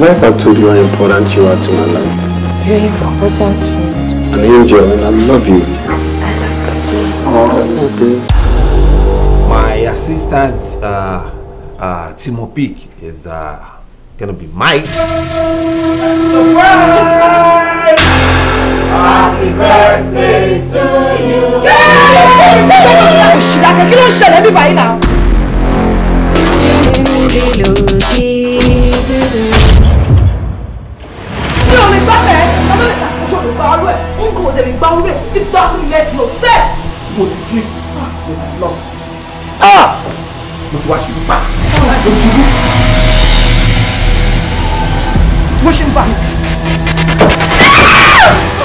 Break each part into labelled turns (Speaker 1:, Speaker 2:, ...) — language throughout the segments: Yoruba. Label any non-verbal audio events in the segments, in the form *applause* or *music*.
Speaker 1: life you how important you are to my life. You're important to me. An angel, and I love you. I love you
Speaker 2: too. My assistant, uh, uh, Timo Peak, is uh, gonna be Mike.
Speaker 1: Surprise! Happy birthday to you. Yay!
Speaker 3: Kí ló ń ṣẹlẹ̀ bí báyìí náà? gbárù ẹ̀ ń kò dẹ̀ lè gbárù it doesn't make no sense. mo ti sleep mo ti slump ah! Ah!
Speaker 4: mo ti wá ṣubú pa ah!
Speaker 3: mo ti ṣubú. mo ṣe ń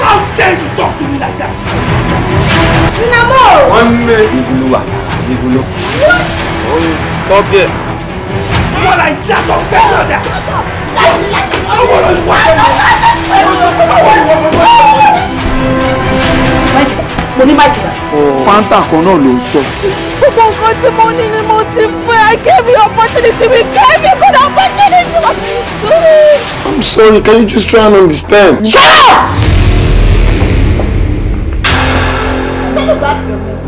Speaker 3: how dare you talk to me like that. Dinamo.
Speaker 5: wọ́n ń mẹ́ ìgbìlúwà ìgbìlú.
Speaker 6: stop there someone like that or better than that. I
Speaker 3: want to fight mo ní máìkì rà.
Speaker 5: fanta kan náà ló ń sọ.
Speaker 3: gbogbo nǹkan tí mo ní ni mo ti fẹ́ I gave you opportunity we gave you good opportunity
Speaker 5: I'm sorry. can you just try and understand. shut up.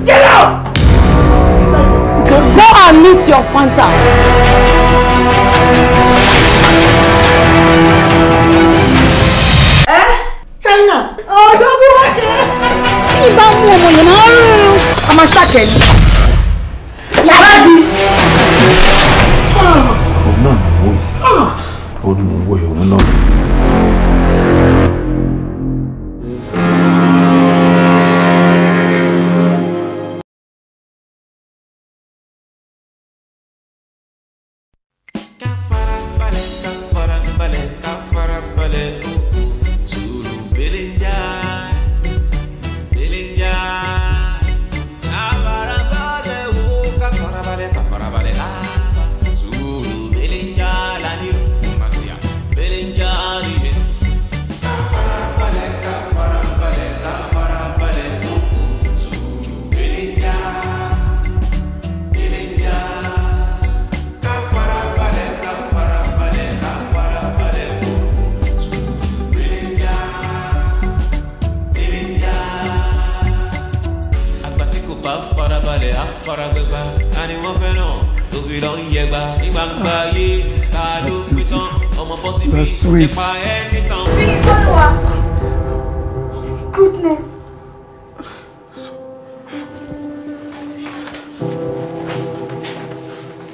Speaker 3: Get out! Go and meet your phantom. Eh? China. Oh, don't be back I'm A second. ṣàkẹ́ ni.
Speaker 1: Oh no, wait. Oh, ni òun wòye. Ah. Òun ni òun wòye òun
Speaker 7: fara gbẹgbà ta ni wọ́n fẹ́ràn tó fi lọ ń yẹgba ní gbangba ayé ta ló pé tán ọmọ bọ́sì mi nípa ẹni tán. bí ìfọwọ́ goodness.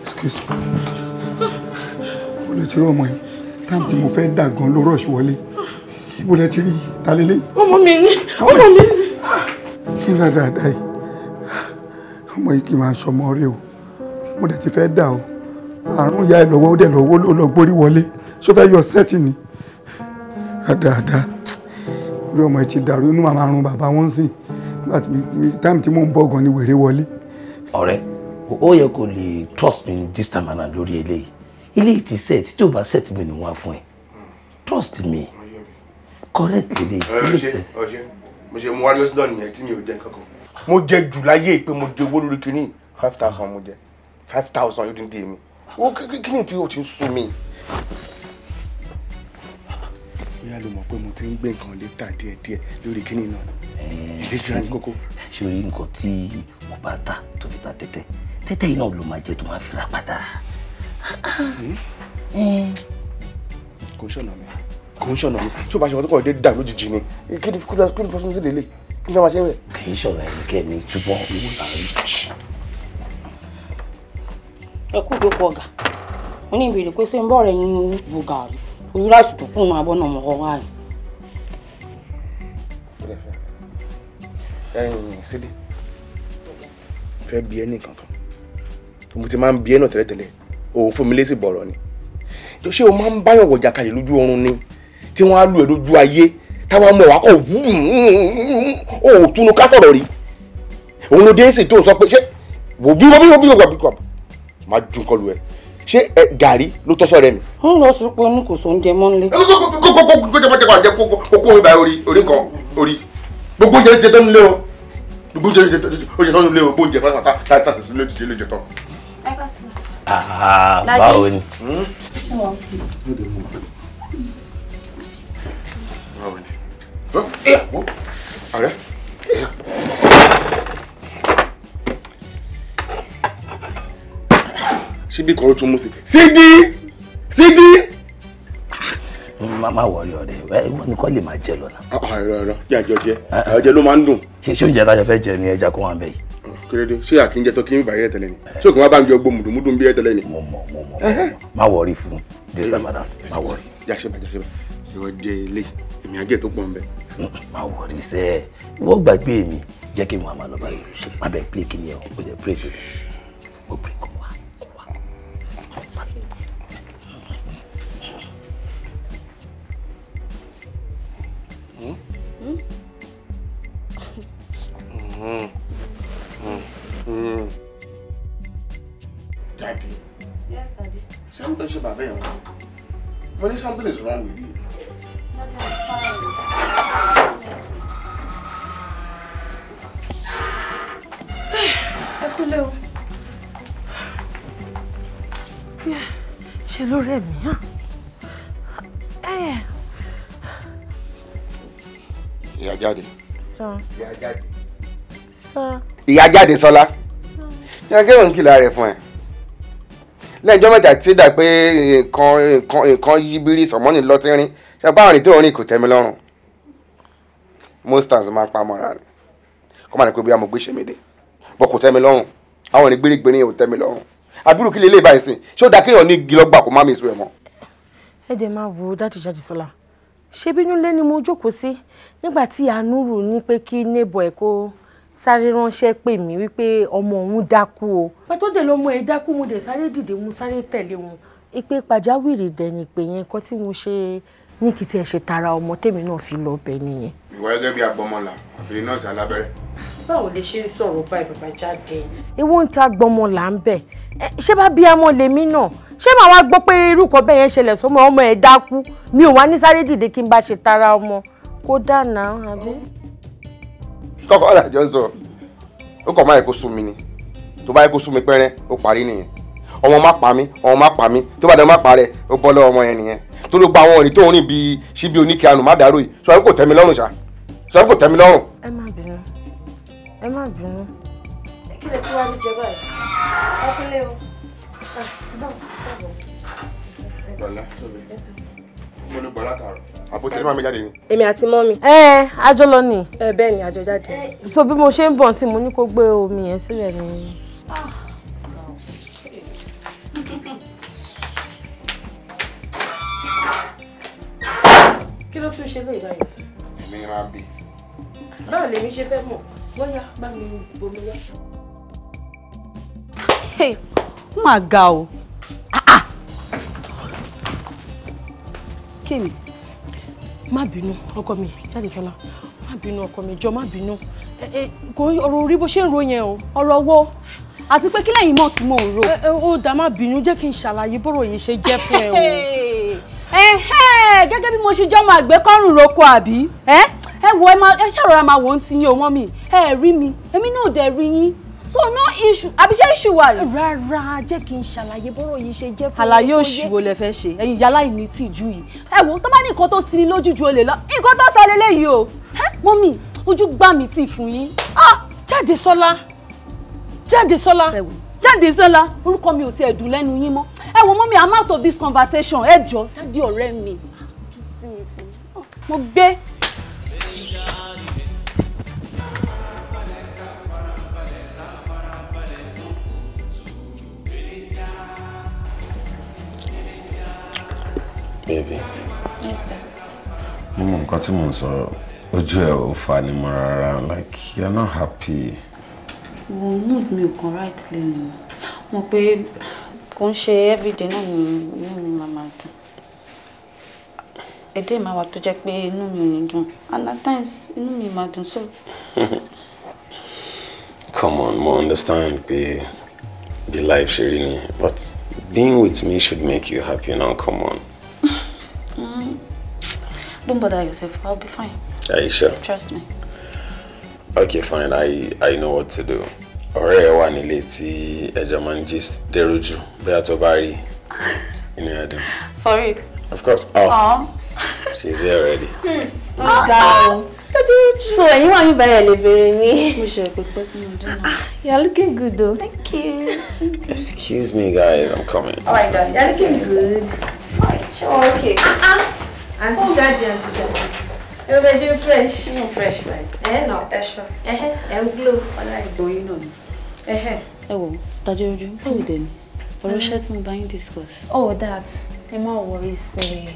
Speaker 8: excuse me mo lè ti rí ọmọ yìí táàmù tí mo fẹ́ dà gan ló rush wọlé mo lè ti rí ta lélẹ́yìn. ọmọ mi ni ọmọ mi ni. Ah! kí n ra dáadáa yìí ọmọ yìí kì í máa ṣọmọ rẹ o mo dẹ̀ ti fẹ́ dà o àrùn ya ẹ lọ́wọ́ ó dẹ̀ lọ́wọ́ ló lọ gbórí wọlé ṣó fẹ́ yọ sẹ́ẹ̀tì ni àdáàdá orí ọmọ yìí ti dàrú inú màmá àrùn bàbá wọn sìn nígbà tí táìmù tí mò ń bọ̀ gan ni wèrè wọlé.
Speaker 9: ọ̀rẹ́ ó yẹ kó lè trust me this time around lórí eléyìí eléyìí ti set tí o bá set mi ni wọ́n fún ẹ trust me
Speaker 5: correct
Speaker 1: lele.
Speaker 9: ọ̀rẹ́ ọ̀ṣẹ́
Speaker 5: ọ̀ṣẹ́ mo ṣe mo wá lọ́sọ̀dọ̀ tí mi ò dẹ́ kankan mo jẹ jù láyé pé mo jẹ owó lórí kínní five thousand mo jẹ five thousand yóò dín dín mi owó kínní tí o ti ń sun mi. bóyá ló mọ̀ pé mo ti ń gbé nǹkan létà díẹ̀díẹ̀ lórí kínní náà eh, ìdíjọ́ ní kókó. sori nǹkan
Speaker 9: tí mo bá ta tó fi ta tẹ́tẹ́ tẹ́tẹ́ yìí náà ló máa jẹ́ tó máa fi ra padà.
Speaker 5: Hmm? Eh. kò ń ṣọ̀nà mi kò ń ṣọ̀nà mi tí o bá ṣe wọn tó kọ̀ ọ́ dé dà lójijì ni kí ni kí ni fọ́sọ́nù sí lélẹ̀ kí ló máa ṣe wẹ̀. kì í ṣọ̀rọ̀ ẹnikẹ́ni túbọ̀ owó làárí.
Speaker 3: ẹ kú ìdókòó ọ̀gá mo ní ìbéèrè pé ṣé ń bọ̀ rẹ̀ nínú bu gàrí ojú láìsí tó kùnú abọ́ mọ̀ ọ́ wá yìí.
Speaker 5: fẹ́ bí ẹni kankan mo ti máa ń bí ẹ náà tẹ́lẹ̀tẹ́lẹ̀ òun fún mi létí bọ̀rọ̀ ni ṣé o máa ń báyọ̀ wọ̀jà kalẹ̀ lójú oorun ni tí wọ́n á lù ẹ́ lójú ayé táwa mọ̀ wá kọ̀ oh, ó hmm, hmm, hmm, oh, túnú ká sọ̀rọ̀ rí òun ló dé sí tó sọ pé ṣé wò bí wọ́n bí wọ́n bí wọ́n bí wọ́n máa dùn kọlu ẹ ṣé ẹ gàrí ló tọ́sọ̀ rẹ mi.
Speaker 3: ń lọ sí pé ní kò sóúnjẹ mọ́ nílé. kókó
Speaker 5: jẹpọjẹpọ àjẹ kókó omi báyìí orí orí kan orí gbogbo oúnjẹ ti tẹ́ nílé o gbogbo oúnjẹ ti tẹ́ nílé o gbogbo oúnjẹ pátápátá láti sàṣẹ̀ sílé ti jẹ́ lóúnjẹ tán. Ah, báwo ni. ọ̀rẹ́ ṣíbí kan ló tún mú sí sídí sídí.
Speaker 9: má wọrí ọ̀rẹ́ wọn ni kọ́
Speaker 5: lè máa jẹ lọ́la. ẹ̀rọ ah, ah, ẹ̀rọ jẹ́ àjọ jẹ ah, àjọjẹ ló máa ń dùn.
Speaker 9: ṣé ṣé oúnjẹ tájọ fẹ́ jẹ ni
Speaker 5: ẹja kó wọn bẹ yìí. kílódé ṣé àkínjẹ tó kí ń bàyẹ̀ tẹ́lẹ̀ ni eh. ṣé òkè wọn bá ń jọ gbóhùn mùdùmùdù ń bí ẹ̀ tẹ́lẹ̀ ni. mo mọ mo mọ
Speaker 9: eh, eh. má wọrí fún dislamada má wọrí.
Speaker 5: jáṣẹ́ bá jáṣẹ́ bá ìwọ
Speaker 9: èmi àgẹ́ tó pọ̀ ń bẹ. má wọrí sẹ́ ẹ wọ́n gbàgbé mi jẹ́ kí màmá lọ́ba yìí ṣe má bẹ́ẹ̀ pílé kí ni ẹ̀ ó jẹ́ pílé tó ó pílé wá kó wá.
Speaker 5: Daddy. Yes, Daddy. Ṣé o ń tẹ́ something is wrong with you. ọ̀rẹ́ mi hàn. ìyá jáde.
Speaker 4: sọ. ìyá jáde. sọ.
Speaker 5: ìyá jáde sọlá. ìyá kẹ́rọ̀ ń kìlọ̀ rẹ̀ fún ẹ lẹ́jọ́ mẹ́ta tí dà pé nǹkan nǹkan nǹkan yí bírí sọ̀mọ́nì lọ́tírín ṣe báwọn ní tí òun rìn kò tẹ́mi lọ́rùn most times máa ń pa mọ́ra ni kọ́ máa ní pé bí a mọ̀ gbé ṣe mí dé bọ́ kò tẹ́mi lọ́rùn àwọn ní gbérígbérí yẹn ò tẹ́mi lọ́rùn àbúrò kí lélẹ́yìí báyìí sìn ṣé ó dáa kéèyàn ní igi kó má mi sùn ẹ̀ mọ́.
Speaker 3: ẹ dẹ̀ máa wo dájú jáde sọ́la ṣé bínú lé ni mo jókòó sí nígbà tí àánúrù ní pé kí neighbor ẹ̀ kó sáré ránṣẹ́ pè mí wípé ọmọ òun dákú o. pé tó dé lọ́mọ ẹ̀ dákú mo dẹ̀ sáré dìde mo sáré tẹ̀lé wọn. ìpè pàjáwìrì dẹ̀ni ìpè yẹn kọ́ tí mo ṣe ní kí tiẹ̀ ṣe tara ọmọ tèmi náà fi lọ bẹ̀ nìyẹn.
Speaker 5: ìwà ẹgbẹ́ bíi agbọmọlà àbí nọ́ọ̀sì alábẹ́rẹ́. báwo lè ṣe ń sọ̀rọ̀ báyìí bàbá jáde.
Speaker 3: ìwọ ń ta gbọmọlà ń bẹ̀ Eh, ṣé bá bí amọ lèmi náà ṣé màá wá gbọ́ pé irú kan bẹ́ẹ̀ yẹn ṣẹlẹ̀ sọmọ ọmọ ẹ̀ dákú mi ò wá ní sáré dìde kí n bá ṣe tara ọmọ kó dànà àbí.
Speaker 5: kọ́kọ́ ọ̀dà jọ ń sọ ó kàn máa yẹ kó sún mi ni tó bá yẹ kó sún mi pẹ́rẹ́ ó parí nìyẹn ọmọ má pa mí ọmọ má pa mí tó bá dẹ má pa rẹ ó bọ́ lọ́wọ́ ọmọ yẹn nìyẹn tó ló gba àwọn òrìn tó ń rìn bíi síbi oníkẹ́ àánú má dàrú yìí sọ pé kò tẹ́ mi lọ́rùn sọ pé kò tẹ́ mi lọ́rùn.
Speaker 7: ẹ má bínú ẹ má bínú
Speaker 3: que você tí wàá mi jẹ báyìí ọkùnlé o.
Speaker 5: bọ̀lá tóbi mo ló gbọ́ látàrọ. àbò tẹ̀lé màmí jáde ni.
Speaker 3: èmi àti mọ́mi. ẹ ẹ àjọ lọ ni. ẹ bẹ́ẹ̀ ni àjọ jáde. so bí mo ṣe ń bọ̀ sí mo ní kó gbé omi yẹn sílẹ̀ ni. *laughs* kí ló tún ṣe lè dá yẹn
Speaker 5: sí. èmi máa bí.
Speaker 3: báwo lèmi ṣe fẹ́ mọ̀ bóyá bá mi bomi ma ga o ah, ah. kí ni má bínú ọkọ mi Jadisola, sọlá má ọkọ mi jọ binu, bínú kò ọ̀rọ̀ orí bó ṣe ń ro yẹn o Oro wo Ati pé kí yin mọ̀ tí mò ń o, ó ma binu je jẹ́ kí n ṣàlàyé bọ́rọ̀ yìí ṣe jẹ́ fún ẹ o. gẹ́gẹ́ bí mo ṣe jọ́ máa gbé kọ́rùn roko àbí ẹ wo ẹ ṣàròrà máa wò ó ti yín o mọ́ mi ẹ rí mi èmi náà dẹ̀ rí yín so no issue àbí ṣé issue wa. yìí. rárá jẹ́ kí n ṣàlàyé bọ́rọ̀ yìí ṣe jẹ́ fún mi. àlàyé òṣì wo lẹ fẹ́ ṣe ẹ̀yin yàrá ìní tìjú yìí ẹ wo tó bá ní nǹkan tó ti ní lójú ju olè lọ nǹkan tó sọ lélẹ́yìí o mọ́mì ojú gbà mí tì fún yín. Ah, jáde sọlá jáde sọlá. ẹ wò jáde sọlá mi ò tiẹ̀ dùn lẹ́nu yín mọ́ ẹ wo mommy. i'm out of this conversation ẹ jọ jáde ọ̀rẹ́ mi mo gbé baby. Yes, Dad.
Speaker 2: Mo mọ nǹkan tí mò ń sọ̀rọ̀. Ojú ẹ̀ ò fà ní mọ́ rárá. Like, you're not happy.
Speaker 3: Wo mood mi ò kan right lẹ́nu. Mo pé kò ń ṣe everyday náà ni inú mi máa máa dùn. Èdè máa wà tó jẹ́ pé inú mi ò ní dùn. And at times, inú mi máa dùn so.
Speaker 1: *laughs* Come
Speaker 2: on, mo understand pé bí life ṣe rí ni. But being with me should make you happy now, come on.
Speaker 3: Don't bother yourself. I'll be fine. Are you sure? Trust me.
Speaker 2: Okay, fine. I I know what to do. Alright, ẹ wà nílé tí ẹjọ́ máa ń gist dẹ́rù jù bóyá tó bá rí inú For real? Of course. Oh. Aww. She's here already.
Speaker 3: Hmm. Oh, oh God. Oh. So ẹ̀yin wà níbẹ̀ rẹ̀ lè béèrè mi. Mo ṣe ìpèpẹ́ ah, You're looking good though. Thank you.
Speaker 2: Excuse me guys, I'm coming. Oh my god.
Speaker 1: You're looking good.
Speaker 3: Fine. Sure, okay. Uh -uh àǹtí jáde àǹtí jáde ẹ bẹ fresh. mo fresh right. Eh no, ẹ ṣọ ẹ ń glow ọlá ìgbóyin náà ni. ẹ wo sitade ojú ó wù dé ni ọ̀rọ̀ ṣẹ́ tí mo discuss. oh that ẹ má worry sí i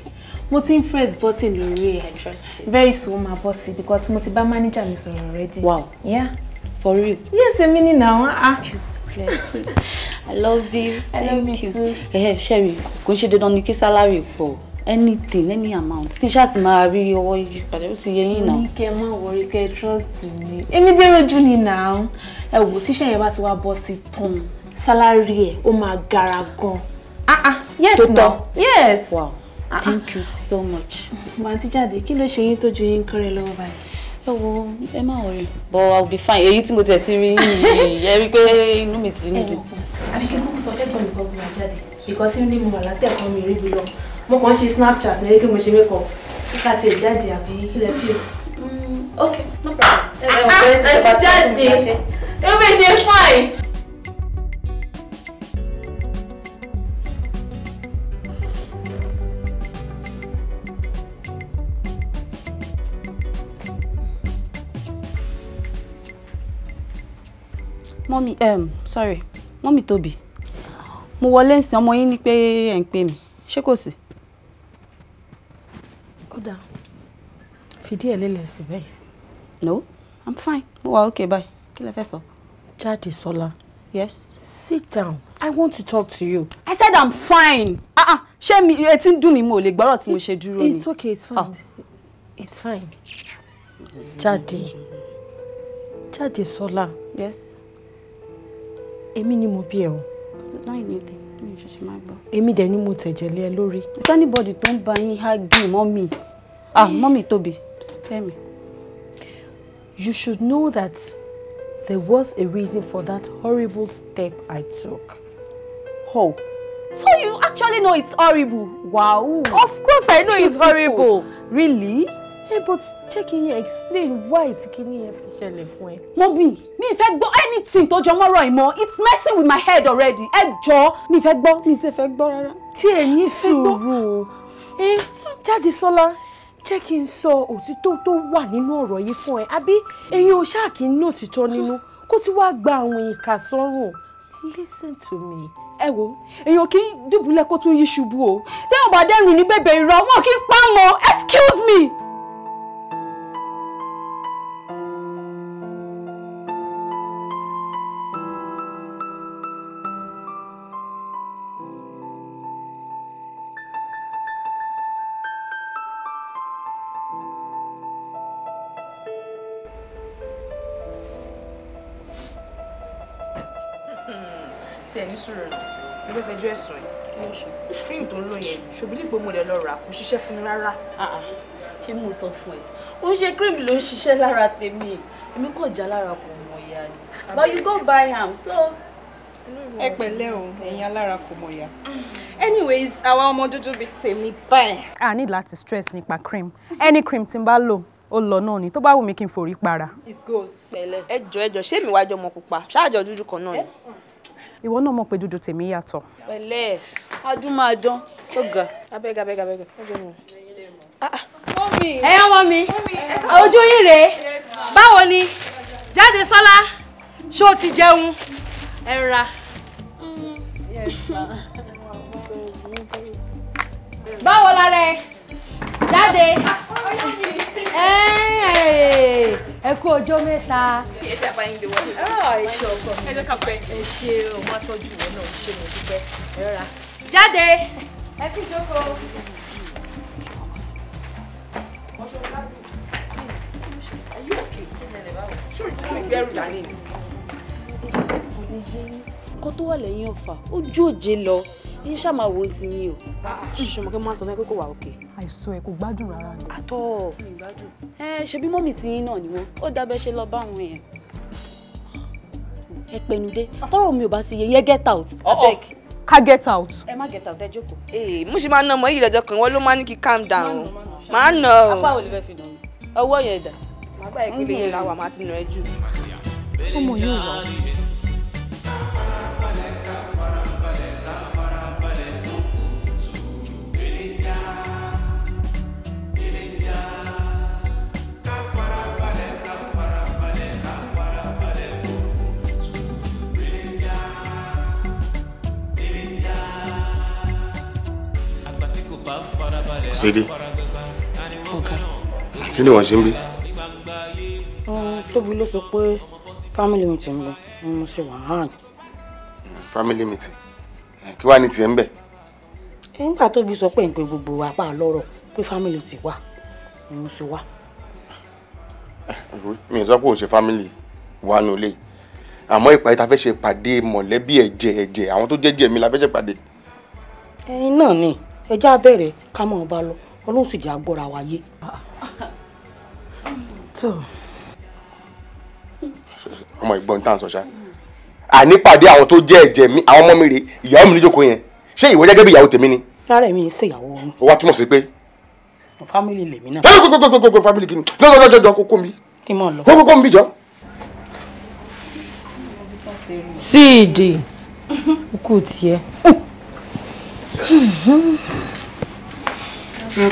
Speaker 3: mo ti ń press button lórí ẹ very soon my bossy, because mo ti manager is already. wow yeah. for real. yes èmi ni na wọn á. bless you i love you. i love you Eh, ẹ eh, ṣẹ́rí kò ń ṣe dandan ni kí sálárì pọ̀ anything any amount kí n ṣáà ti máa rí owó yìí padà ó ti yẹ yín náà. ní kẹ́ wọrí kẹ́ trust mi èmi dé rojú ni náà ẹ wò tíṣẹ́ yẹn bá ti wá bọ́ sí tán sálárì ẹ̀ ó máa gara gan. ah ah yes na yes. wow ah, ah. thank you so much. wàá ti jáde kí ló ṣe yín tó ju yín kọ́rẹ́ lọ́wọ́ báyìí ẹ wo ẹ má wọrí but i will be fine èyí tí mo tẹ̀ ti rí yìí ẹ rí pé inú mi ti ń dùn. àbíkẹ́ kúkú sọ fẹ́ gbọ́n mi kọ́ bí ìkọ́sí ní mo wà látẹ̀kọ́ mi rí bí lọ mo kàn ṣe snapchat ní kí mo ṣe make up kíkà tiẹ̀ jáde àbí kílẹ̀ fi. Mm, ok no problem. ẹ ẹ ọ̀pẹ ah, ẹ ti jáde ẹ bẹ ṣe fine. mọ́mí um, sorry mọ́mí tóbi mo wọlé ń sin ọmọ yín ní pé ẹ̀ ń pè mí ṣé kò sí dáa fìdí ẹ̀ lélẹ̀ síbẹ̀ yẹn. no i'm fine mo oh, wà okay bye kí lẹ fẹ́ sọ. jáde sọlá. yes. sit down i want to talk to you. i said i'm fine. ah ah ṣé mi etí ń dùn mí mo lè gbọ́rọ̀ tí mo ṣe dúró ni. it's okay it's fine. Oh. it's fine. jáde jáde sọlá. yes. èmi ni mo bí ẹ o. it's not a new thing èmi dẹ̀ ni mo tẹ̀jẹ̀ lé ẹ lórí. is anybody tó ń bá yín hági mọ́ mi ah mommy Toby, spare me. you should know that there was a reason for that horrible step I took. Oh, so you actually know it's horrible? Wow. Of course I know it's horrible. Really? Hey, but check in here, explain why it's getting ẹ fi ṣẹlẹ̀ fún ẹ. Mọ́mì, mi ì anything to jọ mọ́rọ̀ ìmọ̀. It's messing with my head already. Ẹ jọ̀ọ́, me if I gbọ́, me if I fẹ́ gbọ́ rárá. Tí ẹ ní sùúrù o. Eh, jẹ́ kí n sọ òtítọ́ tó wà nínú ọ̀rọ̀ yìí fún ẹ àbí ẹ̀yin ò ṣáà kí n ní òtítọ́ nínú kó ti wáá gba àwọn ìka sọ́rùn listen to me ẹ wo èèyàn kì í dùbúlẹ̀ kó tún yí ṣubú o téèyàn bá dẹ́rùn ní bèbè ìrọ̀ wọn kì í pa mọ́ excuse me. fẹjọ́ ẹ̀sùn ẹ̀. cream tó ń lò yẹn ṣòbí nígbò mo lè lọ rà kó ṣiṣẹ́ fún mi rárá. ṣé mo sọ fún ẹ ó ń ṣe cream ló ń ṣiṣẹ́ lára tèmi èmi kàn já lára kò mọ̀ ìyá ni but you go buy am so. ẹ pẹ̀lẹ́ o ẹ̀yin alára kò mọ̀ ìyá. anyways àwa ọmọ dúdú bíi tèmi báyìí. a ní láti stress nípa cream any cream tí n bá lò ó lọ náà ni tó bá wù mí kí n forí para. it goes. pẹ̀lẹ́ ẹjọ ẹjọ ṣé mi wájú ọmọ pupa ṣáàjọ dúdú kan náà ni. Eh? ìwọ náà mọ̀ pé dúdú tèmi yàtọ̀. pẹ̀lẹ́ adúmáadán ó ga abẹ́gà abẹ́gà abẹ́gà ọjọ́ mi. ẹ̀yọ́ ah, ah. mọ́ mi
Speaker 1: ojú yín rèé báwo ni
Speaker 3: jáde sọ́lá ṣé o ti jẹun ẹ ra.
Speaker 1: Mm.
Speaker 10: báwo lára
Speaker 3: ẹ jáde ẹ kú ọjọ́ mẹ́ta. ẹ jẹ́ bá yín gbé wọlé. ẹ ṣe ọkọ mi ẹ jẹ́ ká pẹ́. ẹ ṣe ọmọ àtọ́jú ìwọ náà ṣe mo dúpẹ́ ẹ rọra. jáde ẹ kí ìjókòó. ṣé o ti kó ìgbẹ́rù dání ni. kò ní yé yín nǹkan tó wà lẹ́yìn ọ̀fà ó òjé lọ iye ṣáà máa wo ti yín o. ṣùgbọ́n kí n máa sọ fún pé kò wà òkè. àìsàn ẹ kò gbádùn rárá ni. àtọ ẹ ṣebí mọ́mì ti náà ni wọ́n ó dábẹ́ ṣe lọ bá àwọn èèyàn. ẹ pẹnudé tọrọ mi ò bá sì yẹ yẹ get out. Oh, oh. abeg ká get out. ẹ má get out ẹ jókòó. ee eh, mo ṣe máa ná ọmọ yìí lọ́jọ́ kan wọ́n ló máa ní kí calm down. máa nà ọ. apá wo fi
Speaker 7: ṣeré
Speaker 5: kí ni wọ́n ṣe ń bí.
Speaker 3: tóbi ló sọ pé family meeting lọ mo ṣe wà
Speaker 5: family meeting eh, kí wàá ní tiẹ̀ ń bẹ̀.
Speaker 3: Eh, nígbà tóbi sọ pé nǹkan gbogbo wa lọ́rọ̀ pé family ti wà ni mo ṣe wá.
Speaker 5: Eh, mi ò sọ pé òun ṣe family wa nù lé àmọ́ ìpàdé ta fẹ́ ṣe pàdé mọ̀lẹ́bí ẹ̀jẹ̀ ẹ̀jẹ̀ àwọn tó jẹ́jẹ̀ mi la fẹ́ ṣe pàdé.
Speaker 3: ẹyin náà ni ẹ já bẹ̀rẹ̀ ká mọ̀ ọ́n bá lọ ọlọ́run sì já gbọ́ra wáyé.
Speaker 5: ọmọ ìgbọ́n tá à ń sọ ṣá ànípàdé àwọn tó jẹ́ ẹ̀jẹ̀ mi àwọn ọmọ mi rè ìyàwó mi níjókòó yẹn ṣé ìwọ jẹ́ gẹ́gẹ́ bí ìyàwó tèmi ni.
Speaker 3: rárá èmi ń ṣèyàwó òun. ó wá túmọ̀ sí pé. fámìlì lèmi náà. lọ́dọ̀ gbogbogbò fámìlì kìíní
Speaker 5: lọ́dọ̀ lọ́dọ̀ jọ kókó mi. kí mọ̀ lọ. kókó mi jọ.
Speaker 3: síìdì kúkú tiẹ̀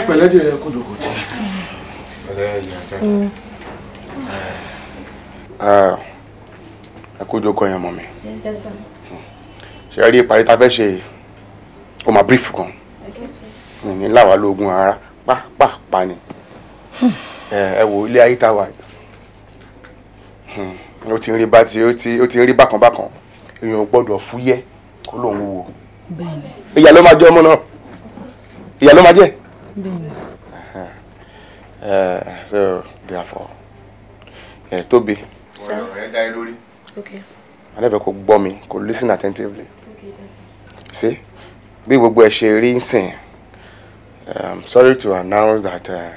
Speaker 5: pẹ̀lẹ́ jèrè kó dòkó tí. àkójọ kan yẹn mọ̀ mi. ṣe rí ìparí ta fẹ́ ṣe ó máa brief kan ní láwa lóògùn ara pápápá ni ẹ wo ilé ayé tá wà hmm, ó ti rí bá ti ó ti rí bákan bákan èèyàn ò gbọ́dọ̀ kó lóun wúwo. bẹ́ẹ̀ ìyá ló máa jẹ ọmọ náà ìyá ló máa jẹ. so therefore ẹ tóbi. ọ̀rọ̀ ẹ dá ẹ lórí. gbọ́ mi kò listen attentively see bí gbogbo ẹ ṣe rí ń i'm um, sorry to announce that uh,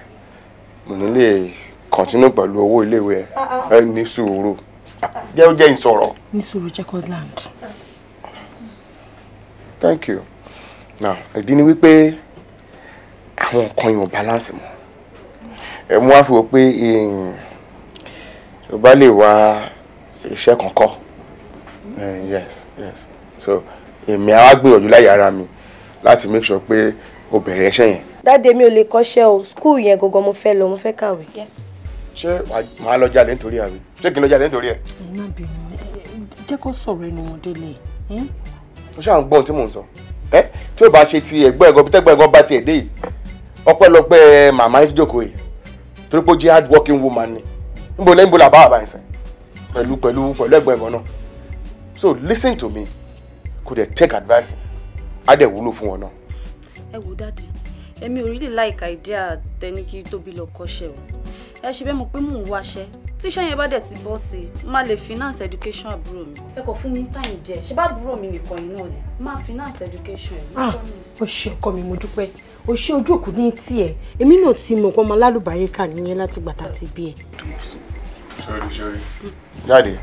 Speaker 5: mo ní lè continue pẹ̀lú owó iléèwé ah, ah. ẹ ní sùúrù jẹ́ ó jẹ́ ìsọ̀rọ̀.
Speaker 1: ní
Speaker 3: sùúrù jẹ́ Scotland.
Speaker 5: thank you now ìdí ni wípé àwọn nǹkan yìí ò balance mọ́ ẹ mú wá fi wò pé hmm, o bá lè wá iṣẹ́ kan eh, yes yes so èmi á wá gbìyànjú láyé ara mi láti make sure pé o bẹ̀rẹ̀ iṣẹ́ yẹn.
Speaker 3: dáde mi ò lè kọ́ṣẹ́ o skul yẹn gangan mo fẹ́ lọ mo fẹ́ kàwé.
Speaker 5: ṣé màá lọ jalè nítorí àwẹ ṣé kí n lọ jalè nítorí ẹ. ẹ
Speaker 3: má bínú jẹ́ kó sọ̀rọ̀ ẹnu wọn délé.
Speaker 5: o ṣáà ń gbọ́n tí mò ń sọ. ẹ tí o bá ṣe ti ẹ̀gbọ́n ẹ̀gbọ́n bí tẹ́gbọ́n ẹ̀gbọ́n bá tiẹ̀ dé yìí ọpẹ́lọpẹ́ eh, màmá yìí jókòó yìí torí pé ó jẹ́ hard working woman ni níbo lẹ́yìn bó la àbá ẹ̀sìn pẹ̀lú pẹ̀lú pẹ̀lú ẹ̀gbọ́n ẹ̀gbọ́n náà so lis ten to me kò dẹ̀ take advice á dẹ̀ wúlò fún ọ náà.
Speaker 3: ẹ wo dáàdi emi o really like láìka ìdí àtẹnikí tobi lọ kọ kọ́ṣẹ́ o ẹ ṣe mo pe pé mò ń wáṣẹ́ tíṣẹ́ yẹn bá dẹ̀ ti bọ́ sí i lè finance education àbúrò mi. ẹ kò fún mi time jẹ ṣé bá àbúrò mi nìkan yìí náà ni má finance education ẹ. o ṣe ọkọ mi mo dúpẹ́ o ṣe ojú òkú ní tiẹ̀ èmi náà ti mọ̀ pé ọmọ alálùbáyé kà nìyẹn láti gbàtà ti bí ẹ.
Speaker 5: sorry sorry jáde hmm.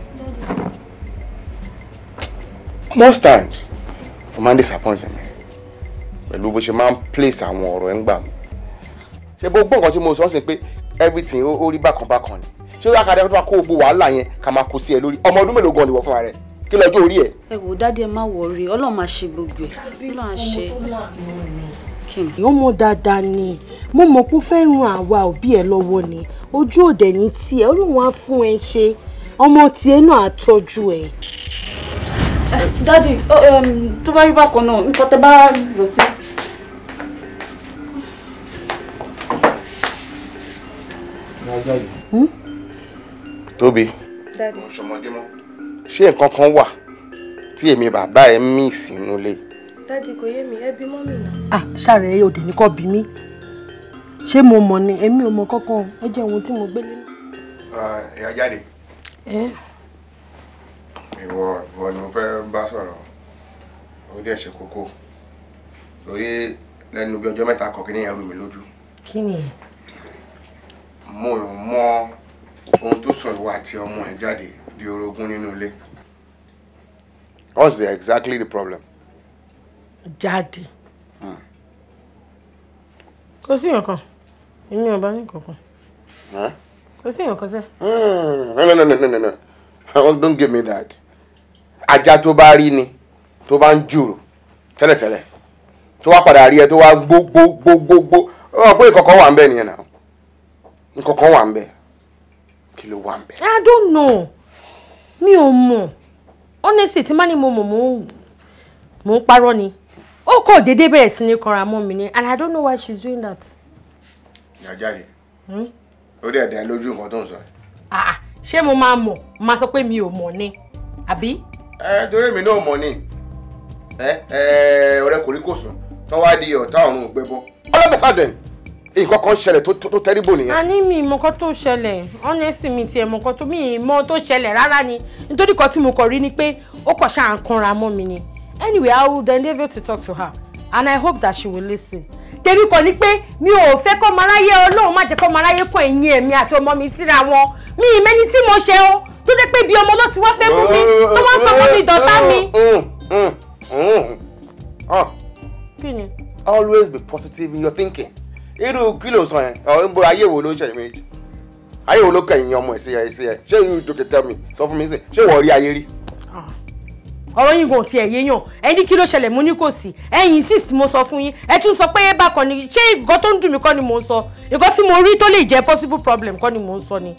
Speaker 5: most times o máa ń disappoint mi pẹ̀lú bó ṣe máa ń place àwọn ọ̀rọ̀ ẹ̀ ń gbà mí ṣé bó gbọ́ nǹkan tí mo sọ ọ́ sí pé everything ó rí bákan bákan ni ṣé ó yà kàdé tó kó gbogbo wàhálà yẹn ká máa kó sí ẹ lórí ọmọ ọdún mélòó gan ni wọ́n fúnra rẹ̀ kí lọ́jọ́ orí ẹ̀.
Speaker 3: ẹ wò dáadé ẹ má wọrí ọlọ́run máa ṣe gbogbo ẹ̀ ọlọ́run á ṣe yóò mọ dáadáa ni mo mọ̀ pé ó fẹ́ ran àwa òbí ẹ lọ́wọ́ ni ojú òde ní tiẹ̀ ọlọ́run á fún ẹ ṣe ọmọ tiẹ̀ náà á tọ́jú ẹ. dádì tó bá rí bákan náà nǹkan tẹ́ bá lọ sí.
Speaker 5: Hmm? tóbi ṣé nǹkan kan wà tí èmi bàbá ẹ mí sínú lé.
Speaker 3: dádì kò yé mi ẹ bí mọ́ mi nà. à ah, ṣàrẹ̀ ẹ òde nìkan bí mi ṣé mo mọ̀ ni èmi ò mọ̀ kankan ẹ jẹ́ ohun tí mo gbé lẹ́nu.
Speaker 5: ẹ̀yà jáde. ìwọ ìwọ ni mo fẹ́ bá sọ̀rọ̀ ó dẹ̀ ṣe kókó torí lẹ́nu bí ọjọ́ mẹ́ta kọ̀ọ̀kan ní ẹrù mi lójú. kí ni. mo mọ̀. ohun tó sọ ìwà àti ọmọ jáde di orogún nínú ilé. what's the exactly the problem. jáde. Hmm.
Speaker 3: kò sí nǹkan èmi ò bá ní kankan. kò sí nǹkan sẹ́.
Speaker 5: Hmm. no no no no no oh, don't give me that. ajá tó bá rí ni tó bá ń jùrù tẹ́lẹ̀tẹ́lẹ̀ tó wá padà rí ẹ tó wá gbó gbó gbó gbó gbó pé wà ń bẹ̀ nìyẹn náà wà ń bẹ̀. kí ló wà
Speaker 3: I don't know mi ò mọ̀ honestly tí má ní mo mọ̀ mò ń mò ń parọ́ ni ó kọ̀ déédéé bẹ̀rẹ̀ sí ní kanra mọ́ mi ni and I don't know why she's doing that.
Speaker 5: ìyá jáde hmm? ó dẹ̀ dá lójú nǹkan tó ń sọ.
Speaker 3: Ah, ṣé mo máa mọ̀ máa sọ pé mi ò mọ̀ ni àbí.
Speaker 5: ẹ torí mi náà mọ̀ ni ẹ ẹ ọ̀rẹ́ kòríkòsùn tó wá di ọ̀tá ọ̀run ògbẹ́bọ. ọlọ́pàá sáà nǹkan kan ṣẹlẹ̀ tó tẹ́rìbò nìyẹn. a ní
Speaker 3: mi ìmọ̀kan tó ṣẹlẹ̀ honestly mi ti ẹ̀mọ̀kan tó mi ìmọ̀ tó ṣẹlẹ̀ rárá ni nítorí kan tí mo kàn rí ni pé ó kàn ṣáà ń kanra mọ́ mi ni anyway I will endeavour to talk to her and I hope that she will listen tèmi kàn ní pé mi ò fẹ́ kọ́ maráyé ọlọ́run má jẹ́ kọ́ maráyé kọ́ ẹ̀yìn ẹ̀mí àti ọmọ mi síra wọn mi ì mẹ́ni tí mo ṣe o tó jẹ́ pé bí ọmọ náà ti wá fẹ́ mú mi tó wá sọ fún mi dọ̀tá mi.
Speaker 5: Mm, mm, mm, ah. kí ni. always be positive in your thinking irú kí ló sọ yẹn ọ ń bo ayé wo ló ń ṣe méjì ayé wo ló kẹyìn ọmọ ẹ sí ẹ sí ẹ ṣé you don't tell me sọ fún mi sí ṣé wọ́n rí ayé rí.
Speaker 1: Ah.
Speaker 3: ọ̀rọ̀ yìí kò tiẹ̀ yéèyàn ẹ ní kí ló ṣẹlẹ̀ mo ní kò sí ẹ̀yìn sísì mo sọ fún yín ẹ tún sọ pé bákan ni ṣé ìgọ́ tó ń dùn mí kọ́ ni mò ń sọ ìgọ́ tí mo rí tó lè jẹ́ possible problem kọ́ ni mò ń sọ ni.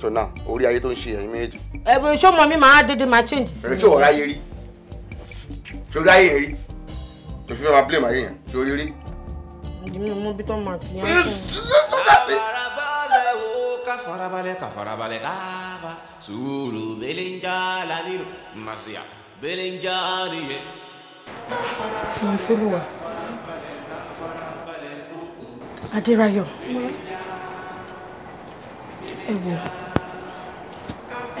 Speaker 5: so now orí ayé tó ń ṣe ẹ̀yìn méjì.
Speaker 3: ẹ bẹ ṣé ọmọ mi máa dédé máa change
Speaker 5: sí i. ẹ ṣé wọ́n ráyé
Speaker 7: rí
Speaker 3: èmi ò mọ bí tọ́ máa ti yá.
Speaker 7: farabalẹ̀ o ká farabalẹ̀ ká farabalẹ̀ ká bá sùúrù bẹ́lẹ̀ ń já lálẹ́ màsíà bẹ́lẹ̀ ń já rèé. fún fúlùwà
Speaker 3: adéráyọ̀ ẹ wò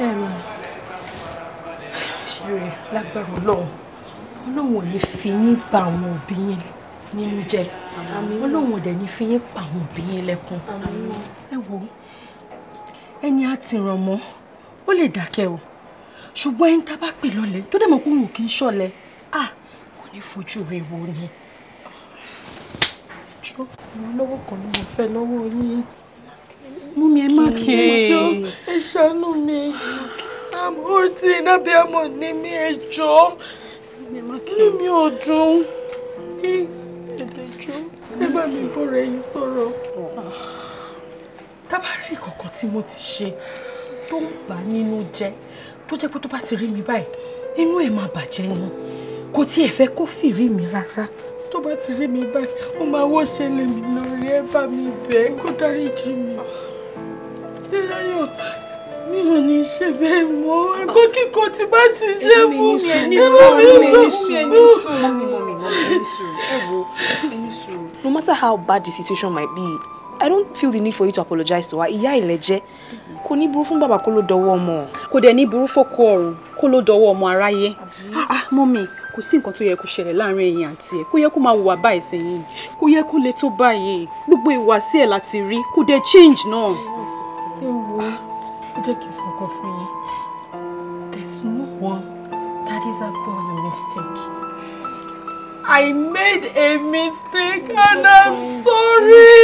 Speaker 3: ẹ mọ ṣe lágbára Ọlọ́run Ọlọ́run ò ní fi yín bá àwọn òbí yín ní ń jẹ ọlọ́run ọ̀dẹ̀ ní fi yín pa àwọn òbí yín lẹ́kùn ẹ wo ẹni á ti ràn mọ́ ó lè dákẹ́ o ṣùgbọ́n ẹni tá a bá pè lọ́lẹ̀ tó dẹ̀ mọ̀ pé òun kì í ṣọ̀lẹ̀ à kò ní fojú rẹ̀ wò ni. ṣó àwọn lọ́wọ́ kan ni mo fẹ́ lọ́wọ́ yín mú mi ẹ má kí ẹ ṣàánú mi ó ti nábì àmọ́ ní mi ẹ jọ̀ọ́ inú mi ò dùn ẹ bá mi bọ̀rẹ̀ yín sọ̀rọ̀ tábàárì kọ̀ọ̀kan tí mo ti ṣe tó ń bà nínú jẹ́ tó jẹ́ pé tó bá ti rí mi báyìí inú ẹ̀ máa bàjẹ́ ni kò tiẹ̀ fẹ́ kó fìrí mi rárá tó bá ti rí mi báyìí ó máa wọ́ ṣẹlẹ̀ mi lórí ẹ bá mi bẹ̀ ẹ́ kó dáríjì mi. Dẹ́láyọ̀ mi ò ní ṣe bẹ́ẹ̀ mọ́ ẹ̀kọ́ kíkọ́ tí bá
Speaker 1: ti ṣe fún mi ẹni sùúrù ẹni sùúrù ẹni sùúrù ẹni sùúrù ẹni sùúrù
Speaker 3: no matter how bad the situation might be i don't feel the need for you to apologize to her ìyá ìlẹ́jẹ́ kò ní burú fún bàbá kó ló dọwọ́ ọmọ. kò dẹ̀ ní burú fòkó ọ̀run kó ló dọwọ́ ọmọ aráyé ah, ah, mọ́mì kò sí nǹkan tó yẹ kó ṣẹlẹ̀ láàrin ẹ̀yin àti ẹ̀ kó yẹ kó máa hùwà báyìí sẹ́yìn kó yẹ kó le tó báyìí gbogbo ìwàsí ẹ̀ láti rí kó dẹ̀ change náà. ẹ wo ó jẹ́ kí n sọ̀kan fún yín no one that is above a mistake. I made a mistake and I'm sorry.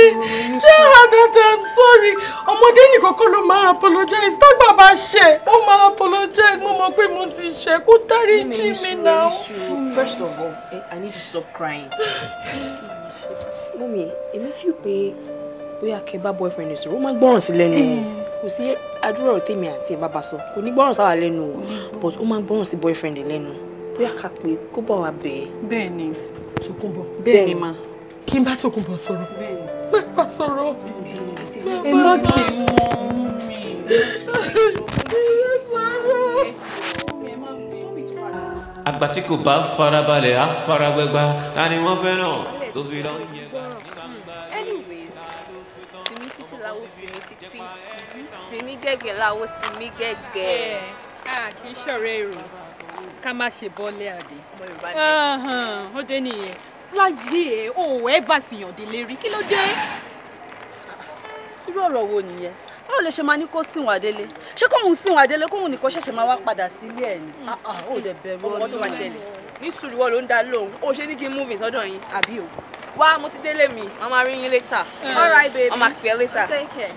Speaker 3: Tell her that I'm sorry. Ọmọdé nìkan kọ́ ló máa apologize. Tá bàbá ṣe, ó máa apologize. Mo mọ̀ pé mo ti ṣe kó dárí jí mi náà. First of all, eh, I need to stop crying. Mọ́mí, èmi fi pé bóyá kẹ bá boyfriend sọ̀rọ̀, ó máa gbọ́ràn sí lẹ́nu. Mm. Kò sí àdúrà tèmi àti ẹ̀ bàbá sọ, kò ní gbọ́ràn sáwà lẹ́nu o, mm. but ó máa gbọ́ràn sí boyfriend lẹ́nu bí àkàpè kó bọ̀ wá bẹ́ẹ̀. bẹ́ẹ̀ ni Tòkunbọ̀ bẹ́ẹ̀ ni ma. kí n bá Tòkunbọ̀ sọ̀rọ̀ bẹ́ẹ̀ ni má bá sọ̀rọ̀ ẹ má kí
Speaker 1: n mọ ọmú mi.
Speaker 7: àgbà tí kò bá farabalẹ̀ á faragbẹ́gbá ta ni wọ́n fẹ́ràn tó fi lọ yẹ gbà
Speaker 3: láwo gẹ́gẹ́ láwo sinmi gẹ́gẹ́. kì í ṣọ̀rẹ́ èrò ká má ṣe bọ́lẹ̀ àdé. ọmọ yorùbá ni ó dé nìyẹn láyé ẹ ò ẹ bá sìyàn délé rí kí ló dé. irú ọ̀rọ̀ wo nìyẹn báwo lè ṣe máa ní kó sìn wá délé ṣé kóhun sìn wá délé kóhun nìkan ṣẹ̀ṣẹ̀ máa wá padà sílé ẹ̀ ni. Ah, ah, ó dẹ̀ bẹ̀rù ọmọ tó máa ṣẹlẹ̀ ní sùúrù wọ́n ló ń dá lóhùn ó ṣe ní kí n move in sọ́dọ̀ yín àbí o wá mo ti délé mi wọn máa rí yín later ah. alright baby wọn máa pè é later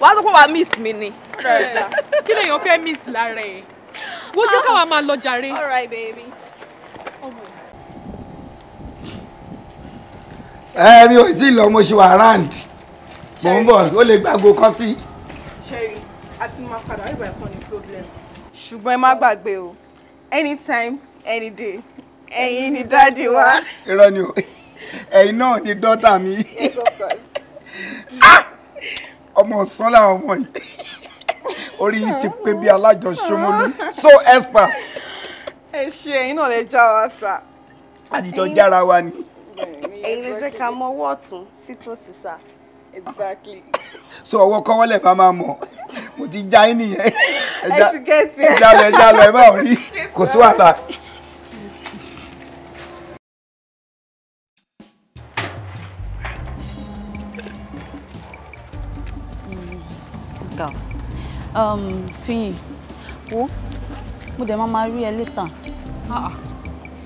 Speaker 3: wàá sọ pé wàá miss mi ni. *laughs* kí lèèyàn fẹ́ miss lára ẹ̀ wọ́n jẹ́ káwa máa lọ jàre. all right baby. Oh
Speaker 8: ẹ mi ò tí ì lọ mo ṣe wà round mo ń bọ̀ ó lè gbàgbó kọ́ sí.
Speaker 3: sherry a ti máa padà wíwá ẹ̀kọ́ ní problem. ṣùgbọ́n ẹ má gbàgbé o anytime any day ẹ̀yin ni dáàdi wa.
Speaker 8: irọ́ ni o ẹ̀yin náà ni dọ́tà mi. of course. Ah! ọmọ ọ̀sán làwọn ọmọ yìí orí yìí ti pé bí alájọ Ṣómólú so expert.
Speaker 11: ẹ ṣe ẹ̀yin náà lè já wa sá.
Speaker 8: àdìjọ jára wa ni.
Speaker 11: èyí ló jẹ́ ká mọ ọwọ́ ọ̀tún sí sá. exactly.
Speaker 8: so ọwọ́ kọ́wọ́lẹ̀ bá máa mọ̀ mo ti já yín nìyẹn. ẹ ti gẹ́tì ẹ. ẹ já lọ ẹ já lọ ẹ máa rí kò sí wàhálà.
Speaker 3: go. Um, fiyìn wo mo dẹ̀ máa máa rí ẹ later. Ah,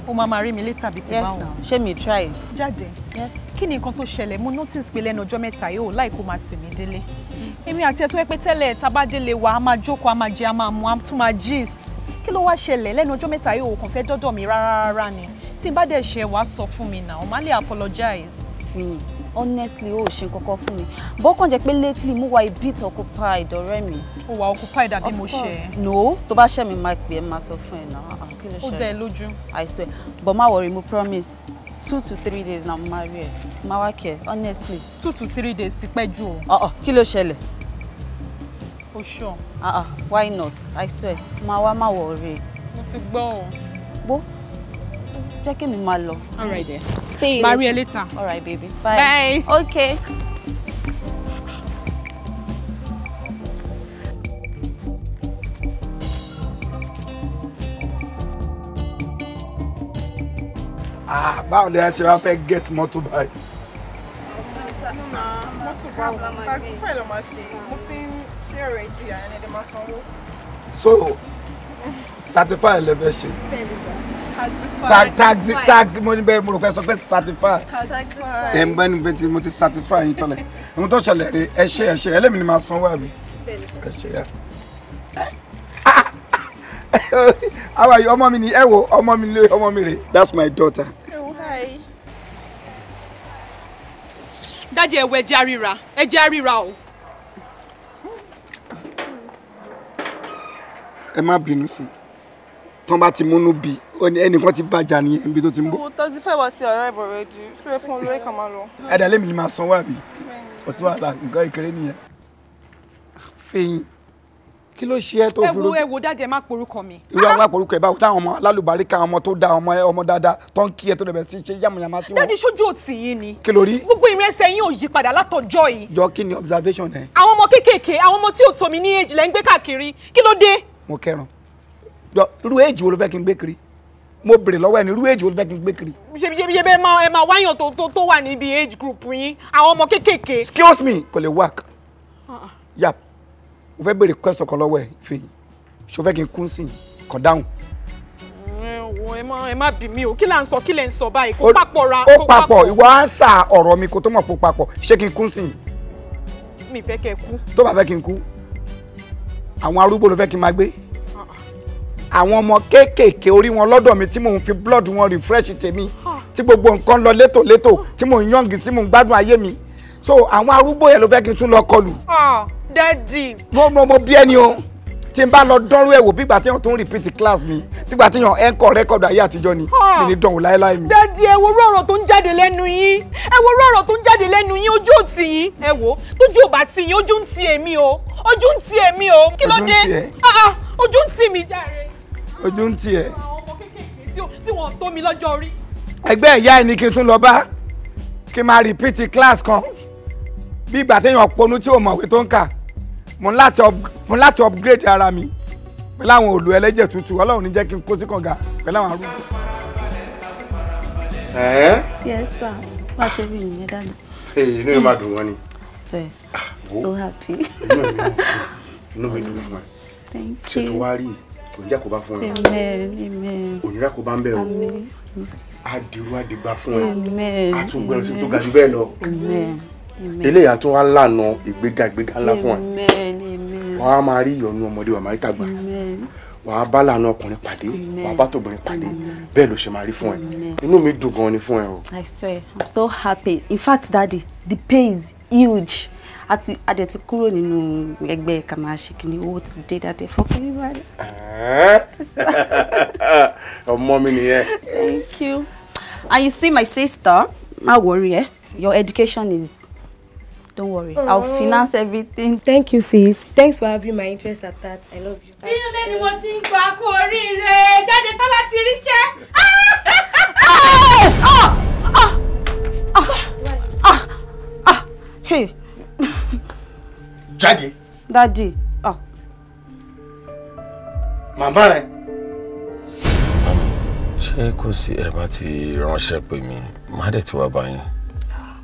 Speaker 3: o máa máa rí mi later bíi ti báwọn. yes na ṣé mi try. jáde yes. kí ni nǹkan tó ṣẹlẹ̀ mo notice pé lẹ́nu ọjọ́ mẹ́ta yìí ò láìkó máa sì mí délé mm. èmi àti ẹ tó yẹ pé tẹ́lẹ̀ tabadélé wa a máa jókòó a máa jẹ a máa mu a tún máa gist kí ló wá ṣẹlẹ̀ lẹ́nu ọjọ́ mẹ́ta yìí ò kàn fẹ́ dọ́dọ̀ mi rárá rárá ni tí n bá dẹ̀ ṣe wàá sọ fún mi náà o máa lè apologize. fiyìn honestly o ò ṣe kankan fún mi bọ́kàn jẹ́ pé lately mo wa a bit occupied ọ̀rẹ́ mi. o wà occupied àbí mo ṣe no tó bá ṣẹ́ mi máa pè é máa sọ fún ẹ náà ah, kí ṣe. ó dá ẹ i swear but má worry mo promise two to three days na mo Ma rí ẹ máa wá kẹ honestly. two to three days ti pẹ́ jù o. ọ̀ọ̀ ah, ah, kilo ló ṣẹlẹ̀. o sure. ah ah why not i swear ma wa má worry. mo ti gbọ́ o. bó jẹ́ kí mi máa lọ. all right there. see you. marry you later. all right baby bye. bye. okay.
Speaker 8: Ah, báwo lè ṣe wá fẹ́ get mọ́tò báyìí.
Speaker 11: mọ́tò báwo tàbí fẹ́ lọ máa ṣe mo ti ń ṣe ọ̀rẹ́ ìjìyà ẹni ẹ̀dẹ̀ máa sanwó.
Speaker 8: so certified level ṣe.
Speaker 11: bẹ́ẹ̀ ni taxi taxi
Speaker 8: mo ní bẹ́ẹ̀ mo rò pé sọ pé satisfy ẹ̀ ń bá ní bẹ́ẹ̀ tí mo ti satisfy yín tọ́lẹ̀ ohun tó ṣẹlẹ̀ rè ẹ ṣe ẹ ṣe ẹlẹ́mi ni máa sanwó àbí ẹ ṣe ya. how are you ọmọ mi ni ẹ wo ọmọ mi lé ọmọ mi rè that's my daughter. Oh,
Speaker 3: dájú ẹ̀wọ̀ ẹ̀jẹ̀ àríra ẹ̀jẹ̀ àríra o.
Speaker 8: ẹ má bínú sí i tán bá ti múnú bí ẹnìkan ti bàjá nìyẹn níbi tó ti ń bọ̀.
Speaker 7: o tọ́jú fẹ́ wá sí ọ̀rẹ́ ìbọ̀ rẹ jù fún ẹ fún olóyè kan máa lọ.
Speaker 8: ẹ̀dá lèmi ni màá sanwó àbí ọtí wàhálà nǹkan ìkéré nìyẹn. fẹ́yìn kí ló ṣe ẹ tó fi ro. ẹ wo ẹ
Speaker 3: wo dájẹ má porúkọ mi.
Speaker 8: irú àwọn àporúkọ ẹ báwo táwọn ọmọ alálùbáríkà ọmọ tó da ọmọ ọmọ dáadáa tó ń kí ẹ tó dẹ̀ bẹ̀ sí ṣe yàmùyàmá sí wọn. dáàdi
Speaker 3: sójú òtì yìí ni.
Speaker 8: kí ló rí. gbogbo
Speaker 11: ìrìn ẹsẹ̀ yín ò yí padà
Speaker 8: látọjọ́ yìí. jọ kí ni observation ẹ.
Speaker 11: àwọn ọmọ kéékèèké àwọn ọmọ tí ò tó mi ní èjì lẹ́ ń gbé káàkiri kí ló dé.
Speaker 8: mo kẹran jọ irú èjì wo ló fẹ́ kí n gbé kiri mo bèrè lọ́wọ́ ẹni irú èjì wo ló fẹ́ kí n gbé kiri.
Speaker 11: ṣebí ṣebí ṣebí ẹ máa
Speaker 8: ẹ máa wáyàn tó
Speaker 11: tó tó wà níbi
Speaker 8: age group yín àwọn ọmọ kéékèèké. excuse me kò lè work ah, ah. yap mo fẹ́ bèrè question kan lọ́wọ́ ẹ fèyí ṣo fẹ́ kí n kún sí i kàn dáhùn.
Speaker 3: ẹ má ẹ má bì mí o kí là ń sọ kí lè ń sọ báyìí kó papọ̀ ra kó papọ̀. ó papọ̀
Speaker 8: ìwọ á ń sa ọ̀rọ̀ mi kó tó mọ̀ kó papọ̀ ṣé kí n kún sí i.
Speaker 4: mi fẹ́ kẹ́ kú.
Speaker 8: tó bá fẹ́ kí n kú àwọn arúgbó ló fẹ́ kí n máa gbé àwọn ọmọ kéékèèké orí wọn lọ́dọ̀ mi tí mò ń fi blood wọn refresh tèmi tí gbogbo nǹkan lọ létòlétò tí mò ń yànjú tí mò ń gbádùn ayé mi so àwọn arúgbó yẹn ló fẹ́ kí n tún lọ kọlù. dẹ́ẹ̀dì. mo mo mo bí ẹni o tí n bá lọ dánrú ẹ̀wò bí ìgbà tí yàn tó ń repeat class mi bí ìgbà tí yàn ẹ̀ńkọ́ rẹ́kọ̀dù ayé àtijọ́ ni mi ní dánwò láéláé mi. dẹ́ẹ̀dì ẹ wo ọ̀rọ̀ tó ń jáde lẹ́nu yín ẹ
Speaker 11: wo ọ̀rọ̀ tó ń jáde lẹ́nu yín ojú ò tì yín ẹ wo tójú ò bá tì yín ojú ń tì èmi o
Speaker 3: ojú ń tì
Speaker 8: èmi o kí ló dé
Speaker 3: ah, ah, ojú ń tì mí jàre
Speaker 8: ojú ń tiẹ̀. ọmọ
Speaker 3: kékèké tí wọ́n tó mi lọ́jọ́ orí.
Speaker 8: ẹgbẹ́ ìyá ẹni kí n tún lọ bá kí n máa rìpíìtì class kan bí ìgbà téèyàn ponú tí ò mọ̀wé tó ń kà mo láti upgrade ara mi pẹ̀lú àwọn òòlù ẹlẹ́jẹ̀ tútù ọlọ́run ní jẹ́ kí n kó sí kànga pẹ̀lú àwọn arúgbó. ẹ̀ẹ́.
Speaker 1: yes sir wá ṣe rí
Speaker 3: ìyẹn dáná.
Speaker 5: inú mi máa dùn wọ́n ni.
Speaker 8: sir
Speaker 3: ah, so happy.
Speaker 5: inú mi dùn fún ẹ. thank you. ṣètò wá rí i ìjà kò bá fún ẹ òníra kò bá ń bẹ o àdìrú àdìgbà fún ẹ àtúngbẹrún sí tó ga jù bẹ́ẹ̀ lọ eléyà tún wá lànà ìgbéga ìgbéga ńlá fún ẹ wàá máa rí ìyọnu ọmọdé wàá máa rí tàgbà wàá bá lànà ọkùnrin pàdé wàá bá tòbìnrin pàdé bẹ́ẹ̀ ló ṣe máa rí fún ẹ inú mi dùn gan ni fún ẹ o.
Speaker 3: I swear I'm so happy in fact daddy the pay is huge àti adẹ̀ ti kúrò nínú ẹgbẹ́ ká máa ṣe kí ni owó ti dé dáadé fọkàn yín báyìí.
Speaker 5: ọmọ mi nìyẹn. thank
Speaker 3: you and you see my sister má worry ẹ your education is Don't worry. Aww. I'll oh. finance everything. Thank you, sis. Thanks for having my interest at that. I love you. Nínú lẹ́ni mo ti ń gba kó oríire. Jáde sálá ti ríṣẹ́. Ah! Ah! Ah! ah! Hey! jáde. dadi
Speaker 8: ah. màmá ẹ.
Speaker 2: ṣé kò sí ẹ bá ti ránṣẹ́ pè mí má dẹ̀ ti wá báyìí. Ah,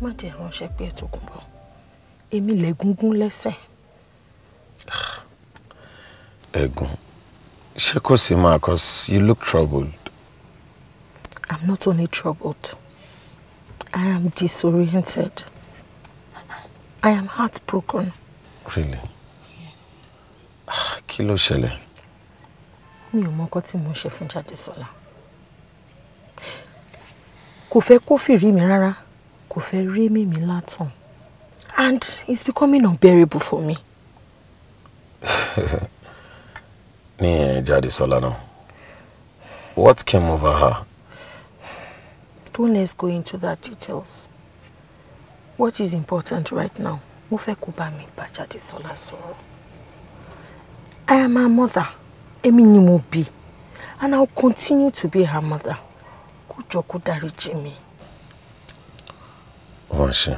Speaker 3: má dẹ̀ ránṣẹ́ pé ètò kùn bọ̀ èmi lẹ́gúngún lẹ́sẹ̀.
Speaker 2: Ah, ẹ̀gún ṣé kò sí ma cause you look troubled.
Speaker 3: I'm not only troubled. I am disoriented. I am heartbroken. Really? Yes.
Speaker 2: Ah, kí ló ṣẹlẹ̀?
Speaker 3: Mi ò mọ nǹkan tí mo ṣe fún Jádesọ́lá. Kò fẹ́ kó fìrí mi rárá. Kò fẹ́ rí mímí látàn. And it's becoming unbearable for me.
Speaker 2: *laughs* Ní ẹ̀ Jádesọ́lá náà, what came over her?
Speaker 3: Don't let's go into that details what is important right now mo fẹ́ kó bá mi bá Jádesọ́lá sọ̀rọ̀ I am her mother èmi ni mo bí and I will continue to be her mother kó jọ kó dáríjì mi.
Speaker 2: wọ́n oh, ṣe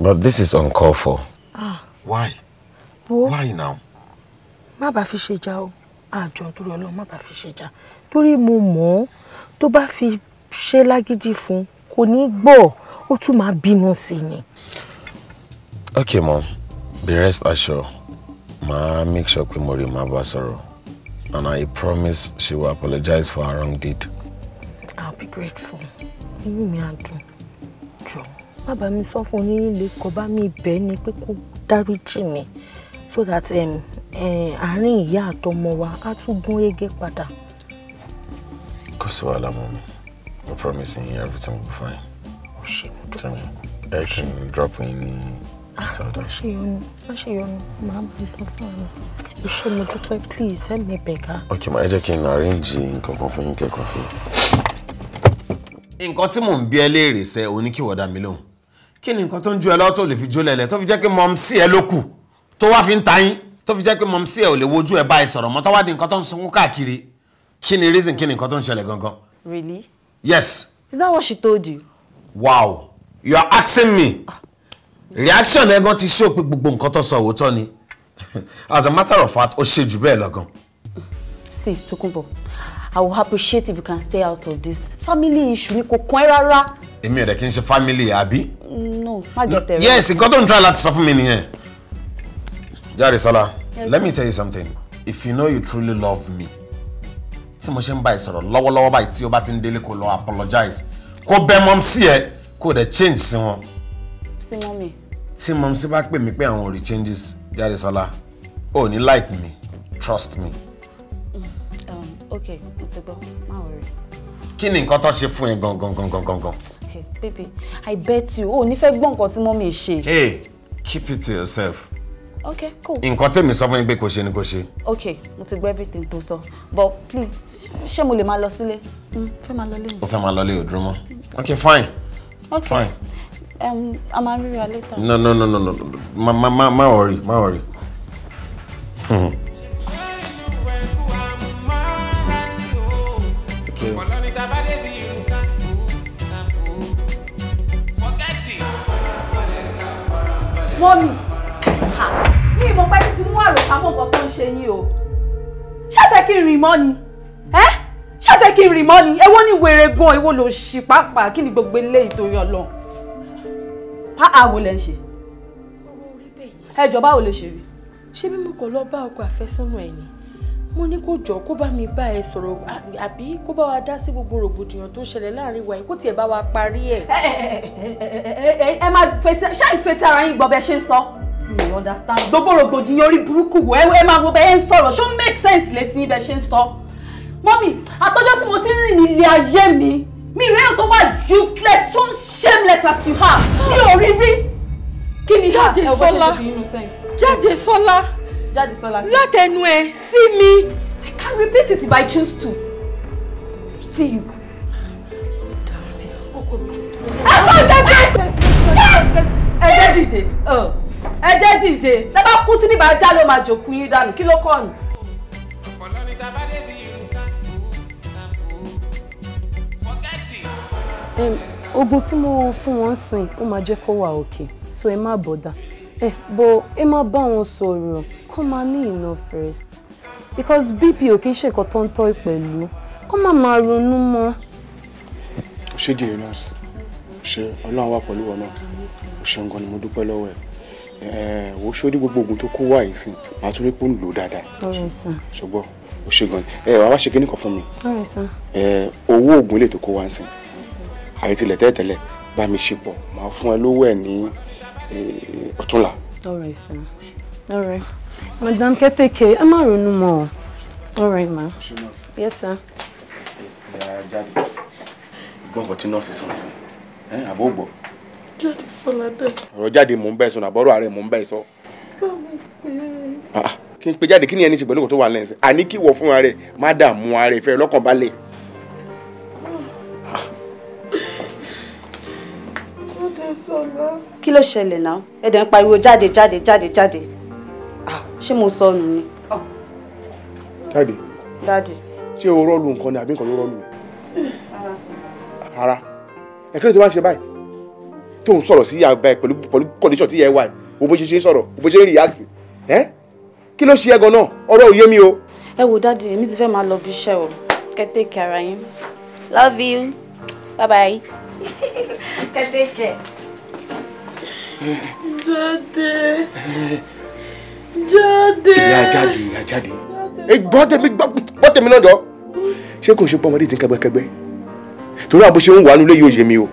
Speaker 2: but this is uncalled for.
Speaker 3: ah why wo why now. má bàa fi ṣe jà o àjọ torí Ọlọ́run má bàa fi ṣe jà torí mo mọ̀ ọ́ tó bá fi ṣe lágídí fún kò ní gbọ́ ọ ó tún máa bínú sí i ni.
Speaker 2: okay mom be rest assured màá make sure pé mo rí màá bá sọ̀rọ̀ and I promise she will apologize for her wrong deed.
Speaker 3: I'll be grateful. Inú mi á dùn. Jọ̀ọ́, má bá mi sọ fún onílé kó bá mi bẹ̀ ni pé kó dáríjì mi so that um, eh, àárín ìyá àtọmọ wa á tún gún régé padà.
Speaker 2: Kò sí wàhálà mọ́ mi. I promise you everything will be fine. Oh, shit dúpẹ́. ẹ ṣì ń drop yín ní
Speaker 3: ìtọ́dọ̀. má ṣe yọnu má ṣe yọnu màá máa lọ fún please help me bẹ̀ka.
Speaker 2: Okay, my ẹ jẹ́ arrange nǹkan kan fún yín kẹ́kọ̀ọ́ fún yín. nǹkan tí mò ń bí ẹ léèrè sẹ oníkìwọ́ dá mi lóhùn kí ni nǹkan tó ń ju ẹ lọ́wọ́ tó lè fi jó lẹ̀lẹ̀ tó fi jẹ́ pé mọ̀mú sí ẹ ló kù tó fi ń ta yín fi jẹ́ pé mọ̀mú sí ẹ ò lè wojú ẹ báyìí sọ̀rọ̀ mọ́ tó wá di nǹkan tó ń sunkún káàkiri reason kini ni nǹkan tó gangan. really. yes. is that what she told you. wow you are asking me reaction ẹ̀gán ti ṣe òpin gbogbo nǹkan tó sọ òótọ́ ni *laughs* as a matter of fact ó ṣe jù bẹ́ẹ̀ lọ gan.
Speaker 3: see Tokunbo I will appreciate if you can stay out of this family issue ni kò kàn ẹ́ rárá.
Speaker 2: èmi ò dẹ̀ kí n ṣe family àbí.
Speaker 3: no má gẹ̀ tẹ̀rẹ̀. yes nǹkan tó ń try
Speaker 2: láti sọ fún mi nìyẹn. jare Sala let me tell you something if you know you truly love me tí mo ṣe ń bá ẹ sọ̀rọ̀ lọ́wọ́lọ́wọ́ báyìí tí o bá ti ń délé kó lọ apologize kó bẹ́ mọ́ sí ẹ kò dẹ̀ change sí wọn. sí mọ́ mi. tí mọ́mísí bá pè mí pé àwọn ò rí changes jáde sọlá ò ní like me trust me.
Speaker 3: Mm, um, ok mo ti gbọ́ má worry.
Speaker 2: kí ni nǹkan tó ṣe fún ẹ gangan gangan gangan.
Speaker 3: hey baby i bet you o ní fẹ́ gbọ́ nǹkan tí mọ́mí ṣe. hey
Speaker 2: keep it to yourself.
Speaker 3: ok cool. nǹkan
Speaker 2: tèmi sọ fún yín pé kò ṣe ni kò ṣe.
Speaker 3: ok mo ti gbọ́ everything tó sọ but please ṣé mo lè máa lọ sílé hmm, fẹ́ máa lọ lé mi.
Speaker 2: o fẹ́ máa lọ lé òdúró mọ́ ok fine.
Speaker 3: Okay. Fine. Um, I'm angry later. No,
Speaker 2: no, no, no, no. Ma, ma, ma, ma worry, ma worry.
Speaker 1: Hmm. Okay.
Speaker 3: Mọ́mì, ní ìmọ̀ pẹ́ tí ti mú àròpamọ́ than tó ń ṣe yín o. Ṣé ẹ fẹ́ kí ṣàfẹ́ kí n rìn mọ́ ni èwo ni wèrè gan èwo ló ṣì pàápàá kí ni gbogbo eléyìí torí ọlọ́run áà wo lẹ ń ṣe ẹjọ báwo lè ṣe rí. ṣé bí mo kò lọ bá ọkọ àfẹ́sọ́nà ẹ̀ ni mo ní kó jọ kó bá mi bá ẹ sọ̀rọ̀ àbí kó bá wa dá sí gbogbo rògbòdìyàn tó ṣẹlẹ̀ láàrin wa yìí kó tiẹ̀ bá wa parí ẹ̀. ẹ má fetí ṣáà ìfetí ara yín gbọ́ bẹ́ẹ̀ ṣe ń sọ mi ò understand gbogbo rògbòdìyàn orí burúkú wo ẹ máa wo bẹ́ẹ̀ ń sọ̀rọ̀ ṣó ń make sense létí bẹ́ẹ̀ ṣe ń sọ mọ́mì àtọ́jọ́ tí mo ti ń rìn ní ilé ayé mi mi rí èèyàn tó wà useless tó shameless as you are mi ò rí rí. kí ni jáde sọlá jáde sọlá jáde sọlá látẹnu ẹ sí mi. I can repeat it if I choose to. See you. ẹ kọ́ ìdẹ́gbẹ́ ẹ jẹ́ dìde ẹ jẹ́ dìde tẹ́ bá kú sí níbàjá ló máa jòkú yín dànù kí ló kọ́ ọ̀nà. oògùn tí mo fún wọn sìn ó máa jẹ́ kó wà òkè so ẹ má bọ̀dà ẹ bọ ẹ má bá wọn sọ̀rọ̀ kó máa ní ìná first because bp ò kí ń ṣèkọ́ tó ń tọ́ pẹ̀lú kó má máa ronú mọ́.
Speaker 5: ṣé jèrè nọ́ọ̀sì ṣe ọlọ́run wà pẹ̀lú ọ̀nà ṣeun gan ni mo dúpẹ́ lọ́wọ́ ẹ̀ eh, wo ṣó ní gbogbo oògùn tó kó wá yìí sìn màá tún rí pé ó ń lò dáadáa ṣùgbọ́n o ṣe gan ni ẹ eh, wàá wá ṣe kíní kan fún mi eh, owó oògùn ilé tó kó wá ń sìn àìtilẹ̀ tẹ́tẹ́lẹ̀ bá mi ṣe pọ̀ máa fún ẹ lówó ẹ̀ ní ọ̀túnla.
Speaker 3: ọ̀rẹ́ sàn ọ̀rẹ́ madam kẹtẹkẹ ẹ má ronú mọ́ ọ ọ̀rẹ́ ma yes sir.
Speaker 5: gbọ́n kan tí nọ́ọ̀sì sọ̀rọ̀ sí àbó gbọ́.
Speaker 1: jáde sọ ládàá.
Speaker 5: ọ̀rọ̀ jáde mò ń bẹ́ẹ̀ sọ àbọ̀rọ̀ ààrẹ mò ń bẹ́ẹ̀ sọ.
Speaker 1: báwo pé.
Speaker 5: Ah, ah. kí n pe jáde kí ni ẹni ṣe pẹ̀lú nǹkan wà lẹ́yìn sí àní kí wọ fún ara rẹ̀ má dààmú ara rẹ̀ fẹ́ lọ́kàn
Speaker 3: kí ló ṣẹlẹ̀ náà ẹ dẹ̀ ń pariwo jáde jáde jáde jáde ṣé mo
Speaker 5: sọ nù ni. jáde. dáàdì. ṣé o rọ́ọ̀lù nǹkan ni àbí nǹkan ló rọ́ọ̀lù
Speaker 1: rẹ̀.
Speaker 5: ara ẹ kí ló ti wá ṣe báyìí tó ń sọ̀rọ̀ sí àgbà ẹ̀ pẹ̀lú pẹ̀lú condition tí yẹ wà ẹ̀ o bó ṣe ṣe sọ̀rọ̀ o bó ṣe react ẹ̀ kí ló ṣe ẹ gan náà ọ̀rọ̀ ò yé mi o.
Speaker 3: ẹ wo dáàdì èmi ti fẹ́ máa lọ bí iṣẹ́ o kẹ́tẹ́ kí ara yín love you bye bye kẹ́tẹ́ kẹ́ jáde jáde.
Speaker 5: ìyá jáde ìyá jáde. gbọ́ tẹ̀mí gbọ́ tẹ̀mí náà jọ ṣé kò ń ṣe pọ́nmọdé ti ń kẹgbẹ́kẹgbẹ́ torí àwọn bó ṣe ń wà nílé yóò yé mi o.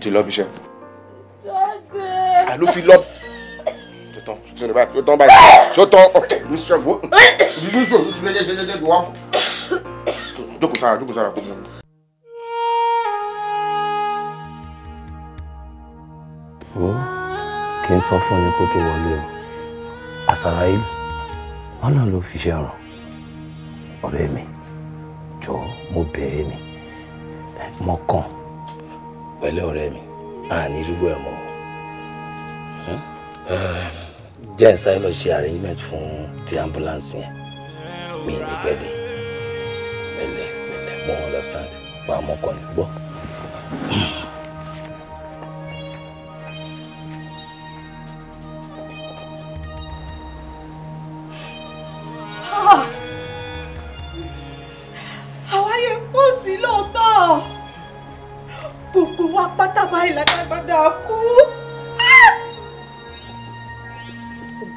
Speaker 5: ti lọ bí iṣẹ́. jáde. àló ti lọ. tó tán tó tán báyìí tó tán báyìí tó tán ọ̀tẹ̀ ní sẹ́wọ́ ní sẹ́wọ́ ní sẹ́wọ́ ní sẹ́wọ́ wá fún. jókòó sára jókòó sára kò mú un.
Speaker 9: wo kì í sọ fún ni kó tó wọlé o àṣàrà yìí wọn náà ló fi ṣe ràn ọ̀rẹ́ mi jọ mo bẹ̀ẹ́ mi mo kàn pẹ̀lẹ́ ọ̀rẹ́ mi àní irú ẹ̀ mọ́ jẹ́ ìsáré lọ ṣe arrangement fún ti ambulance yẹn mi ní pẹ̀lẹ́ pẹ̀lẹ́ pẹ̀lẹ́ mo understand
Speaker 1: wàá mọ́kàn ní gbọ́.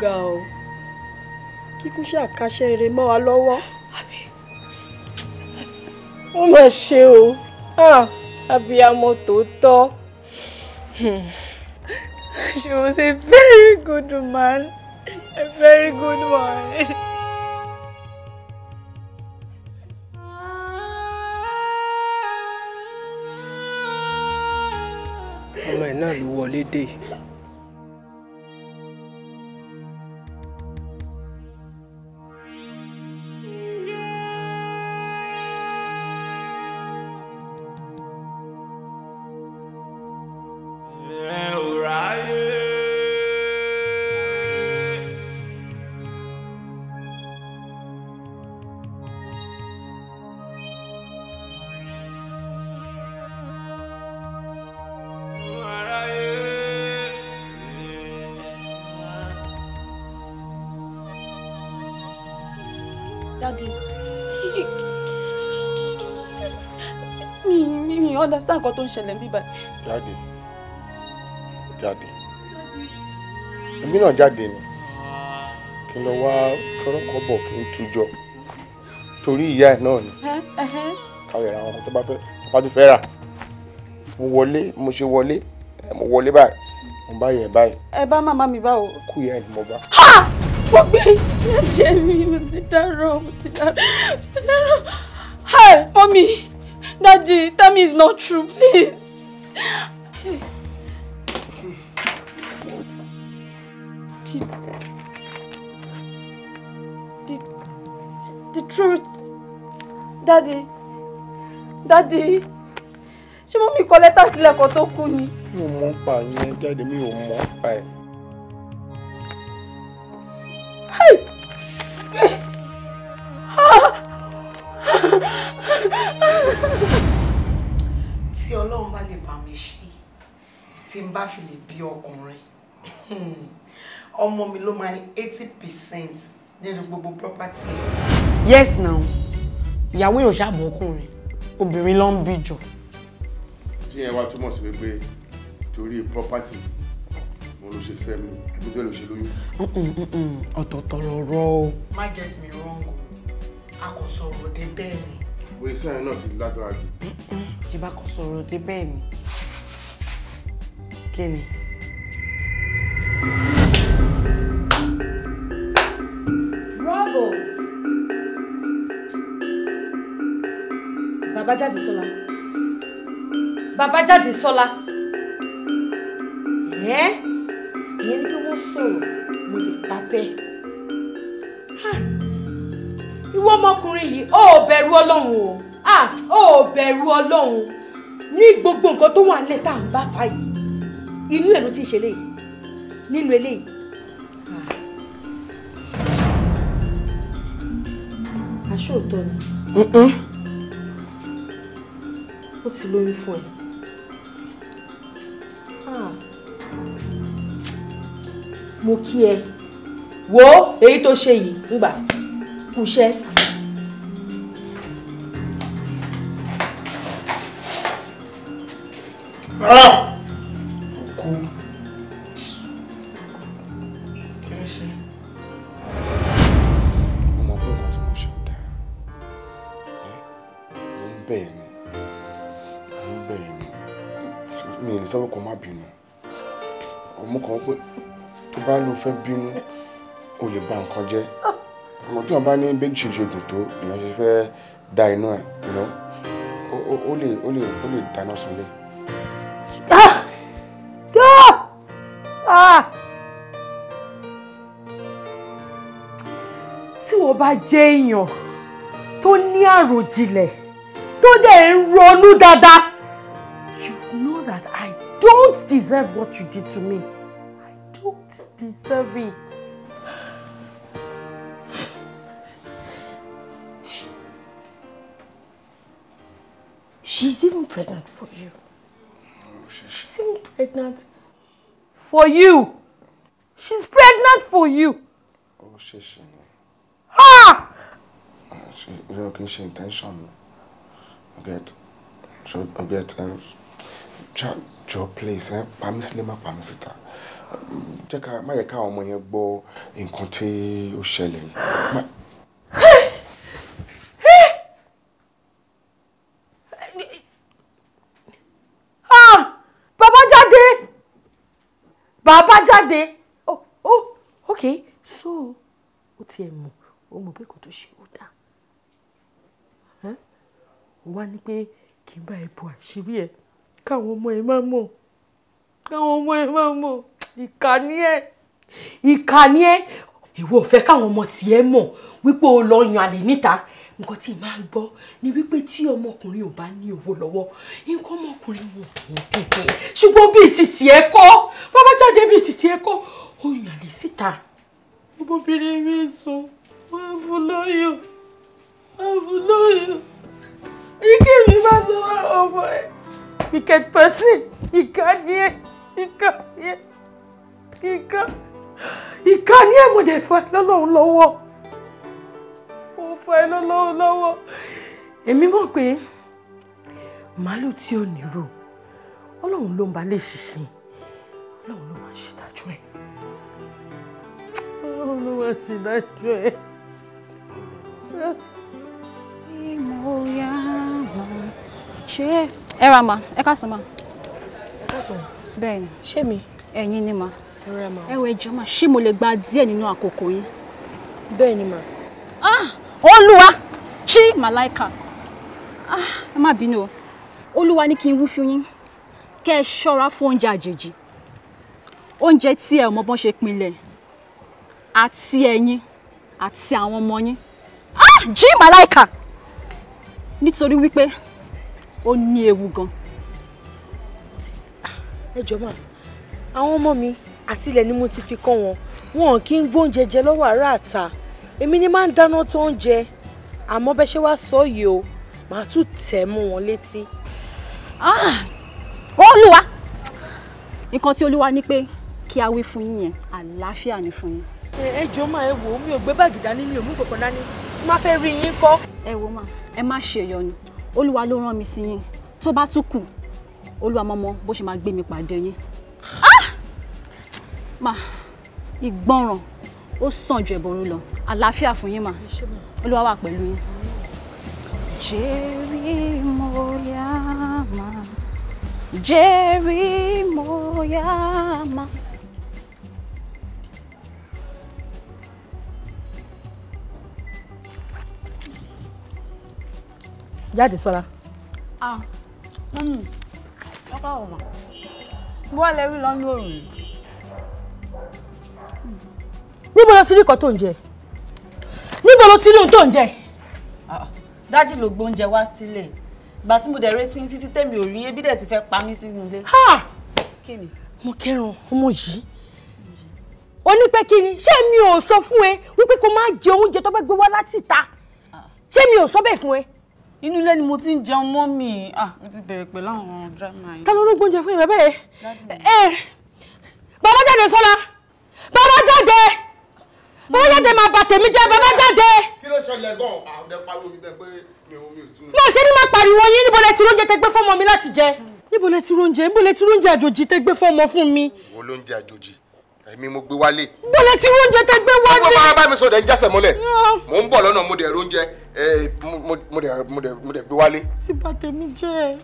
Speaker 1: ga o
Speaker 3: kíkú ṣàkàṣẹ rere mọ́ wa lọ́wọ́ ó mà ṣe o abiyamọ tòótọ́.
Speaker 1: She was a very good man, a very good one.
Speaker 12: ọmọ ẹ̀ náà ló wọlé dé
Speaker 3: understand nǹkan tó ń ṣẹlẹ̀ níbí
Speaker 5: báyìí. jáde jáde èmi náà jáde ni kí n lọ wá tọrọkọ bọ kí n tújọ torí ìyá ẹ náà ni káwé ra àwọn tó bá fẹ́ tó bá tún fẹ́ rà mo wọlé mo ṣe wọlé mo wọlé báyìí mo bá yẹ báyìí.
Speaker 3: ẹ bá màmá mi báwo.
Speaker 5: kú ìyá ẹ ni mo bá.
Speaker 3: mo gbé ìyá jẹ mi mo ti dárò mo ti dárò mo ti dárò. hi mọ́mí. Daddy, tell me it's not true, please. Did, did, the truth. Daddy. Daddy. Ṣé mọ́mí kọ lẹ́tà sílẹ̀ kan tó kú ni?
Speaker 5: Mi ò mọ̀ pa Me jáde, mi ò mọ̀ pa
Speaker 11: tí n bá fi lè bí ọkùnrin ọmọ mi ló máa ní eighty percent nínú
Speaker 5: gbogbo property.
Speaker 11: yes now ìyàwó yóò ṣàbọ̀ ọkùnrin obìnrin ló ń bí jù.
Speaker 5: tí yẹn wá túmọ̀ sí wípé torí property mo ló ṣe fẹ́ mi àbí bẹ́ẹ̀ ló ṣe lóyún.
Speaker 11: ọ̀tọ̀ọ̀tọ̀ lọ̀rọ̀ o.
Speaker 5: má get me wrong o a kò sọ̀rọ̀ dé bẹ́ẹ̀ ni. oye sẹ́yìn náà ti lágbára jù.
Speaker 11: tí bá kò sọ̀rọ̀ dé bẹ́ẹ̀ ni kí
Speaker 3: bravo bàbá jáde sọlá bàbá jáde sọlá ẹ ìyẹn ni bí wọ́n sọ̀rọ̀ mo lè pa bẹ́ẹ̀ ìwọ ọmọkùnrin yìí ó bẹ̀rù Ọlọ́run o ó bẹ̀rù Ọlọ́run ní gbogbo nǹkan tó wà nílẹ̀ tá à ń bá fà yìí inú ẹ̀ ló ti ń ṣe léyìí nínú eléyìí. Ah. aṣọ òótọ́ ni.
Speaker 1: ó ti lóyún fún ẹ. Ah.
Speaker 3: mo kí ẹ wo èyí tó ṣe yìí ń gbà kúṣẹ́.
Speaker 1: Ah!
Speaker 5: bá ló fẹ́ bínú o lè ba nǹkan jẹ́ àmọ́ tí wọ́n bá ní bẹ́ẹ̀ ṣe tó èèyàn ṣe fẹ́ da inú ẹ̀ ìná ó lè ó lè ó lè dáná sunlé. Ah!
Speaker 1: Ah!
Speaker 3: tí wọ́n bá jẹ́ èèyàn tó ní àròjinlẹ̀ tó dẹ̀ ń ronú dáadáa you know that I don't deserve what you did to me don't deserve it. she's even pregnant for you. she's... even pregnant for you. She's pregnant for you.
Speaker 5: Oh, she, she. Ah! She, okay, she intention. Get, so get, um, job, job, please, eh? Pamisile ma pamisita jẹ́ ká má yẹ káwọn ọmọ yẹn gbọ́ nǹkan tí ó ṣẹlẹ̀
Speaker 3: yìí. Ah! bàbá jáde bàbá jáde oh oh okay so ó tiẹ̀ mọ̀ ó mọ̀ pé kò tó ṣe ó dá ó wá ní pé kí n bá ẹ bò àṣírí ẹ káwọn ọmọ ẹ má mọ̀ káwọn ọmọ ẹ má mọ̀ ìkà ni ẹ ìkà ni ẹ ìwọ ò fẹ́ káwọn ọmọ tiẹ̀ mọ̀ wípé o lọ yan àlè níta nǹkan tí màá gbọ́ ni wípé tí ọmọkùnrin ò bá ní owó lọ́wọ́ nǹkan ọmọkùnrin wọn kò dìde ṣùgbọ́n bíi títì ẹ kọ́ bàbá jáde bíi títì ẹ kọ́ ó yàn lè síta. ọmọbìnrin mi sùn wọn fún lóyún wọn fún lóyún ike mi bá sọ wọn ọmọ ẹ ìkẹtùpẹ̀sì ìkànnì ẹ ìkànnì ẹ ìka ìka ní ẹ̀mọ̀ dẹ̀ fa lọ́wọ́ mo fa iná lọ́hùn lọ́wọ́ èmi mọ̀ pé màálù tí ò ní rò ọlọ́run ló ń ba lè ṣìṣìn
Speaker 1: ọlọ́run ló máa ṣèdájọ́ ẹ̀ ọlọ́run ló máa ṣèdájọ́ ẹ̀. ìmọ̀ọ́yà
Speaker 3: ẹ ra ma ẹ ká sọ ma. ẹ ká sọ. bẹ́ẹ̀ ni. ṣé mi. ẹ̀yin ni ma ẹ wọ ẹjọ mà ṣé mo lè gba díẹ̀ nínú àkókò yín. bẹ́ẹ̀ ni mà. Ah, olúwa chi màláìka ah, ẹ má bínú o olúwa ní kí n wú fún yín kẹ́ ẹ ṣọ́ra fún oúnjẹ àjèjì oúnjẹ tí ẹ ò mọ bọ́n ṣe pinlẹ̀ àti ẹ̀yin àti àwọn ọmọ yín ah, jí màláìka nítorí wípé ó ní ewu gan. ẹ jọ̀ọ́ mà àwọn ọmọ mi àti ilẹ̀ ni mo ti fi kọ́ wọn wọn kì í gbóúnjẹ jẹ lọ́wọ́ ará àta èmi ni máa ń dáná tó ń jẹ àmọ́ bẹ́ ṣe wá sọ yìí o màá tún tẹ̀ mú wọn létí. Ah! olúwa nǹkan tí olúwa ní pé kí a wí fún yín yẹn àlàáfíà ni fún yín. ẹ jọ máa ẹ wò ó mi ò gbé báàgì dání mi ò mú kankan dání tí má fẹ́ rí yín kọ́. ẹ wo ma ẹ má ṣèyọnu olúwa ló rán mi sí yín tó bá tún kù olúwa mọ́mọ́ bó ṣe máa gbé mi pàdé yín ma ìgbọràn ó sàn ju ẹ̀bọ̀rú lọ àlàáfíà fún yín mà olúwa wà pẹ̀lú yín. jerry moyama jerry moyama. jáde sọlá.
Speaker 1: ah mọ́mí ọkọ̀ ọ̀mà bọ́ọ̀lù ẹrú lọ́nà
Speaker 3: òòrùn níbo ló ti rí nǹkan tó ń jẹ níbo ló ti rí ohun tó ń jẹ. Ah, dájì ló gbóúnjẹ wá sílẹ̀ ìgbà tí mo dẹ̀ retí títí tẹ̀mí ò rí ebi dẹ̀ ti fẹ́ pa mí sínú ilé. kí ni. mo kẹ́rùn ọmọ yìí ó ní ni ṣé mi ò sọ fún ẹ wípé kó má jẹ oúnjẹ tó bá gbé wá láti ta ah. ṣé mi ò sọ bẹ́ẹ̀ fún ẹ inú ilé ni mo ti ń jẹun mọ́ mi ah mo ti bẹ̀rẹ̀ pẹ̀lú àwọn drama yìí. ta ló ló gbóúnjẹ fún ìbẹ̀bẹ̀ rẹ̀ eh, bàbá jáde sọ́la bàbá jáde bàbá
Speaker 6: jáde máa bà tèmi jẹ́ bàbá jáde.
Speaker 5: kí ló ṣẹlẹ̀ gan-an àwùjọ ah, pariwo mi bẹ́ẹ̀ pé mi ò mi ò sún. náà ṣé ni máa pariwo yín níbo lẹ ti
Speaker 3: róúnjẹ tẹ gbé fọmọ mi láti jẹ. níbo lẹ ti róúnjẹ níbo lẹ ti róúnjẹ àjòjì tẹ gbé fọmọ fún mi.
Speaker 5: wo ló ń jẹ àjòjì èmi mo gbé wálé. bó lè ti oúnjẹ tẹ gbé wálé. ọgbọ́n máa bá mi sọ̀rọ̀ ẹ̀ ń jásẹ̀ mọ́lẹ̀. mò ń bọ̀ lọ́nà mo dẹ̀ róúnjẹ mo dẹ̀ gbé wálé. ẹ ti bà tèmi
Speaker 3: jẹ́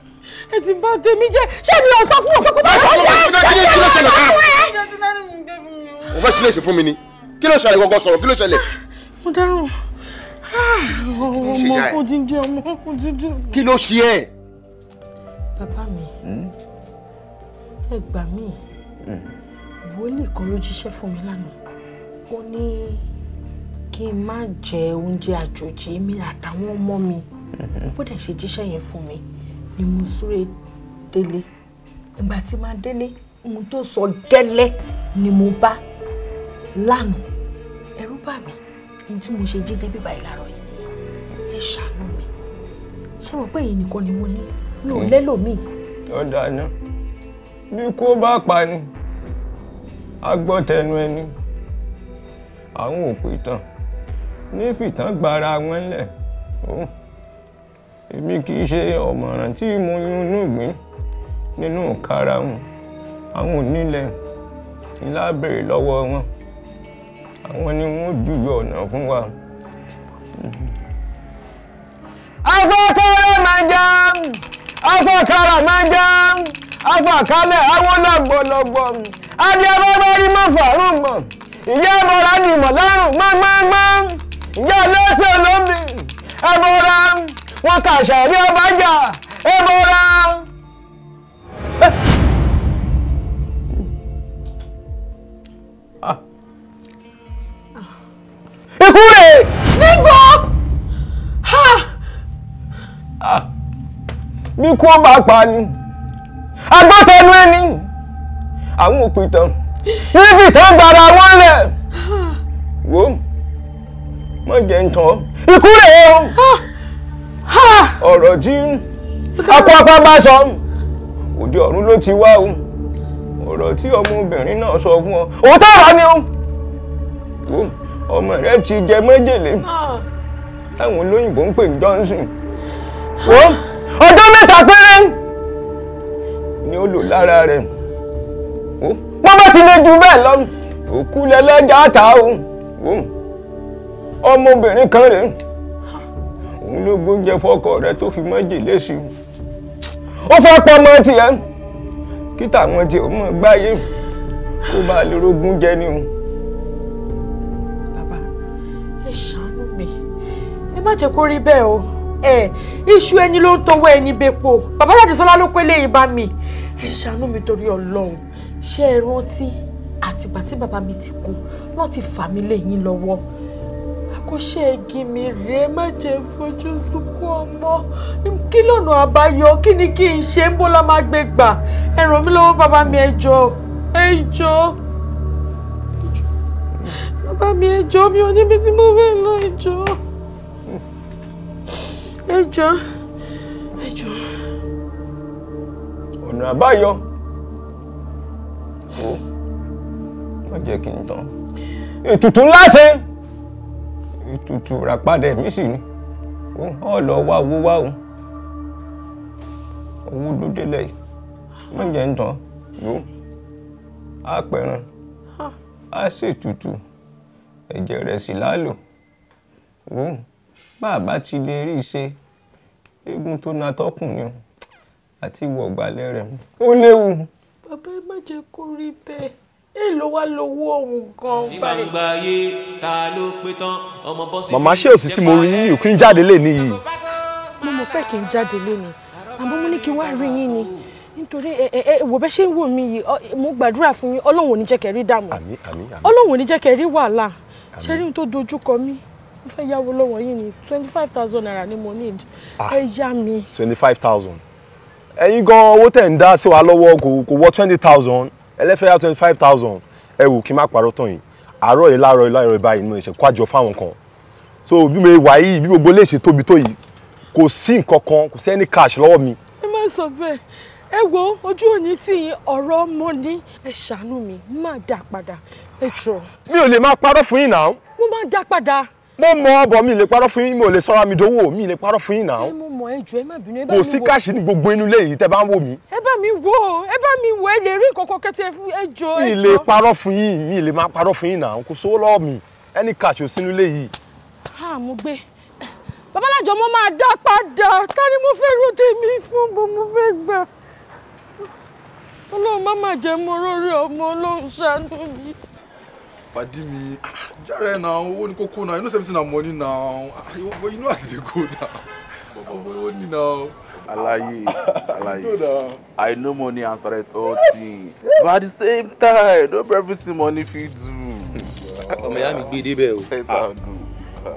Speaker 3: ẹ ti bà tèmi jẹ́ ṣé mi ò sọ fún ọ pé kò bá wọ́n jẹ́ ẹ ti bà tèmi jẹ́.
Speaker 5: o fẹ́ sílẹ̀ ṣe fún mi ni kí ló ṣẹlẹ̀ gbọ́ngàn sọ̀rọ̀ kí ló ṣẹlẹ̀.
Speaker 3: mo dáràn ah, ọmọ kò ti di ọmọ kò ti di.
Speaker 5: kí ló ṣe ẹ.
Speaker 3: bàbá mi hmm? ẹ gbà mí hmm. kan ló jíṣẹ́ fún mi lánàá ó ní kí n má jẹ oúnjẹ àjòjì mi àtàwọn ọmọ mi hmm. bó dẹ̀ ṣe jíṣẹ́ yẹn fún mi ni mo súré délé ìgbà tí máa délé ohun tó sọ gẹ́lẹ́ ni mo bá lánàá ẹ̀rù bà mí ní tí mo ṣe jíde bíbá ìlàrọ̀ yìí nìyẹn ẹ ṣàánú mi ṣé mo pé èyí nìkan ni mo ní mi ò hmm. lẹ́lòmíì.
Speaker 12: ó dáná bí kú bá pa ni a gbọ́ tẹnu ẹni àwọn òpè tán ní fìtàn gbára wọn lẹ̀ hmm. èmi kì í ṣe ọ̀mọ̀ràn tí mo yún inú ìgbín nínú karahun àwọn onílẹ̀ ńlá béèrè lọ́wọ́ wọn. àwọn ni wọ́n júwe ọ̀nà fún wa.
Speaker 10: afọkọrẹ máa jẹ
Speaker 6: afọkara máa jẹ afọkalẹ àwọn lọgbọlọgbọ adiababari ma fàrún mọ ìyá ẹbọra ni mọlárùn mọmọmọ ìyá ọlọsẹ olómi ẹbọra wọn kà ọbàjà
Speaker 1: ẹbọra. ikú rè. níbo
Speaker 12: bí kú ó bá pa ni
Speaker 6: agbátẹnu ẹni
Speaker 12: àwọn òpìtàn níbi ìtàn gbàrà wọn lẹ wo mọ jẹ ń tán ikú rè o ọ̀rọ̀ tí akọ apá bá sọ òde ọ̀run ló ti wá o ọ̀rọ̀ tí ọmọbìnrin náà sọ fún ọ òótọ́ ọ̀rọ̀ ni o ọmọ rẹ ti jẹ májèlé táwọn olóyìnbó ń pè ní Johnson wo ọdún mẹ́ta péré ni ó lò lára rẹ̀ wo wọ́n bá ti lè ju bẹ́ẹ̀ lọ òkú lẹ́lẹ́jà ta o wo ọmọbìnrin kan rèé òun ló gbóúnjẹ fọ́kọ rẹ̀ tó fi májèlé sí ó fẹ́ pọ́ ọmọ tiẹ̀ kí táwọn tiẹ̀ ó mọ̀ gbáyé kó bá lè rogún jẹ ni o
Speaker 1: ẹ
Speaker 3: ṣàánú mi ẹ má jẹ́ kó rí bẹ́ẹ̀ o ẹ iṣu ẹni ló ń tọwọ́ ẹni bepo bàbá Ṣàdìsọ́lá ló pé léyìn bá mi ẹ ṣàánú mi torí Ọlọ́run ṣé ẹ rántí àtìgbà tí bàbá mi ti kú náà ti fà mí léyìn lọ́wọ́ àkọṣe igi mi rèé má jẹ́ fojú sunkún ọmọ kí lọ́nà àbáyọ kí ni kí n ṣe ń bó la máa gbé gbà ẹ ràn mí lọ́wọ́ bàbá mi ẹ jọ̀ọ́ ẹ jọ̀ọ́ bàbá mi ẹ jọ̀ọ́ mi ò níbi tí mo fẹ́ lọ ẹ jọ̀ọ́ ẹ jọ̀ọ́ ẹ jọ̀ọ́.
Speaker 12: ọ̀nà àbáyọ o má jẹ́ kí n tán ètùtù ńlá ṣe ètùtù ràpadà mi sì ni ó lọ wá owó wá o owó ló délẹ̀ yìí má jẹ́ ń tán o á pẹ̀ràn á ṣètùtù. ẹ̀jẹ̀ rẹ̀ sì lálò lè rí i ṣe tó na tọkùn ni àti ìwọ ọgbàlẹ rẹ ó léwu. bàbá ẹ
Speaker 3: rí bẹ́ẹ̀ èèlò wá lówó òun gan báyìí.
Speaker 7: nígbà ayé ta ọmọ bọ́sì. màmá ṣé òsì tí mo
Speaker 8: rí kí n jáde lé ní yìí.
Speaker 3: mo kí n jáde lé ní àmọ́ mo ní kí n wá rí yín ni nítorí ẹ ẹ wò ṣe wò mí yìí mo gbàdúrà fún yín ọlọ́run ṣẹ́rin tó dojúkọ mi mo fẹ́ yáwó lọ́wọ́ yìí ní twenty five thousand naira ni mo need ah. ẹ yá mi.
Speaker 13: twenty five thousand ẹ̀yin gan owó tẹ̀ ń dá sí wa lọ́wọ́ kò wọ twenty thousand ẹlẹ́fẹ́ yá twenty five
Speaker 5: thousand ẹ wò kí n má parọ́ tán yìí àárọ̀ yìí láàárọ̀ yìí láàárọ̀ yìí báyìí ni mo ṣe kó àjọ fáwọn kan
Speaker 13: so bí mo wà yìí bí gbogbo lè ṣe tóbi tó yìí kò sí nǹkan kan kò sí any cash lọ́wọ́ mi.
Speaker 3: ẹ má sọ bẹ́ẹ̀ ẹ wo ojú òní tí ọ̀rọ̀ mo ní ẹ ṣàánú mi má dà padà Petro.
Speaker 5: Mi ò lè máa parọ́ fún yín náà. Mo máa dá padà. Mo mọ ọbọ̀ mi lè parọ́ fún yín, Mo ò lè sọ́ra mi dówó, mi lè parọ́ fún yín náà. Ẹ mo
Speaker 3: mọ ẹjọ́ ẹ má bínú ẹ bá mi wò. Kò sí káàṣì
Speaker 5: ní gbogbo inú ilé yìí tẹ́ bá ń wò mí.
Speaker 3: Ẹ bá mi wò ó, ẹ bá mi wò ẹ lè rí ìkọ̀kọ̀ kẹ́tẹ́ fún ẹjọ́ Mi lè
Speaker 5: parọ́ fún yín, mi lè máa parọ́ fún yín náà, kò sówó lọ́wọ́ mi, ẹni káàṣì ò sínú ilé yìí.
Speaker 3: mo gbé. Babalájọ mo máa dá padà, ká ni mo fẹ́ rú tèmi fún bó mo fẹ́ gbà. Ọlọ́run má má jẹ́ mo rórí ọmọ Ọlọ́run ṣàánú yìí.
Speaker 13: Padi mi ah, jare na owó ní kókó na you know something na money na ah, but you know as e dey go na owó ní na. alaye alaye i know money answer it all yes, thing yes. but at the same time no be everything money fit do. *laughs* ọmọ ìyá mi gbé débẹ̀ o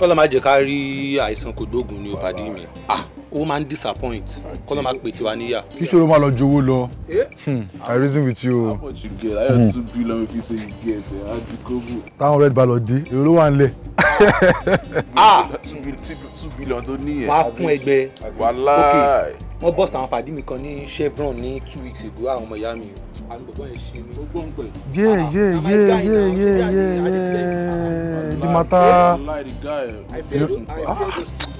Speaker 13: kọ́lọ́ má jẹ́ ká rí àìsàn kò gbóògùn ní o pàdé mi. Ah, owó máa ń disappoint kọ́ ló máa pè tiwa níyà. kí ṣòro máa lọ jowó lọ eh? hmm, i reason with you. how much you get I ayọ̀ hmm. two billion if you say you get ẹ̀ adi kobo. táwọn red ball ọdí èrò ló wà ń lẹ̀. ah, ah! two billion tó ní yẹn. máa kún ẹgbẹ́ ok wọ́n bọ́sì àwọn pàdé mi kan ní chevron ní two weeks ago àwọn ọmọ ìyá mi o yeah, ah, yeah, yeah, yeah. yé yé yé di mata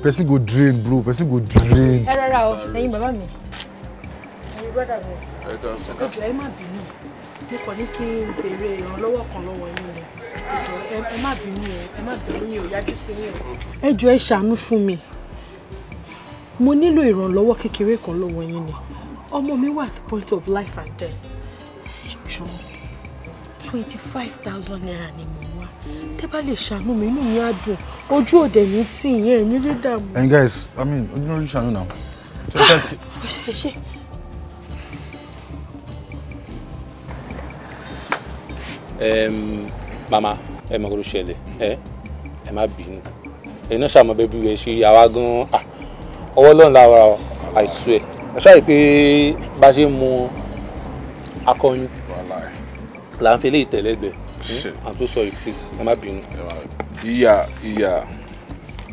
Speaker 13: person go drain bro person go drain. ẹ
Speaker 3: rárá o ẹ̀yin bàbá mi ẹ̀yin brọdà mi
Speaker 12: ọkọ ẹ
Speaker 3: má bínú mo kàn ní kí n béèrè ìrànlọ́wọ́ kan lọ́wọ́ yín rẹ ẹ má bínú ẹ má bínú mi ò yájú sí mi o. ẹ jọ ẹ ṣàánú fún mi mo nílò ìrànlọ́wọ́ kékeré kan lọ́wọ́ yín ni ọmọ mi wà the point of life and death twenty five thousand naira ni mo tẹ́ bá lè ṣàánú mi inú mi á dùn ojú òde ní tí ìyẹn ẹ̀ ní rí dààmú.
Speaker 13: and guys i mean ojú ló rí ṣàánú náà. Ah, ẹ ṣe. mama ẹ mọ̀ kó ṣẹlẹ̀ ẹ ẹ má bínú ẹ náà ṣàmọ̀ bẹ́ẹ̀ bí wẹ́ẹ́ ṣe àwa gan-an ah, ọwọ́ lọ́run lára I swear ẹ ṣáà pé bá ṣe mu akọrin là ń fi eléyìí tẹ̀lẹ́gbẹ̀ẹ́. I'm so sorry, please. Ẹ má bínú. Ìyá ìyá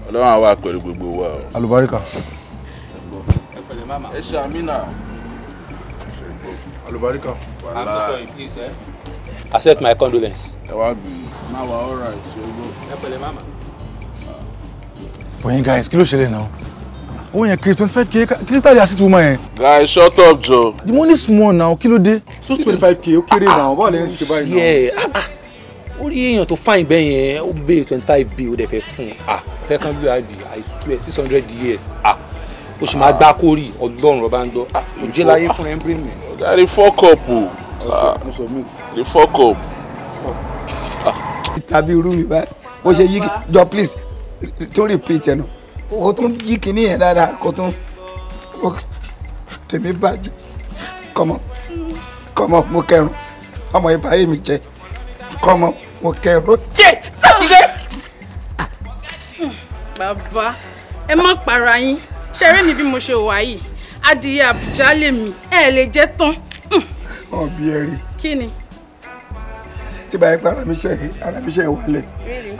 Speaker 13: ọlọ́run àwa pẹ̀lú gbogbo wa o. Àlùbáríkà. Ẹ ṣe àmínà. Àlùbáríkà. I'm so sorry, please. Eh? Accept my condolence. Now we're gbìyànjú. Máa wà all right. Ẹ guys, kilo ló now. Oh, Owó yẹn kiri twenty five k kí ló tàbí assist woman Guys, shut up Joe. The money is small now, Kilo day. dé? Two twenty five k ó kéré ah, ah. náà, bọ́ọ̀lù yẹn ti ṣe báyìí náà. Ah, ó rí èèyàn tó fáìn bẹ́ẹ̀ yẹn ó béèrè twenty five b ó dẹ̀ fẹ́ fún un ah fẹ́ kán bí wàá di i swear six hundred years ah ó sì máa gbá kórì ọlọ́run ọba ń dọ́ ah kò jẹ́ láyé fún ẹ ń bírí mi. ọ̀gá rí four cup o rí four cup.
Speaker 8: tàbí irú mi báyìí mo ṣe yí jọ please tó repeat ẹ̀ nù kò tún yí kinní yẹn dáadáa kò tún tèmi bàjẹ́ kọ́mọ kọ́mọ mo kẹrùn ọmọ ìbáyé mi jẹ kọ́mọ wọn kẹrọ jẹ dìde.
Speaker 3: bàbá ẹ má para yín ṣeré mi bí mo ṣe wà yìí
Speaker 7: adìyẹ
Speaker 8: jeton. Oh, ẹ Kini. Tiba tán. Hmm. ọbí ẹ rí. kí ni. tí báyìí pa aramiṣẹ aramiṣẹ wálẹ̀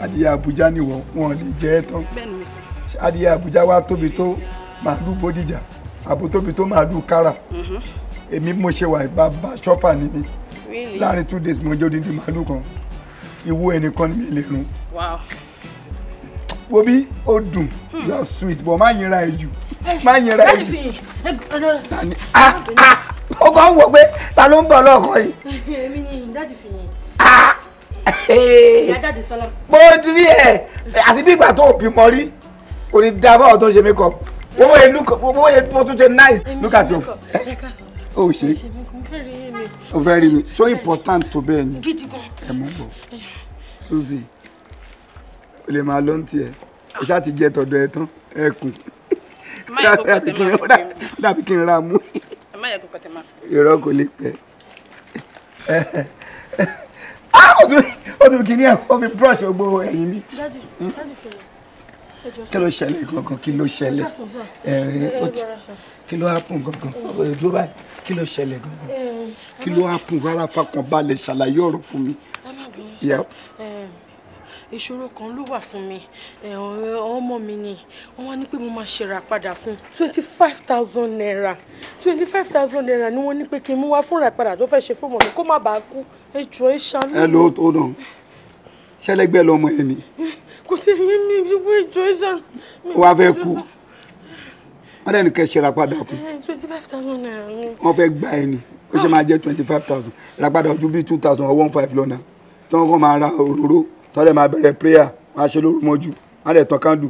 Speaker 8: adìyẹ àbújá ni wọn lè jẹ tán adìyẹ àbújá wa tóbi tó màálù bódìjà àbò tóbi tó màálù kára mm-hmm. èmi mo ṣe wà ìbá bá ṣọ́pà nínú láàrin two days mo jẹ́ odindi màálù ìwo ẹnìkan ní mi lè rún. wo bí ó dùn hmm. you are sweet but má yẹra ẹ jù má yẹra ẹ
Speaker 1: jù.
Speaker 8: tani ah ah ọkọ ń wò pé ta ló ń bọ̀ lọ́ọ̀kọ́
Speaker 3: yìí. èmi ni ìdájì fi yìn. ah mo rí ẹ
Speaker 8: àti bí ìgbà tó o bímọ rí kò ní dáa báwo tó ń ṣe mí kọ owó yẹn lóko owó yẹn tó tún ṣe nice look at you o ṣe o fẹ́ rí mi so important tó bẹ́ẹ̀ ni ẹ mọ̀ bọ̀ Suzy o lè máa lọ ní tiẹ̀ o ṣáà ti jẹ́ tọ̀dọ̀ ẹ tán ẹ kùn dàbí kí n ra mú irọ́ kò lè pẹ́ *laughs* ah, ó tún kí ni ẹ̀ ó fi brush gbogbo ẹ̀yìn mi. dájú
Speaker 1: dájú fèrè kí ló
Speaker 8: ṣẹlẹ̀ gangan kí ló ṣẹlẹ̀ kí ló happen gangan dúró báyìí kí ló ṣẹlẹ̀
Speaker 1: gangan
Speaker 3: kí ló
Speaker 8: happen rárá fakàn balẹ̀ ṣàlàyé ọ̀rọ̀ fún mi.
Speaker 3: ìṣòro kan ló wà fún mi ọmọ mi ni wọ́n wá ní pé mo máa ṣe padà fún twenty five thousand naira twenty five thousand naira ni wọ́n ní pé kí n mú wá fún rà padà tó fẹ́ ṣe fún ọmọ mi kó má bàa kú ẹ jọ̀ọ́ ẹ ṣàánú. ẹ lóòótọ́
Speaker 8: náà ṣẹlẹgbẹ lọmọ ẹ ni.
Speaker 3: kò sí ẹyẹ mi ìdíwọ́ ìjọ ẹ̀ṣà. wàá fẹ́ kú
Speaker 8: wọ́n dẹ̀ ní kẹ́ ṣe rapadà fún.
Speaker 3: twenty five thousand naira ni. wọ́n fẹ́ gba ẹ
Speaker 8: ni ó ṣe máa jẹ́ twenty five thousand rapadà ojú bíi two thousand or one five lọ́nà tí wọ́n kàn máa ra òróró tí wọ́n dẹ̀ máa bẹ̀rẹ̀ prayer wọ́n á ṣe lóru mọ́jú wọ́n á dẹ̀ tán kándù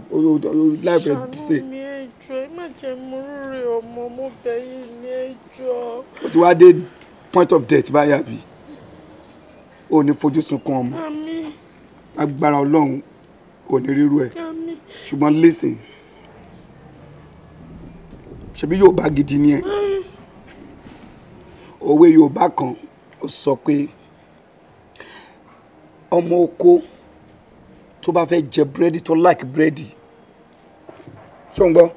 Speaker 8: láìpẹ́ ṣe. ṣàánú mi ẹjọ́ ẹ má jẹ́ múrúre ọmọ mo bẹ̀ yín ní ẹjọ́. ó ti wá dé point of death báyà bí ò ní fojú sunkún ọmọ agbára ọlọ́run ò ní rírú ẹ̀ ṣùgbọ́n listen ṣebí Yorùbá gidi ni ẹ òwe Yorùbá kan ó sọ pé ọmọ oko tó bá fẹ́ jẹ búrẹ́dì tó like búrẹ́dì ṣùgbọ́n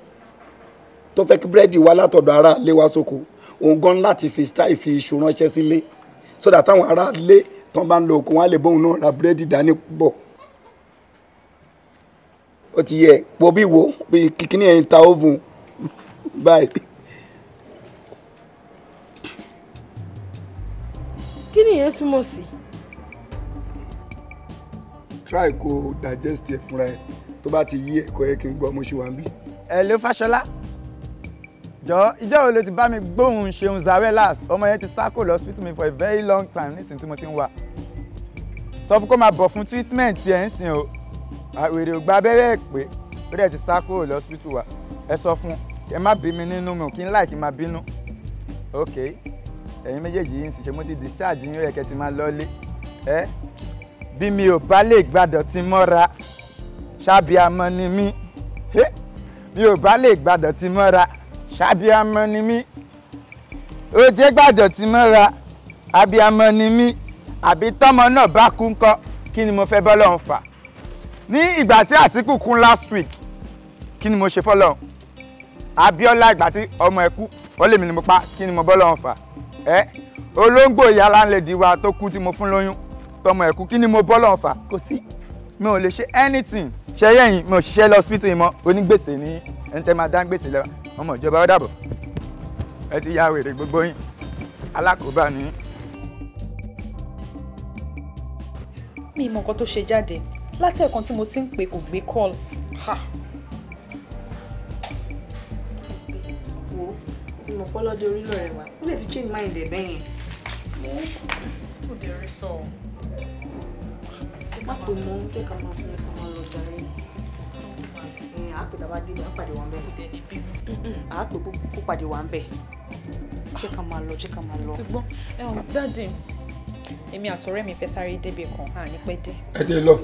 Speaker 8: tó fẹ́ kí búrẹ́dì wá látọ̀dọ̀ ara lé wá sóko òun gan láti fi style fi iṣu ránṣẹ́ sílé sódà táwọn ará lé tán bá ń lo okun wọn á lè bóun náà ra búrẹ́dì dání bọ̀ ó ti yẹ wo bí wo bí kíkíní ẹ̀yìn ta oven *laughs* báyìí.
Speaker 3: kí nìyẹn túmọ̀ sí.
Speaker 8: try kó digest ẹ fúnra ẹ tó bá ti yí ẹ̀kọ́ yẹ kí n gbọ́ mo ṣe wà ń bí. ẹ ló Fáṣọlá jọ ìjọ́ wo ló ti bá
Speaker 4: mi gbóhùn Ṣeun Zare last ọmọ yẹn ti sákò lọ hospital mi for a very long time nísìnyí tí mo ti ń wà sọ fún kó máa bọ̀ fún treatment yẹn ń sìn o àwèrè ò gba abẹ́rẹ́ ẹ̀ pé ó dẹ̀ ti sákò lọ hospital wa ẹ sọ fún ẹ má bí mi nínú mi ò kí ń láì kí n máa bínú ok ẹ̀yin méjèèjì yìí ń ṣiṣẹ́ mo ti discharge yín ó yẹ kẹ́ ti máa lọ́lé ẹ bí mi ò bá lè gbàdọ̀ ti mọ́ra ṣábíàmọ́ ni mí bí ò bá lè gbàdọ̀ ti mọ́ra ṣàbíamọ ni mí oje gbàjọ ti mọ́ra abiamọ ni mí àbí tọ́mọ náà bá kú ńkọ́ kí ni mo fẹ́ bọ́lọ́run fà ní ìgbà tí Àtíkù kún last week kí ni mo ṣe fọ́lọ́run Abíọ́lá ìgbà tí ọmọ ẹ̀ kú ó lèmi ni mo pa kí ni mo bọ́lọ́run fà ẹ́ olóńgbò ìyá láńlẹ̀dì wa tó kú tí mo fún lóyún tọmọ ẹ̀ kú kí ni mo bọ́lọ́run fà kò sí mi ò lè ṣe anything ṣẹyẹ yìí mi ò ṣiṣẹ́ lọ́sípítù yìí mọ́ onígbèsè ní ẹni tẹ́ máa dá gbèsè lẹ́wọ̀n ọmọ ìjọba ó dàbọ̀ ẹ ti ya wèrè gbogbo yín alákòóbá ni.
Speaker 3: mi mọ nǹkan tó ṣe jáde látẹ̀kan tí mo ti ń pè kò gbé call. wo ìmọ̀pọ̀ lọ́dẹ orílẹ̀ rẹ wá ó lè ti change mind ẹ̀ bẹ́yẹn. ó dẹ̀ rí sọ. má tó mọ kí ká máa fún ẹ ká máa lọ jàre àápè tá a bá dé ní àpàdé wa ń bẹ. kùdẹ ní bímọ. àápè kó pàdé wa ń bẹ. jẹ́ ká máa lọ jẹ́ ká máa lọ. ṣùgbọ́n dáàdì èmi àtọ̀rẹ́ mi fẹ́ sáré débi kan à ní pẹ́ dé.
Speaker 8: ẹ dé lọ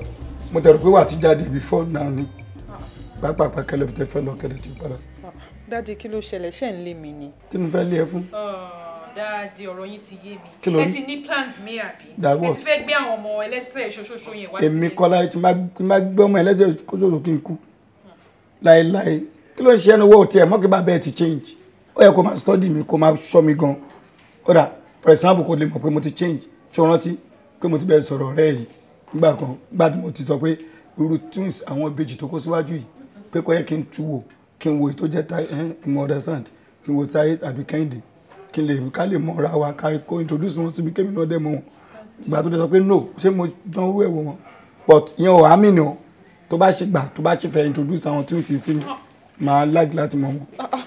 Speaker 8: mo tẹ̀rù pé wà á ti jáde before now ni ah. pápápá kẹlẹ́ bí tẹ fẹ́ lọ kẹlẹ́ ti padà. Ah,
Speaker 3: dáàdì kí ló ṣẹlẹ̀ ṣẹ́ ń lé mi ni. kí ni fẹ́ lé ẹ fún oh, dáadé ọ̀rọ̀ yín ti yé mi ẹ ti ní plans mi àbí ẹ ti fẹ́ gbé àwọn ọmọ ẹlẹ́sẹ̀ ṣoṣoṣo yẹn wá sí mi.
Speaker 8: èmi kọ́lá ti máa gbé ọmọ ẹlẹ́sẹ̀ ṣoṣoṣo kí n kú láéláé kí ló ń ṣe ẹnu owó òtí ẹ mọ́kì bá bẹ́ẹ̀ ti change ó yẹ kó máa study mi kó máa ṣọ́ mi gan ó dà for example kó lè mọ̀ pé mo ti change ṣó rántí pé mo ti bẹ̀rẹ̀ sọ̀rọ̀ rẹ̀ yìí nígbà kan nígbà tí mo ti sọ pé irú twins àwọn ìbejì tó kó síwájú yìí pé kò yẹ kí n tú wò kí n wo ètò jẹ́ táyé ẹ̀ ẹ̀ mo understand kí n wo táyé àbí kẹ́hìndé kí n lè ká lè mọ ra wa ká kó introduce wọn síbi kémi náà dẹ̀ mọ́ wọn ìgbà tó dẹ̀ sọ pé no ṣé mo dánwó ẹ̀wọ̀ wọn but ìyẹn ò há mí ni o tó bá ṣe gbà tó bá ṣe fẹ́ introduce àwọn tí ó sì sí mi màá like láti mọ̀ wọn.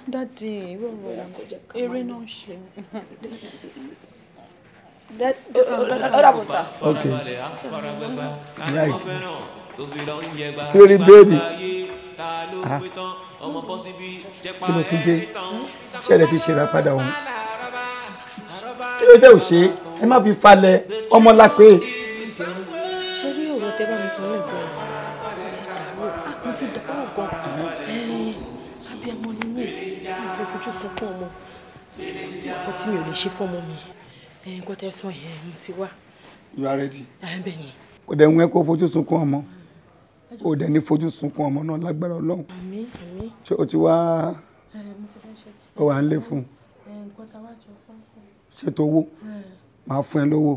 Speaker 3: dadi ìwé ọ̀rọ̀ eré
Speaker 1: náà ń ṣe. Oh,
Speaker 7: ok right sorry baby ah. kí
Speaker 8: ló tún dé ṣẹlẹ̀ ti ṣe ra padà wọn kí ló dé ò ṣe é má fi falẹ̀ ọmọ lápẹ́.
Speaker 7: ṣe rí ọ̀rọ̀ tẹ́ bá mi sọ lẹ́nu.
Speaker 3: tí mi ò lè ṣe fọ́mọ mi nǹkan tẹ́ sọ yẹn mo ti wá.
Speaker 8: you are ready. bẹ́ẹ̀ ni. kò dẹ̀ ń wẹ́ kó fojú sunkún ọmọ kò dẹ̀ ní fojú sunkún ọmọ náà lágbára ọlọ́run. àmín àmín. ṣé o ti wá ọ wà ń lé fún un.
Speaker 1: nǹkan tá a wá jọ fún un.
Speaker 8: ṣètò owó máa fún ẹ lówó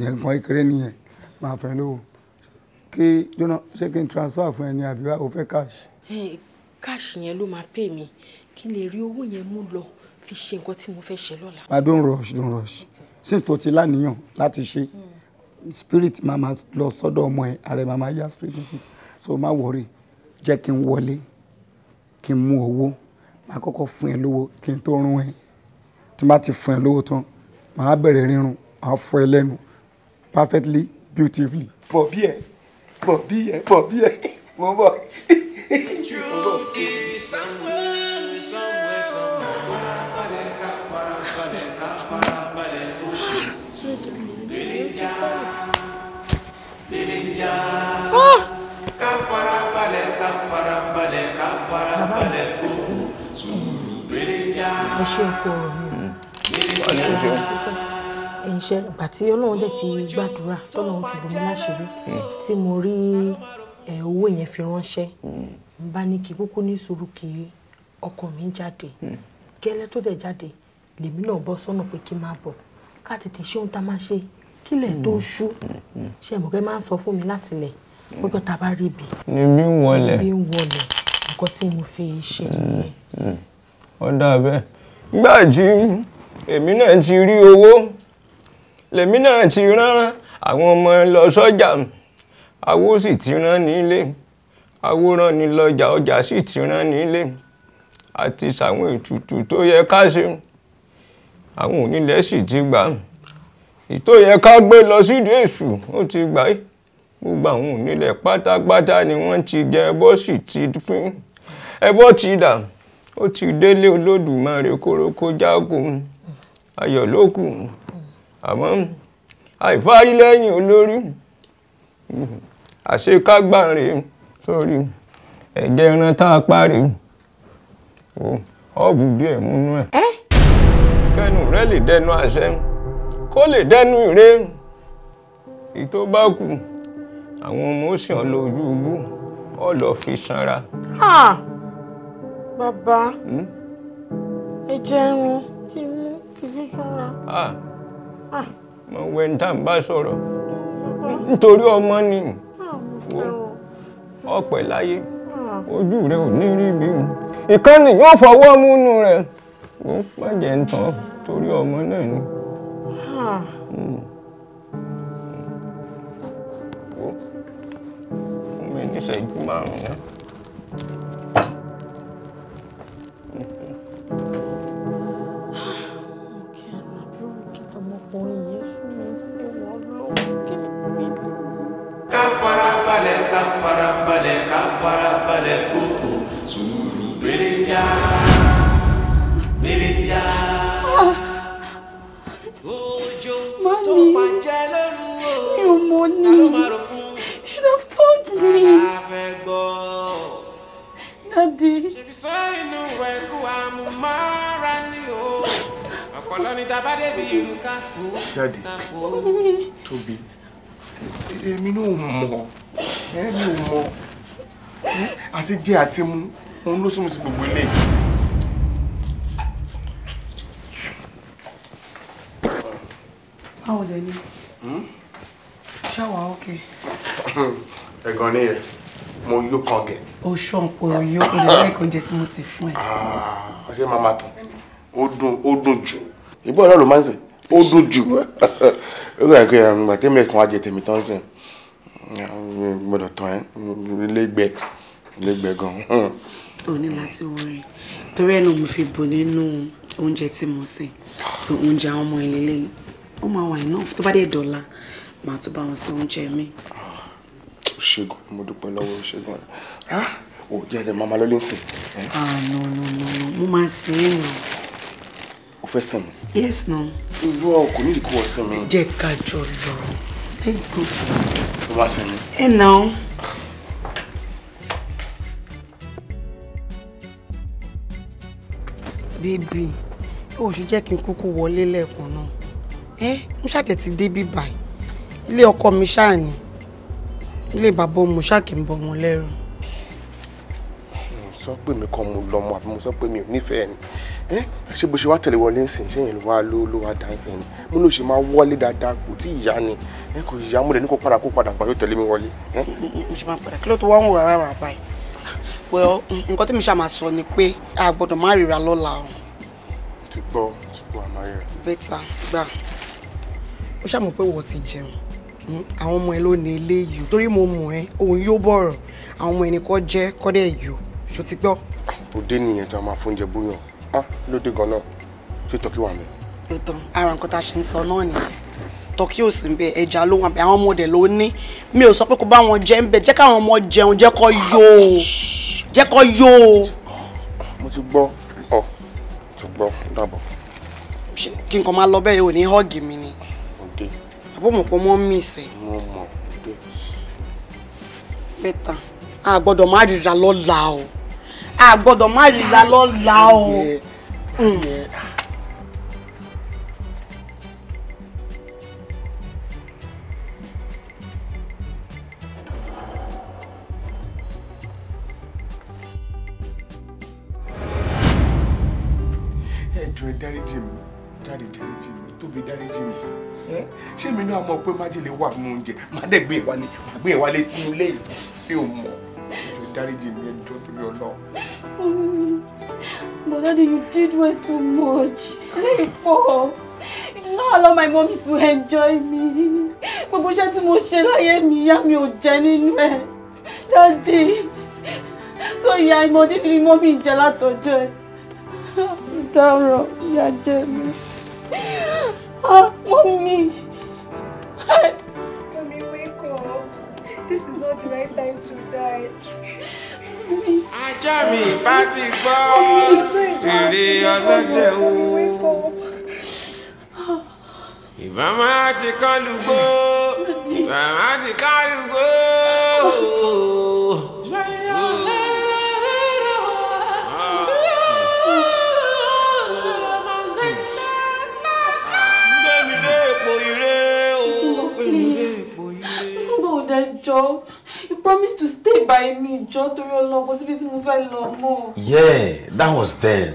Speaker 8: yẹn nǹkan kékeré nìyẹn máa fún ẹ lówó kí jóná ṣé kí n transfer fún ẹ ní àbí o fẹ́ cash.
Speaker 3: cash yẹn ló máa pè mí kí n lè rí owó yẹn mú lọ fi ṣe nǹkan tí mo fẹ́ ṣe lọ́la.
Speaker 8: ma don't rush don't rush since tó ti láníyàn láti ṣe spirit máa lọ sọ́dọ̀ ọmọ ẹ̀ ààrẹ máa yá straight sí so má worry jẹ́ kí n wọlé kí n mú owó máa kọ́kọ́ fún ẹ lówó kí n tó rún ẹ tí n ti fún ẹ lówó tán màá bẹ̀rẹ̀ rírun màá fọ ẹ lẹ́nu perfectly beautifully. bọ̀ bí ẹ bọ̀ bí ẹ bọ̀ bí ẹ mo bọ̀.
Speaker 7: truth is somewhere. farabalẹ̀ kó sùúrù gbélé já. ẹ ṣe ọkọ mi hmm. ẹ ṣe
Speaker 3: ẹ̀yin ṣe ìgbà tí Ọlọ́run dẹ̀ ti gbàdúrà tọ́lọ́run ti bò mí hmm. tí mo rí owó yẹn fi ránṣẹ́ hmm. bá ní kí kúkú ní sùúrù kí ọkọ mi jáde gẹ́lẹ́ tó dẹ̀ jáde lèmi náà bọ́ sọ́nà pé kí n máa bọ̀ ká tètè ṣe ohun tá a máa ṣe kílẹ̀ tó ṣú ṣe mọ̀kẹ́ máa ń sọ fún mi látìlẹ̀ ọjọ́ tá a bá rí ibi.
Speaker 12: ni ń wọlé
Speaker 3: nǹkan tí mo fi
Speaker 12: ṣe nìyẹn. ó dáa bẹ́ẹ̀ nígbà tí èmi náà ti rí owó lèmi náà ti rán àwọn ọmọ lọ sọ́jà awó sì ti rán nílé awó rán ni lọ́jà ọjà sì ti rán nílé àti ṣàwọn ètùtù tó yẹ ká ṣe àwọn onílẹ̀ sì ti gbà ìtò yẹ ká gbé lọ sídìí èṣù ó ti gbà gbogbo àwọn onílẹ̀ pátápátá ni wọ́n ti jẹ bọ́ọ̀sì ti fún un ẹgbọ́n ti dà ó ti délé olódùmarè kórókó jágùn ayọ̀ ló kù àmọ́ àìfárí lẹ́yìn olórí àṣekágbà rèé sórí ẹ̀jẹ̀ ẹran tá a parí ọ̀bù díẹ̀ múnú ẹ̀. kẹnu rẹ lè dẹnu àṣẹ kó lè dẹnu ìre ìtó bá kù àwọn ọmọ ó sì ọ lójú ugbó ọ lọ fi sanra.
Speaker 3: Ah. Bàbá, hmm? ẹ jẹun
Speaker 1: kí ní ìfi ṣọ́ra. Ah. Ah.
Speaker 12: Mo wẹ̀ ń tà ń sọ̀rọ̀. Nítorí ọmọ ah, láyé. Ojú rẹ̀ ò ní rí Ìkànnì yóò fọwọ́ múnú rẹ̀. Ó ọmọ náà ni. Hmm.
Speaker 7: ní ká fara balẹ̀ ká fara balẹ̀ kókò sùúrù ojo tó bá jẹ lóru o mi ò mọ ni should have told me. Daddy. ṣèbí sọ inú ẹ̀ kú àmúmọ́ra ni o ọpọlọ ni tá a bá ká fò.
Speaker 5: jáde tóbi èmi náà mọ̀ ẹ mi ò mọ àti jẹ àti mu òun ló súnmọ́ sí gbogbo ilé yìí. báwo lẹ ní. ṣáwa ókè. ẹ̀gàn ni hmm? yẹn mo yó kan gẹ̀.
Speaker 11: o ṣan po yó o lè láì kọjá tí mo sì fún ẹ.
Speaker 5: Ah, ṣé máa ma tán ó dùn ó dùn jù ìbọn náà ló máa ń sè ó dùn jù ó gbà pé àgbà um, tẹ́mi ẹ̀kan ajẹ tèmi tán sìn gbọ́dọ̀ tán ẹ́ ilé gbẹ ilé gbẹ gan. Hmm.
Speaker 11: o ní láti wọrin torí ẹnu mo fi bò nínú oúnjẹ tí mo sè so oúnjẹ àwọn ọmọ ilé lẹ́yìn ó máa wà iná tó bá dé dọ́là màá tún bá wọn sí oúnjẹ mi. Ah,
Speaker 5: ṣẹ́gun mo dúpẹ́ lọ́wọ́ ṣẹ́gun ò ah, jẹ́ ẹ̀jẹ̀ máa ma lọ́lé sìn.
Speaker 11: ah no no no mo máa sìn ín nù. o fẹ́ sìn mi. yes no.
Speaker 5: ìwọ kò ní ìdíkọ̀ sìn mi.
Speaker 11: jẹ́ ká jọ lọ. Let's
Speaker 5: go. What's in
Speaker 11: it? now. Baby, o ṣe jẹ́ kí n kúkú wọlé lẹ́ẹ̀kan náà. Ẹ́ mo ṣàdẹ̀ ti dé bí báyìí. Ilé ọkọ mi ṣáà ni. Ilé bàbá mo ṣáà kì í bọ̀ wọn lẹ́rù.
Speaker 5: Mo sọ pé mi kan mo lọ́mọ àbí mo sọ pé mi ò nífẹ̀ẹ́ ni ẹ eh, ṣé bó ṣe wá tẹ̀lé wọlé ń sìn ṣé yẹn ló wá ló ló wá dáńsìn ni mo ló ṣe máa wọlé dáadáa kò tí ì yá ni ẹ eh, kò yá mo lè ní kó padà kó padà gbàjọ tẹ̀lé mi wọlé. mo ṣe máa padà
Speaker 11: kí ló tó wá ń wò rárá rà báyìí pé nǹkan tí mi ṣáà máa sọ ni pé a gbọ́dọ̀ má ríra lọ́la o.
Speaker 5: ti gbọ́ ti gbọ́ àmáyẹ.
Speaker 11: bẹ́tà gbà ó ṣàmọ̀ pé wọ́n ti jẹun àwọn ọmọ ẹ ló ní ilé torí mo mọ̀ ẹ́ òun yóò bọ̀rọ̀ àwọn ọmọ ẹnì kan jẹ́ kọ́dẹ̀ yìí o ṣó ti gbọ́.
Speaker 5: òde nìyẹn tó a máa fóúnjẹ bóyàn á ah, lóde gan-an ṣé tọ́kí wà mẹ́.
Speaker 11: ètò ara nǹkan tá a ṣe ń sọ náà nìyẹn tọ́kí ò sí ń bẹ ẹja ló wà bẹ àwọn ọmọdé ló ní mi ò sọ pé kó bá wọn jẹ ń bẹ jẹ́ káwọn ọmọ jẹun jẹ́ kó yó o jẹ́ kó yó o.
Speaker 5: mo ti gbọ́ ọ ti gbọ́ dàbọ̀.
Speaker 11: kí n kàn máa lọ bẹ́ẹ̀ yóò ní họ́ọ̀gì mi ni àbọ̀mọ̀pọ̀ mọ́ mí ìsẹ̀. bẹ́ẹ̀ tán a gbọ́dọ̀ má rira lọ́la o a gbọ́dọ̀ má rí la lọ́la o.
Speaker 5: ẹjọ́ ẹ dáríjì mi dáre dáríjì mi tóbi dáríjì mi ṣé mi náà mọ̀ pé májèlé wà nínú oúnjẹ má dẹ̀ gbé ìwálé má gbé ìwálé sínú ilé yìí mi ò mọ̀ dáríjì mi ẹjọ́ torí
Speaker 3: ọlọ́run. But daddy, you did way too much. Hey, Paul, you not allow my mommy to enjoy me. Gbogbo iṣẹ́ tí mo me láyé mi, ìyá mi ò Daddy, so ìyá ìmọ̀dé ni mọ́mí ń jẹ látọjọ́ ẹ̀. Dárọ̀, ìyá jẹ
Speaker 7: mi. Ah, mọ́mí. This is not the right time to die. party Ajá mi bá ti gbọ́ oh, èrè ọlọ́dẹ o. Oh, ìbá máa ti kọ́ lùgbó, ìbá máa ti kọ́ lùgbó.
Speaker 3: ẹjọ́ you promised to stay by me jọ torí ọlọ́wọ́ síbi tí mo fẹ́ lọ mọ́. yeah
Speaker 2: that was then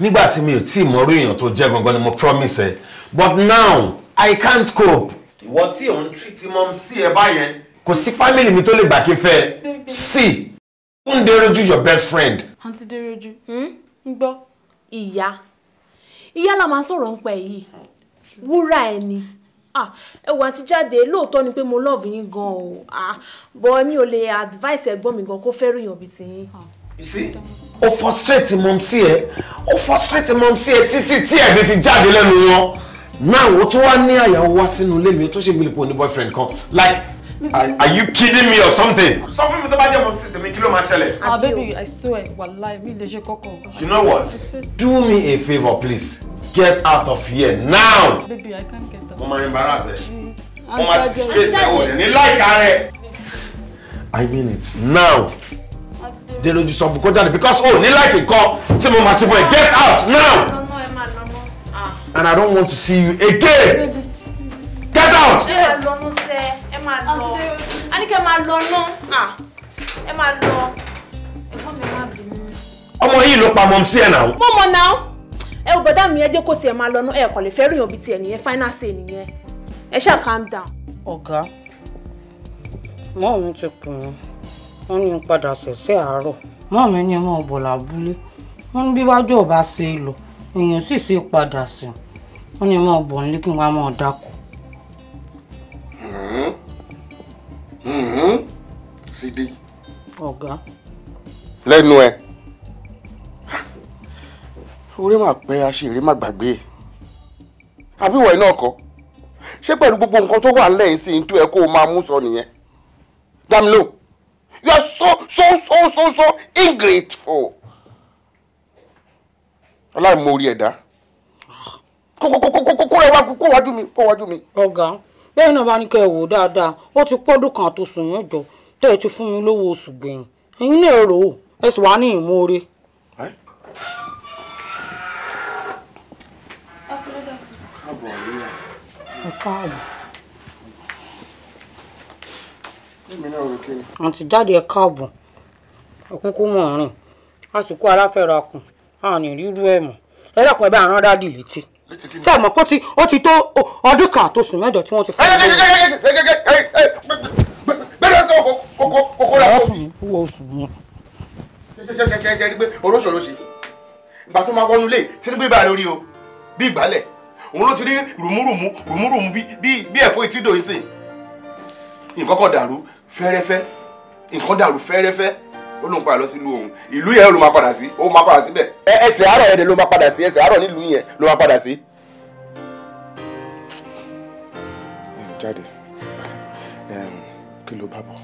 Speaker 2: nígbà tí mi ò tí ì mọ orí èèyàn tó jẹ́ gangan ni mo promise ẹ but now i can't cope. ìwọ tí ò ń treat mom sí ẹ báyẹn kò sí family mi tó lè gbà kí n fẹ́ sí Ndereju your
Speaker 5: best friend.
Speaker 3: àǹtí Dereju hmm? ń gbọ́ ìyá ìyá la máa sọ̀rọ̀ ń pa èyí wúrà ẹni ah ẹwà àti jáde lóòótọ́ ni pé mo love yín gan o ah but mi ò lè advice ẹ̀gbọ́n mi gan kó fẹ́ ròyìn òbí
Speaker 1: tiyín.
Speaker 2: you see o frustrate mom sí ẹ o frustrate mom sí ẹ titi, tí ẹ̀mí fi jáde lẹ́nu wọn Now, o tún wá ní àyàwó wá sínú ilé mi o tún ṣe mi ní boyfriend kan like Are, are you kidding me or something? Sọ fún mi tó bá jẹ́ mo sì tèmi kí ló máa ṣẹlẹ̀.
Speaker 3: Ah baby, I swear, wàláì mi lè ṣe kọ́kọ́. You know what?
Speaker 2: Do me a favour please, get out of here now.
Speaker 3: Baby, I can't get
Speaker 2: out. Mo máa embarrass ẹ. Mo máa ti space ẹ wò ní láìka rẹ. I mean it now. Dé lójú sọ fún kó jáde because o ní láìkì kan tí mo máa ṣe fún ẹ get out now. Ah. And I don't want to see you again.
Speaker 3: Get out. ma lọ oh, a ní máa lọ náà ẹ máa lọ ẹ̀gbọ́n mi
Speaker 5: máa bínú. ọmọ yìí ló pa sí ẹ̀ náà. mo
Speaker 3: na náà ẹ ò bọ́dá mi ẹ kó lọ náà ẹ kò lè ròyìn òbí nìyẹn final say nìyẹn ẹ ṣáà calm down. ọ̀gá ti pè wọ́n ní padà ṣẹ̀ṣẹ̀ àárọ̀ mi bọ̀ lábúlé ní bí ọba ṣe lọ èèyàn sì ṣe padà sí ní bọ̀ nílé kí
Speaker 5: Mm-hmm. Sidi. Ọ̀gá. Lẹ́nu ẹ̀. Orí máa pẹ́ aṣèré má gbàgbé. Àbí ìwọ iná ọkọ̀? Ṣé pẹ̀lú gbogbo nǹkan tó wà lẹ́yìn sí tó ẹ kó o máa mú sọ nìyẹn? Dámilò, you are so so so so so ingrateful. Ọláìmoore ẹ̀dá.
Speaker 3: Kó kó kó kó kó kó rẹ̀ wá kó wájú mi kó wájú mi. Ọ̀gá bẹ́ẹ̀ náà bá ní kẹ́ ẹ wò dáadáa ó ti pọ́dún kan tó sùn yín jọ tẹ́ ẹ ti fún mi lówó oṣù gbẹ̀yìn ẹ̀yin náà rò ó ẹ sì wá ní ìmoore. ẹ káàbọ̀. àǹtí jáde ẹ káàbọ̀ ọkùnkù mọ̀ rìn àsìkò aláfẹ́rakùn àwọn ìrírú ẹ̀ mọ̀ ẹ dàpọ̀ ẹ bá àrán dádì létí ṣé ẹ mọ̀ pé ó ti tó ọdún kan tó sùn mẹ́jọ tí wọ́n ti fún mi.
Speaker 5: gbẹ́dọ̀ tó kókó la kó. wọ́n oṣù yẹn. ṣẹṣẹṣẹṣẹ ni pé oróṣòro ṣe ìgbà tó máa wọnú lé tinubu ibà lórí o bí ìgbálẹ̀ òun ló ti rí kan dàrú fẹ́rẹ́fẹ́ nǹkan dàrú fẹ́rẹ́fẹ́ ó lóun padà lọ sílùú òun ìlú yẹn ló máa padà sí ó máa padà síbẹ̀. ẹsẹ̀ àárọ̀ yẹn ló máa padà sí ẹsẹ̀ àárọ̀ nílùú yẹn ló máa padà sí. jáde kí ló bá bọ̀.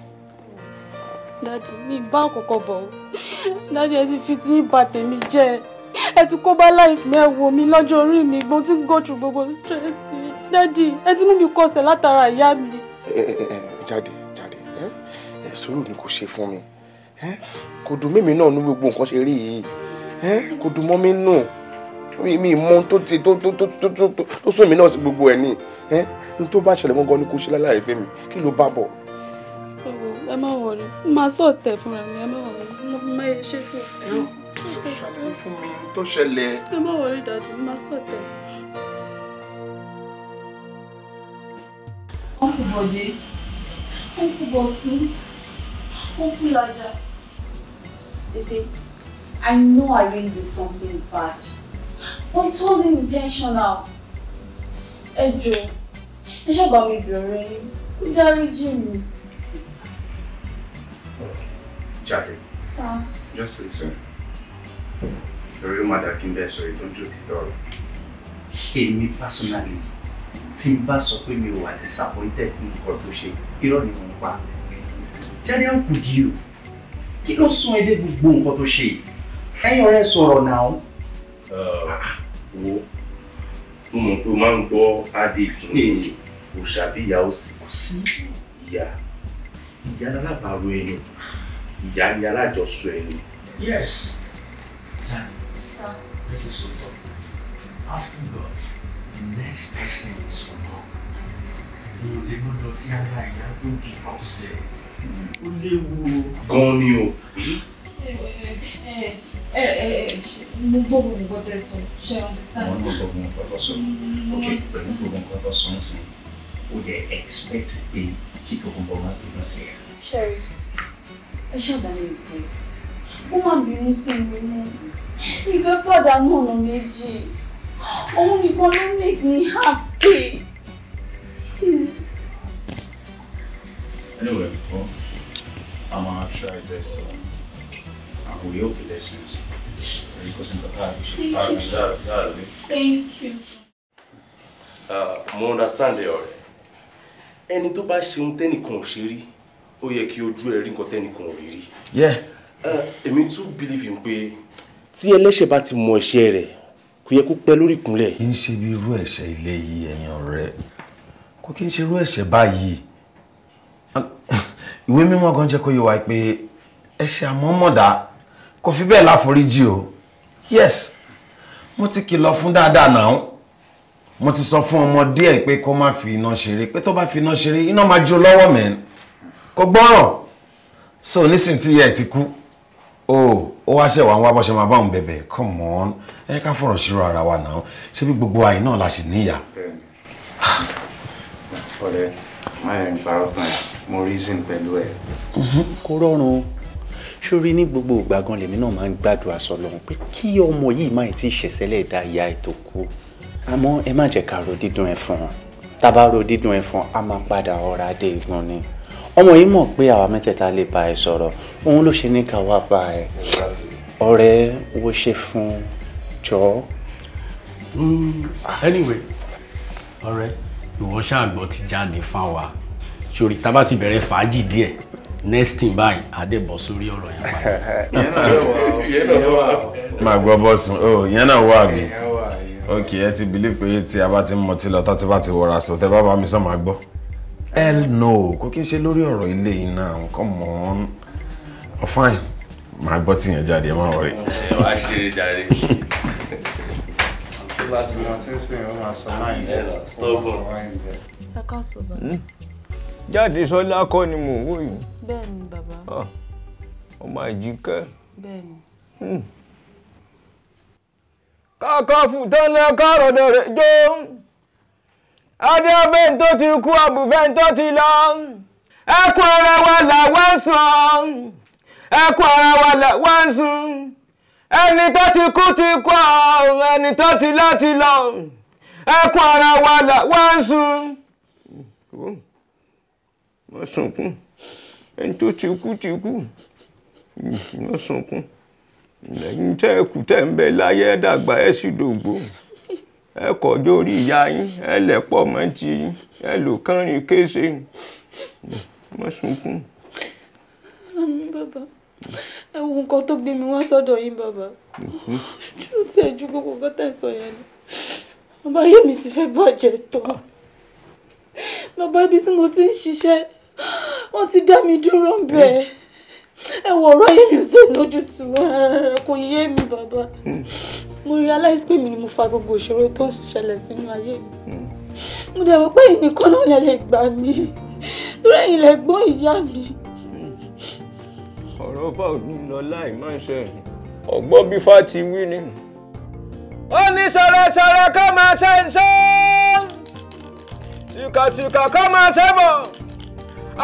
Speaker 3: dadi mi bá kọkọ bọ o dadi ẹ ti fi ti bà tèmi jẹ́ ẹ ti kó bá life mi ẹ wò mí lọ́jọ́ orí mi mo ti ń go through gbogbo stress yìí dadi ẹ ti mú mi kọsẹ̀ látara ìyá mi.
Speaker 5: ẹ ẹ ẹ jáde jáde ẹ sùúrù ni kò ṣe fún mi kò dùn mímí náà ní gbogbo nǹkan ṣe rí yìí kò dùn mọ́ mi nù mi mọ tó ti tó tó tó tó tó tó sún mi náà sí gbogbo ẹ̀ ní n tó bá ṣẹlẹ̀ gbọ́ngàn ni kò ṣe láláì fẹ́ mi kí ló bá bọ̀.
Speaker 3: ẹ má wọrí máa sọ tẹ fúnra mi ẹ má wọrí mo máa yẹ ṣe fún ẹ. ṣàlàyé fún mi tó ṣẹlẹ̀. ẹ má wọrí dàdí máa sọ tẹ.
Speaker 8: wọ́n kò bọ̀dé wọ́n
Speaker 3: kò bọ̀ sún wọ́n kò làjà. You see, I know I really did something bad, but it wasn't intentional. Ẹ jọ̀ọ́, ẹ ṣáà bá mi bẹ̀rẹ̀ yín, kó dáríjì
Speaker 4: Sir. Just listen. real mother came kí sorry. Don't sọ it all.
Speaker 9: rẹ̀. me personally Timba n bá sọ pé mi wà disappointed nǹkan tó ṣe, irọ́ ni mo ń pa. Jade, how could you? kí ló sún edé gbogbo nǹkan tó ṣe ẹ̀yin ọ̀rẹ́ sọ̀rọ̀ náà. wo mo mọ̀ pé o máa ń gbọ́ adé ìtúnú hmm. kò ṣàbí ìyá ó sì kò sí ìyá ìyá alábàárò ẹni ìyá ni alájọsọ ẹni. yes yeah. sir that is
Speaker 10: after God the next person is for mom èèyàn lè gbọ́dọ̀ tí ara ìyá tó kì í ọ̀sẹ̀ ó léwu gan ni o.
Speaker 3: Eh, eh, eh, mo gbọ́ gbogbo nǹkan tẹ́ sọ ṣe ọ́n ti sáà. mo gbọ́ gbogbo
Speaker 9: nǹkan tó sọ ok pẹ̀lú gbogbo nǹkan tó sọ ń sìn ó dẹ̀ expect pé
Speaker 4: kí tó gbogbo máa tó lọ sí ẹ̀.
Speaker 3: ṣẹ́rí ẹ ṣàdáni ìpè ó máa bínú sí mi mú ìfẹ́ pàdánù ọ̀nà méjì òun nìkan ló make me happy. Jeez.
Speaker 5: Anyway, well, I'm gonna try this one.
Speaker 9: And we hope the lessons. Because in the past, Thank you. That, that is it.
Speaker 3: Thank
Speaker 13: you.
Speaker 9: mo understand ẹ ọ̀rẹ́. Ẹni tó bá ṣe ohun tẹ́nìkan ò ṣe rí, ó yẹ kí ojú ẹ rí nǹkan tẹ́nìkan ò rí rí. Uh, èmi tún believe in pé
Speaker 2: tí ẹlẹ́ṣẹ̀ bá ti mọ ẹ̀ṣẹ̀ rẹ̀ kò yẹ kó pẹ́ lórí ìkúnlẹ̀. Kì í ṣe irú ẹ̀ṣẹ̀ ilé yìí ẹ̀yin ọ̀rẹ́. Kò kí ń ṣe irú ẹ̀ṣẹ̀ báyìí. *laughs* ìwé mímọ́ gan jẹ́ kó yé wa pé ẹ̀ṣẹ̀ àmọ̀mọ̀dá kò fi bẹ́ẹ̀ láforíjì o yes mo ti kìlọ̀ fún dáadáa náà mo ti sọ fún ọmọdé ẹ̀ pé kó má fi iná ṣeré pé tó bá fi iná ṣeré iná máa jó lọ́wọ́ mẹ́rin kò gbọ́ràn so nísìnyí tí ìyá ẹ̀ ti kú o ó wá ṣẹ̀wá wá bọ́ṣẹ́ máa bá òun bẹ̀bẹ̀ come on ẹ ká fọ̀rọ̀ ṣírò ara wa náà ṣé bí gbogbo àyè náà la ṣì níyà.
Speaker 4: ọ̀rẹ́ máa ń
Speaker 7: parọ́ fún ẹ
Speaker 9: mo reason pẹ̀lú ẹ̀. Mhm, kò rọrùn o sórí ní gbogbo ìgbà gan lèmi náà máa ń gbàdúrà sọ lọ́hùn pé kí ọmọ yìí má ti ṣẹ̀ṣẹ̀ lẹ́ẹ̀dá ìyá ẹ̀ tó kú àmọ́ ẹ má jẹ́ ká ro dídùn ẹ̀ fún wọn tá a bá ro dídùn ẹ̀ fún wọn a máa padà ọ̀rá dé igun ni ọmọ yìí mọ̀ pé àwa mẹ́tẹ̀ẹ̀ta lè bá ẹ sọ̀rọ̀ òun ló ṣe ní ká wá bá ẹ ọ̀rẹ́ wo ṣe fún jọ.
Speaker 10: Hmm, anyway ọ̀rẹ́ ìwọ ṣáà gbọ́ ti jáde fáwa sórí tá a ti bẹ̀rẹ̀ fàájì díẹ̀ next thing báyìí àdébọ̀ sórí ọ̀rọ̀ yẹn padà.
Speaker 13: *laughs* ìyẹn náà wà
Speaker 10: máa gbọ́
Speaker 2: bọ́sùn o ìyẹn náà wà oh, bí ok ẹ ti believe pé tí a bá ti ń mọtí lọ tá ti bá ti wọra sọ tẹ bá bá mi sàn máa gbọ́. hell no kò kí n ṣe lórí ọ̀rọ̀ ilé yìí náà nǹkan mọ̀ ọ́n fine máa gbọ́ tí yẹn jáde ẹ má wọrí. ẹ wá ṣeré jáde.
Speaker 3: ẹ kọ́ sọ bá.
Speaker 12: jáde sọlá kọ́ ni mò ń wò yìí. ni, bàbá. ọmọ àjíkẹ́. bẹ́ẹ̀ni. Hmm.
Speaker 6: kàkà fùtánlẹ̀ kárọ̀dọ̀ rẹ̀ jó adébẹ̀ tó ti kú àbùfẹ́ tó ti lọ ẹkún ara wa là wá ń sàn ẹkún ara wa là wá ń sùn ẹni tó ti kú ti kú ẹni tó ti lọ ti lọ ẹkún ara wa là wá ń sùn.
Speaker 12: Hmm. wọ́n sunkún ẹni tó ti kú ti kú wọ́n sunkún ẹ̀yin tẹ́ ẹ kù tẹ́ ń bẹ láyé ẹ dàgbà ẹ sì dògbò ẹ kọjọ́ orí ìyá yín ẹ lẹ̀pọ̀ mọ́ ti yín ẹ lò kánrin kése wọ́n sunkún.
Speaker 3: bàbá ẹ wo nǹkan tó gbé mi wá sọ́dọ̀ yín bàbá ojú tí ẹ ju gbogbo nǹkan tẹ̀ sọ yẹn ni bàbá yé mi ti fẹ́ bàjẹ́ tán bàbá ibi tí mo ti ń ṣiṣẹ́ wọ́n ti dá mi dúró ń bẹ̀ hmm. ẹ wọ ọ̀rọ̀ yìí mi ò sí lójútùú kò yé mi bàbá hmm. mo realize pé mi ni mo fa gbogbo ìṣòro tó ṣẹlẹ̀ sínú ayé mi hmm. mo dẹ̀ mọ̀ pé èyí nìkan náà lẹ lè gbà mí torí ẹ̀yin lẹ gbọ́ ìyá mi.
Speaker 12: ọ̀rọ̀ bá ò ní lọ láì má ṣe ọ̀gbọ́n bí fá ti wí ni.
Speaker 6: ó ní ṣọ̀rọ̀ṣọ̀rọ̀ kó máa ṣe ń ṣe síkàsíkà kó máa ṣe bọ̀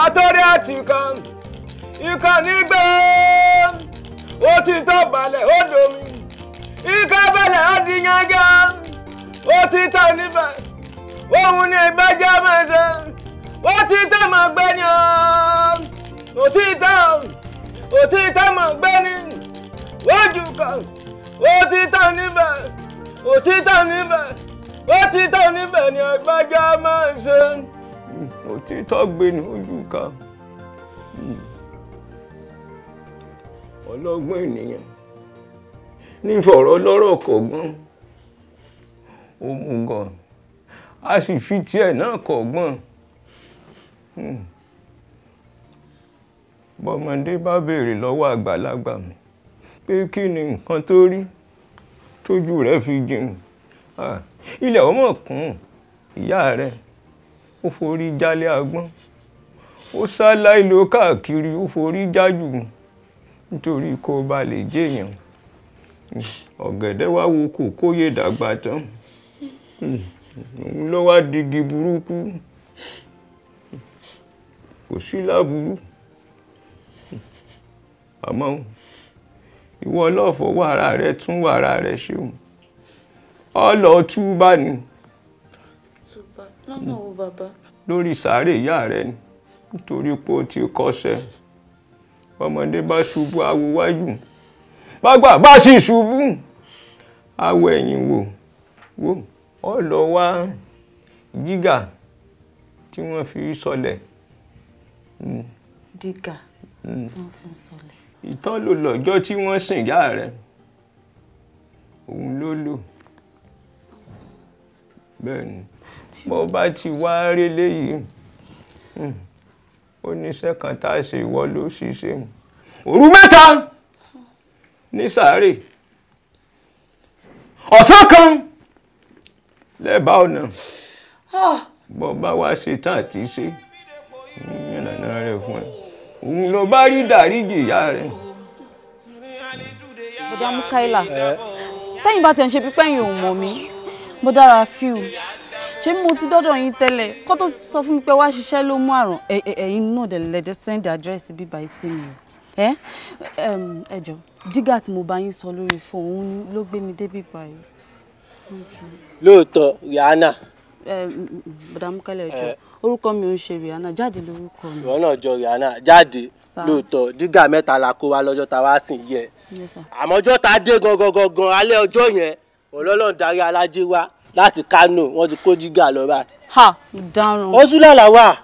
Speaker 6: àtọ́rí àti kan ikọ̀ nígbà ó ti tọ́ balẹ̀ ó domi ikọ̀ balẹ̀ ó di yanga ó ti tọ́ níbà òun ni ìgbẹ́jọ́ máa ṣe ó ti tọ́ mọ̀ gbẹ́ni ó ti tọ́ ó ti tọ́ mọ̀ gbẹ́ni ó jù kan ó ti tọ́ níbà ó ti tọ́ níbà ó ti tọ́ níbà ni ìgbẹ́jọ́ máa ṣe
Speaker 12: òtítọ́ gbé ní ojú kan ọlọ́gbọ́n ènìyàn ní fọ̀rọ̀ lọ́rọ̀ kọ̀ọ̀gbọ́n òmùgọ̀ a sì fi tiẹ̀ náà kọ̀ọ̀gbọ́n hmm. bọ́mọdé bá béèrè lọ́wọ́ àgbàlagbà mi pé kí ni nǹkan tó rí tójú rẹ̀ fi jìn ah, ilẹ̀ ọmọ kún ìyá rẹ̀ ó forí jálé agbọ́n ó sá láìlò káàkiri ó forí jájù nítorí kó ba lè jẹ́yàn ọ̀gẹ̀dẹ̀ wá wo kò kóyè dàgbà tán òun ló wá digi burúkú kò sí láburú àmọ́ ìwọ lọ́ọ̀fọ̀ wàrà rẹ tún wàrà rẹ ṣeun ọlọ́ọ̀túbá ni
Speaker 1: lọ́nà wo bàbá.
Speaker 12: lórí sàárè ìyá rẹ ni nítorí pé o ti kọsẹ̀ ọmọdé bá ṣubú awo wájú bàgbà bá sì ṣubú awo ẹ̀yìn wò wò ọ lọ wá jígà tí wọ́n fi sọlẹ̀. Hmm. dígà hmm. tí
Speaker 3: wọ́n fi sọlẹ̀.
Speaker 12: ìtàn ló lọ́jọ́ tí wọ́n sìn ìyá rẹ̀ òun ló lò bẹ́ẹ̀ ni bó bá ti wá rí léyìí oníṣẹ́ hmm, kan tá a ṣe ìwọ ló ṣiṣẹ́ òru mẹ́ta ní sàárè ọ̀sán kan lẹ́bàá ọ̀nà bó ah! bá wá ṣe tán àti ṣe ìrànà rẹ̀ fún ẹ òun ló bá rí dàríjì ìyá rẹ̀.
Speaker 3: bọ̀dá Mukaila tẹ́yìn bá tẹ̀ ń ṣe pípẹ́yìn òun mọ̀ mí bó dára fíù ṣé mo ti dọ́dọ̀ yín tẹ́lẹ̀ kó tó sọ fún mi pé wá ṣiṣẹ́ ló mú àrùn ẹ̀yin náà dẹ̀ lẹ́dẹ̀ send address bíbá yìí sí mi o ẹ jọ dígà tí mo bá yín sọ lórí fóun ló gbé mi débi báyìí.
Speaker 9: lóòótọ́ Rihanna.
Speaker 3: bọ̀dà Mukele ẹ jọ orúkọ mi ò ń ṣe Rihanna jáde lórúkọ
Speaker 9: mi. ìwọ náà jọ Rihanna jáde lóòótọ́ dígà mẹ́ta la kó wa lọ́jọ́ tá wá sìn yẹ àmọ́jọ́ tá dé gangan gangan alẹ́ ọjọ́ yẹn ọlọ́lọ́run láti Kano wọ́n ti kó jígà lọ báyìí.
Speaker 3: ha mo dáràn. ó sún lálàá wà.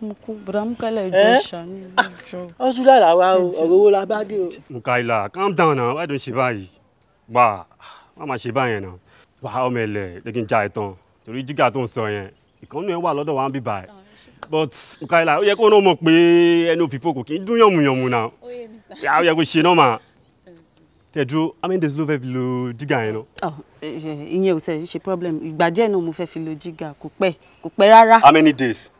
Speaker 3: mo kú bùrọ̀ mú kẹ́lẹ̀ ìjọ ìṣàní ìjọ.
Speaker 9: Ah, ó sún lálàá wà o ọ̀rọ̀ owó la bá dé o.
Speaker 10: Mukaila calm down na why don ṣe báyìí wà wà má ṣe báyẹn na wà ọmọ ẹlẹ lẹkìn já ẹ tán torí jígà tó ń sọ yẹn ìkànnì ẹ wà lọ́dọ̀ wa ń bíbá ẹ but Mukaila ó yẹ kó náà mọ̀ pé ẹnu òfìfo kò kí ń dún yànmùyànmù náà ó yẹ kó ṣe náà mà tẹ̀dúró how many days ló fẹ́ fi lo jígà yẹn náà.
Speaker 3: Oh, eh, ìyẹn ò ṣe ṣe problem ìgbà díẹ̀ náà mo fẹ́ fi lo jígà kò pẹ́ kò pẹ́ rárá.
Speaker 10: how many days.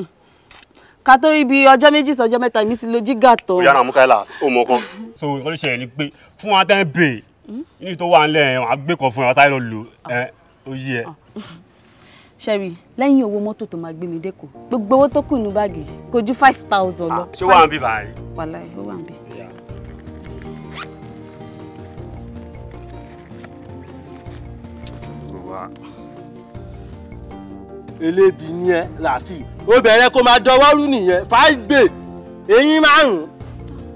Speaker 3: ká tó rí bí ọjọ́ méjì sí ọjọ́ mẹ́ta mi ti lo jígà tó. ìyá àmú
Speaker 10: káyọ̀lá ó mọ kan. so nǹkan tó ṣẹlẹ̀ pé fún wa tẹ́ bè ní tó wà nílẹ̀ ẹ̀ wọ́n á gbé kan fún ẹ̀ wọ́n sáré lọ lò ẹ̀ oh. eh, ó yí ẹ̀.
Speaker 3: sẹ́rí lẹ́yìn owó mọ́tò tó máa gbé mi dẹ́kọ̀ gbogbo owó tó kù ní báàgì kò ju five thousand lọ. Ah, ṣé wàá ń bì báyìí. wàláì ó
Speaker 10: wà ń bì.
Speaker 9: eléèbì ni ẹ làásì ó bẹ̀rẹ̀ kó máa dọwọ́ rú nìyẹn fàágbè eyín márùn-ún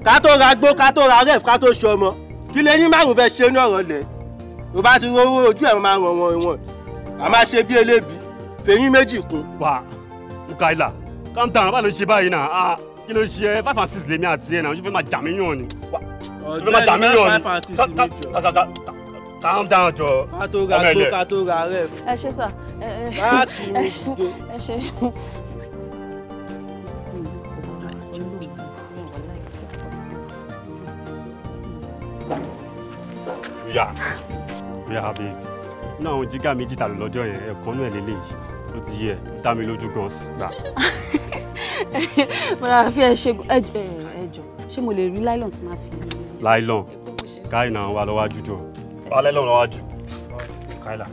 Speaker 9: ká tó ra gbó ká tó ra rẹ̀ ká tó ṣe ọmọ kí lè eyín márùn-ún fẹ́ ṣe ní ọ̀rọ̀ lẹ̀ tó bá ti rówó ojú ẹ̀ máa ràn wọ́n wọn a máa ṣe
Speaker 10: bí eléèbì fèyín méjì kún. wà Mukaila calm down báyìí ló ṣe báyìí náà ah, kí ló ṣe five and six lèmi àti ẹ̀ náà ojú fẹ́ máa jà mí yàn ni ojú fẹ́ máa jà mí yàn calm down jọ. ká tó ra tó ká tó ra rẹ.
Speaker 3: ẹ ṣe sà. báàkì mi tó. ẹ ṣe.
Speaker 10: yà yà bí ní àwọn jígà méjì tàbí lọ́jọ́ yẹn ẹ̀kọ́ náà lélẹ́yìí ló ti yẹ dá mi lójú gan gbà.
Speaker 3: mo rà fi ẹ ṣe ẹjọ ṣé mo lè rí láìlọ́n tí máa fi.
Speaker 10: láìlọ́n káyìn náà wà lọ́wọ́ àjùjọ. Vale, é Loródio. Cai lá.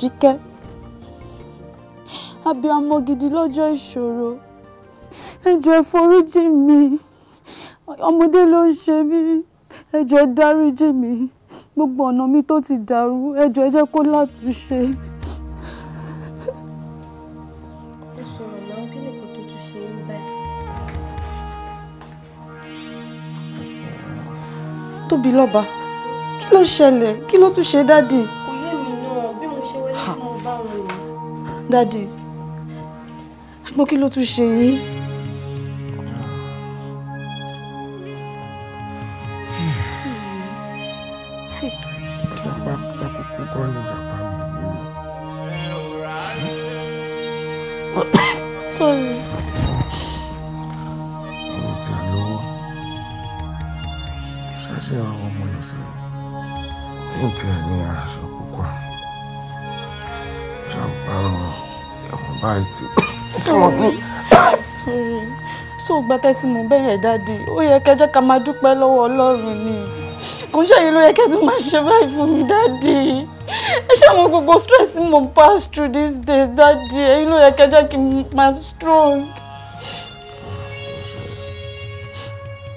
Speaker 3: Àjíkẹ́ abiyamọ gidi lọ́jọ́ ìṣòro ẹ jọ̀ọ́ ẹ foríjì mi ọmọdé ló ń ṣe mí ẹ dáríjì mi gbogbo ọ̀nà mi tó ti dàrú ẹ jẹ́ kó látúnṣe. Tóbilọ́ba kí ló ṣẹlẹ̀ kí ló tún ṣe dádì. Daddy, àmọ́ kí ló tún ṣe yín? Sorry.
Speaker 1: Ọ̀rọ̀ tí a lọ́wọ́. Ṣáṣẹ́
Speaker 5: àwọn ọmọ lọ sí i. Ní ti ẹ̀ ní aṣọ púpọ̀. Ṣàpárọ̀ bite you. Sorry.
Speaker 3: Sorry. So gba tẹ́tí mo bẹ̀yẹ̀ dáàdi, ó yẹ you ká máa dúpẹ́ lọ́wọ́ Ọlọ́run ni. Kò ń ṣàyè ló yẹ kẹ́ tún máa ṣe báyìí fún mi dáàdi. Ẹ ṣe àwọn gbogbo stress mo pass through these days dáàdi, ẹ̀yin ló yẹ kẹjẹ́ kí n máa strong.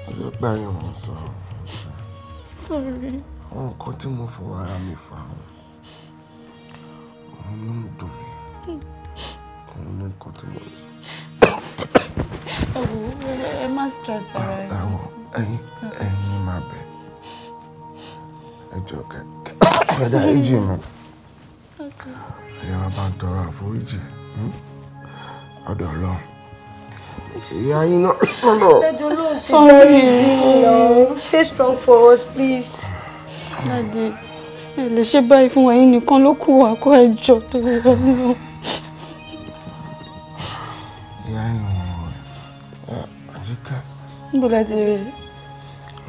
Speaker 5: Ọjọ́ gbà yẹn mo sọ. Sorry. Àwọn nǹkan tí mo fọwọ́ ara mi fà wọ́n, òun ló ń dùn mí ní nǹkan tí mo rí. *coughs*
Speaker 3: ẹ wo ẹ má stress ara ah,
Speaker 8: ẹ. ẹ wo ẹyin ẹyin máa bẹ
Speaker 5: ẹ jọ kẹ *coughs* ẹ dá ìjì mi ẹyà wa bá ń tọrọ àforíjì hmm? ọ̀dọ̀ Ọlọ́run ìyá yín
Speaker 3: *coughs* sorry stay strong for us please. dadi ẹ lè ṣe báyìí you wa look who I kù wá kó ẹ jọ Jika, níbo la ti rí i.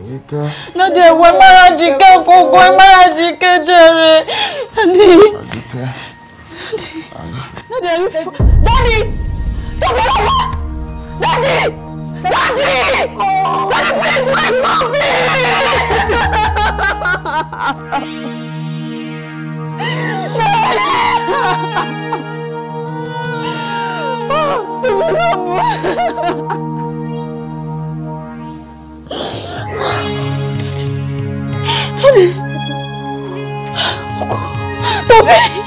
Speaker 1: àjíká. dáàdi
Speaker 3: ẹ̀wọ̀ ẹ mára jìkẹ́ ògógó ẹ nanti. Nanti, jẹ̀rẹ̀. dáàdi. àjíká. dáàdi ẹ̀rí fún. dáàdi tọ́kọ̀lọ́wọ́
Speaker 1: dáàdi dáàdi dáàdi please my *laughs* Tóbi.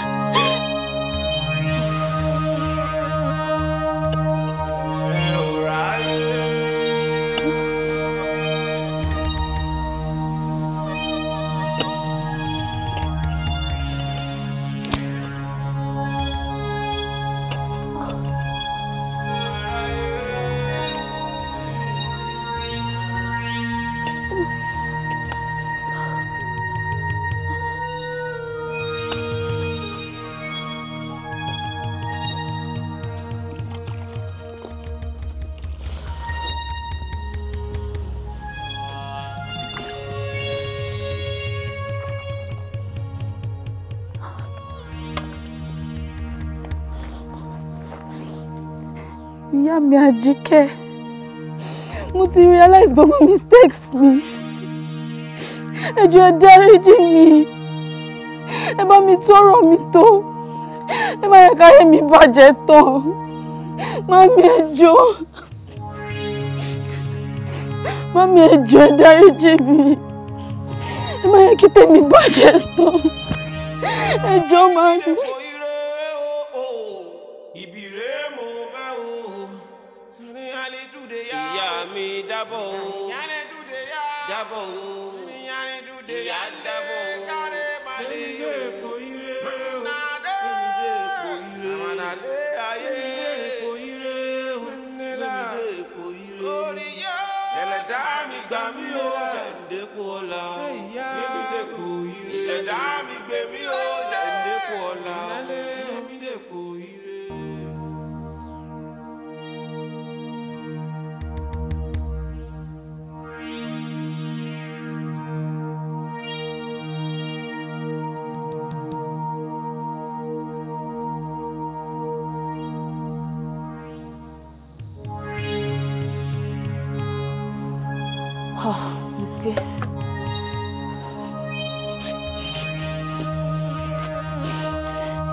Speaker 3: mi àjíkẹ́ mo ti realize gbogbo mistakes mi ẹ jọ̀ọ́ ẹ dáríjì mi ẹ bá mi tọrọ mi tó ẹ má yẹ káyé mi bàjẹ́ tán mami ẹ jọ̀ọ́ mami ẹ ẹ dáríjì mi
Speaker 1: ẹ má yẹ kí tèmi bàjẹ́ tán ẹ jọ̀ọ́ mami.
Speaker 7: acabou.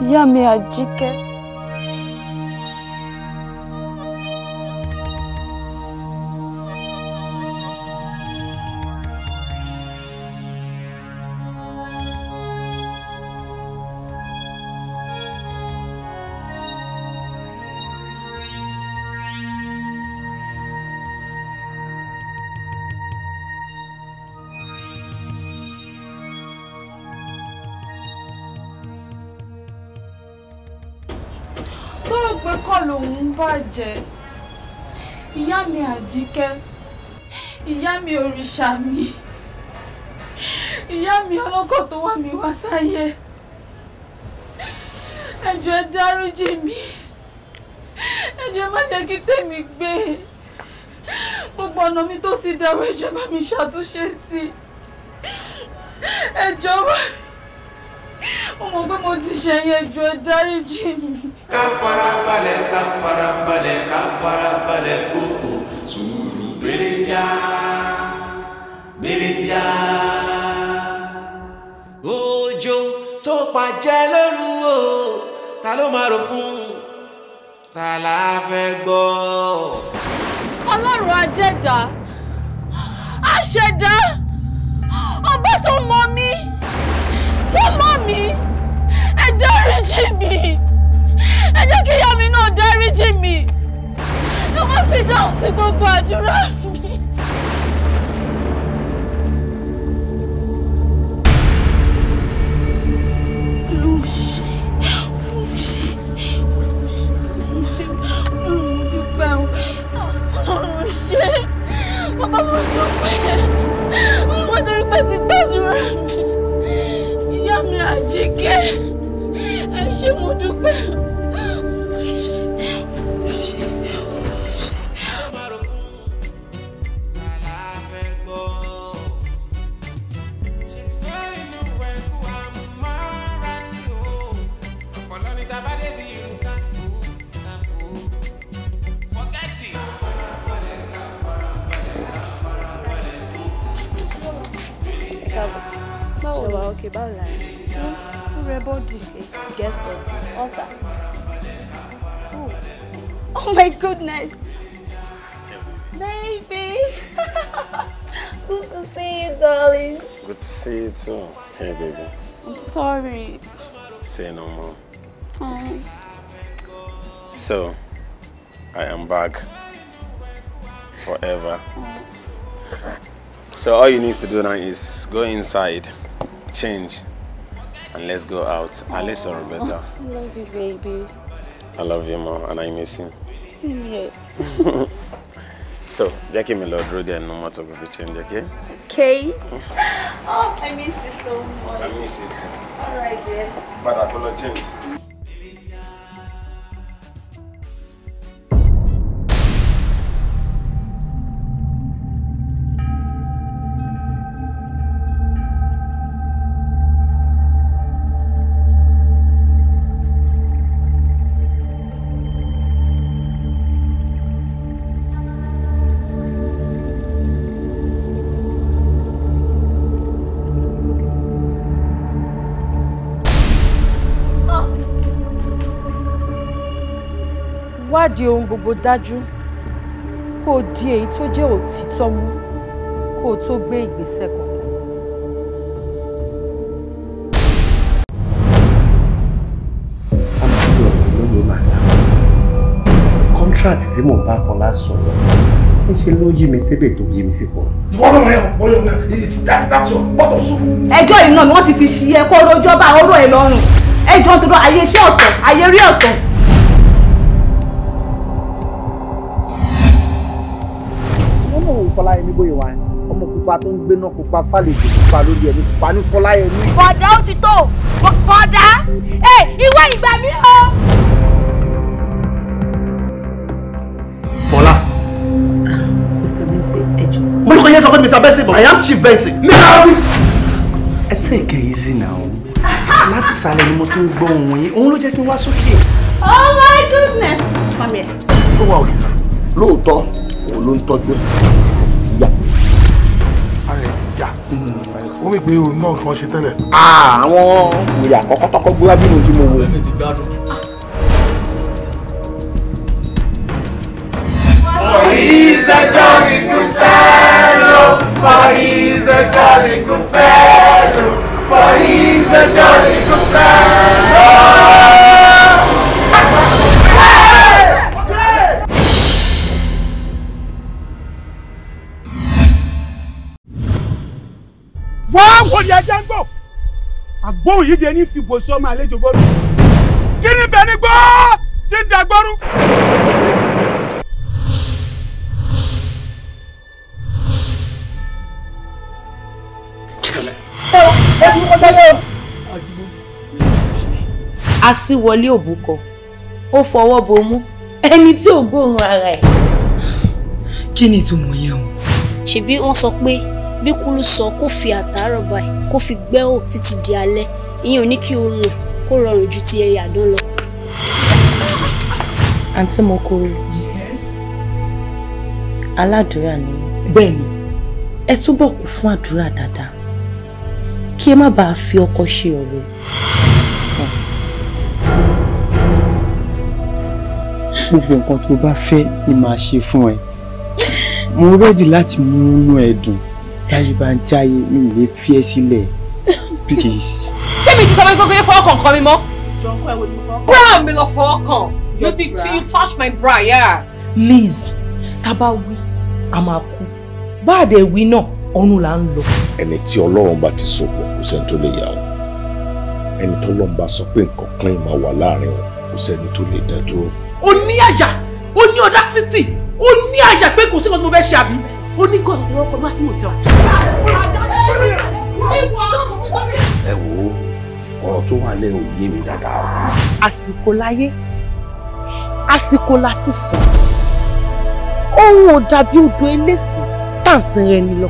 Speaker 3: ìyá mi mi òrìṣà mi ìyá mi ọlọ́kọ̀ tó wà mí wá sáyé ẹ ẹ dáríjì mi ẹ ẹ má jẹ́ kí tèmi gbé gbogbo ọ̀nà mi tó ti dàrú ẹ mi ṣàtúnṣe sí ẹ jọ̀ọ́ wá mo mọ̀ pé mo ti ṣe yẹn ẹ jọ̀ọ́ ẹ
Speaker 7: dáríjì ká fara balẹ̀ ká fara balẹ̀ ká fara balẹ̀ kókò sùúrù péréjà bìrìjà. òjò tó pàjẹ́ lóru o ta ló máa rò fún ta la fẹ́ gbọ́.
Speaker 3: ọlọ́run adẹ́dá àṣẹdá ọba tó mọ mi tó mọ mi ẹ dáríjì mi ẹ jẹ́ kí ìyá mi náà dáríjì mi ẹ má fi dáhùn sí gbogbo àdúrà mi. sọ pé wọ́n torí pé ti gbàdúrà mi ìyá mi àjíkẹ́ ẹ ṣé
Speaker 1: mo dúpẹ́.
Speaker 2: say no more. So, I am back forever. So all you need to do now is go inside, change, and let's go out. Oh. or I love
Speaker 3: you, baby.
Speaker 2: I love you, mom, and I miss you.
Speaker 3: Same here.
Speaker 2: *laughs* so Jackie, my mi lọ and no matter mọ́tò kò change okay.
Speaker 3: okay oh i miss you so much. i miss it. all right dear.
Speaker 2: padà kó lọ change.
Speaker 3: wádìí ohun gbogbo dájú kó o di èyí tó jẹ́ òtítọ́ mú kó o tó gbé ìgbésẹ̀ kankan.
Speaker 11: contract tí mò ń bá kan lásán lọ ń ṣe ló yí mi síbẹ̀ tó yí mi sípò.
Speaker 5: ìwọ ló mẹ́rin wọ́n ló mẹ́rin ìdàgbàsọ
Speaker 3: bọ́tọ̀ sùn. ẹjọ́ ìlú náà ni wọ́n ti fi ṣí ẹ kó rojọ́ bá ọ̀rọ̀ ẹ lọ́rùn ẹjọ́ tó lọ ayé iṣẹ́ ọ̀tọ̀ ayé rí ọ̀tọ̀
Speaker 11: Fọláyẹmí Gbóyèwá ọmọ pupa tó ń gbéná pupa fàlejò pupa
Speaker 13: lórí ẹni pupa ní Fọláyẹmí.
Speaker 3: bọ̀dá ó ti tó bọ̀dá ẹ ìwé ìgbà
Speaker 1: mi o.
Speaker 4: Fọlá. Mr. Benson ẹjọ. mo ní kò yẹ sọ pé Mr. Benson but I am Chief Benson. Mr. Office. ẹ tẹ́ ìkẹ́ yìí sí náà o láti sàlẹ̀ ni mo ti ń gbọ́ ohun yín òun ló jẹ́
Speaker 3: kí n wá sókè. Oh my goodness. Come here.
Speaker 5: Ó wà òdì lóòótọ́ òun ló ń tọ́jú
Speaker 2: ó mì pé òun náà kan ṣe tẹ́lẹ̀.
Speaker 5: àwọn ìyà kọ́kọ́kọ́ gbé wá bínú tí mo wò. Forisa Johnny Confello, Forisa Johnny Confello, Forisa
Speaker 13: Johnny Confello. wò ní ẹjẹ ń gbò àgbóhùn yìí di ẹni fi bò sí ọmọ àlejò gbọ́dọ̀ kí ni bẹni gbọ́ tí ń dàgbọ́rú.
Speaker 3: Asíwọlé òbúkọ, ó fọwọ́ bomú, ẹni tí ò gbóhùn ara ẹ̀.
Speaker 11: Kí ni ìtumọ̀ yẹn o?
Speaker 3: Ṣèbí wọ́n sọ pé bí kúlù sọ kó fi àtàárọ̀ báyìí kó fi gbẹ́ ò títí di alẹ́ ìyẹn ò ní kí oorun ẹ̀ kó rọrùn ju ti ẹyẹ àdán lọ. àǹtí mo kò rí aládùúrà ni bẹ́ẹ̀ni ẹ túbọ̀ kún fún àdúrà dáadáa kí ẹ má bàa fi ọkọ ṣe ọ̀rọ̀.
Speaker 9: gbogbo nǹkan tó bá fẹ́ ni màá ṣe fún ẹ
Speaker 4: mo rẹ́dì láti mú inú ẹ dùn láyé bá ń jáyé mi ò lè fi ẹ́
Speaker 8: sílẹ̀ please.
Speaker 3: ṣé mi ti sọ pé gbogbo yẹn fọwọ́ kàn kàn mi mọ́. jọ̀ǹkọ́ ẹ̀ wo ni mo fọwọ́ kàn. bra mi lọ fọwọ́ kàn you touch my bra yeah. Liz tábà wí a máa kú bá a dẹ̀ wí náà ọ̀run là ń lọ.
Speaker 5: ẹni tí ọlọ́run bá ti so pọ̀ kò sẹ́ni tó lè yà wọ́n ẹni tó lọ́n bá sọ pé nǹkan kan ì wà láàrin wọn kò sẹ́ni tó lè dá dúró. o ní àyà
Speaker 3: o ní audacity o ní àyà pé kò sí nǹkan tí fẹ́ ṣe àbí ó ní gọ́ọ̀dù tí wọ́n kọ́ lásìmọ̀
Speaker 1: tí wà.
Speaker 9: ẹ wo ọ̀rọ̀ tó wà lẹ́yìn òye mi dáadáa o.
Speaker 3: àsìkò láyé àsìkò láti sọ ohun ò dàbí odò eléṣìí tàǹtí rẹ ni lọ.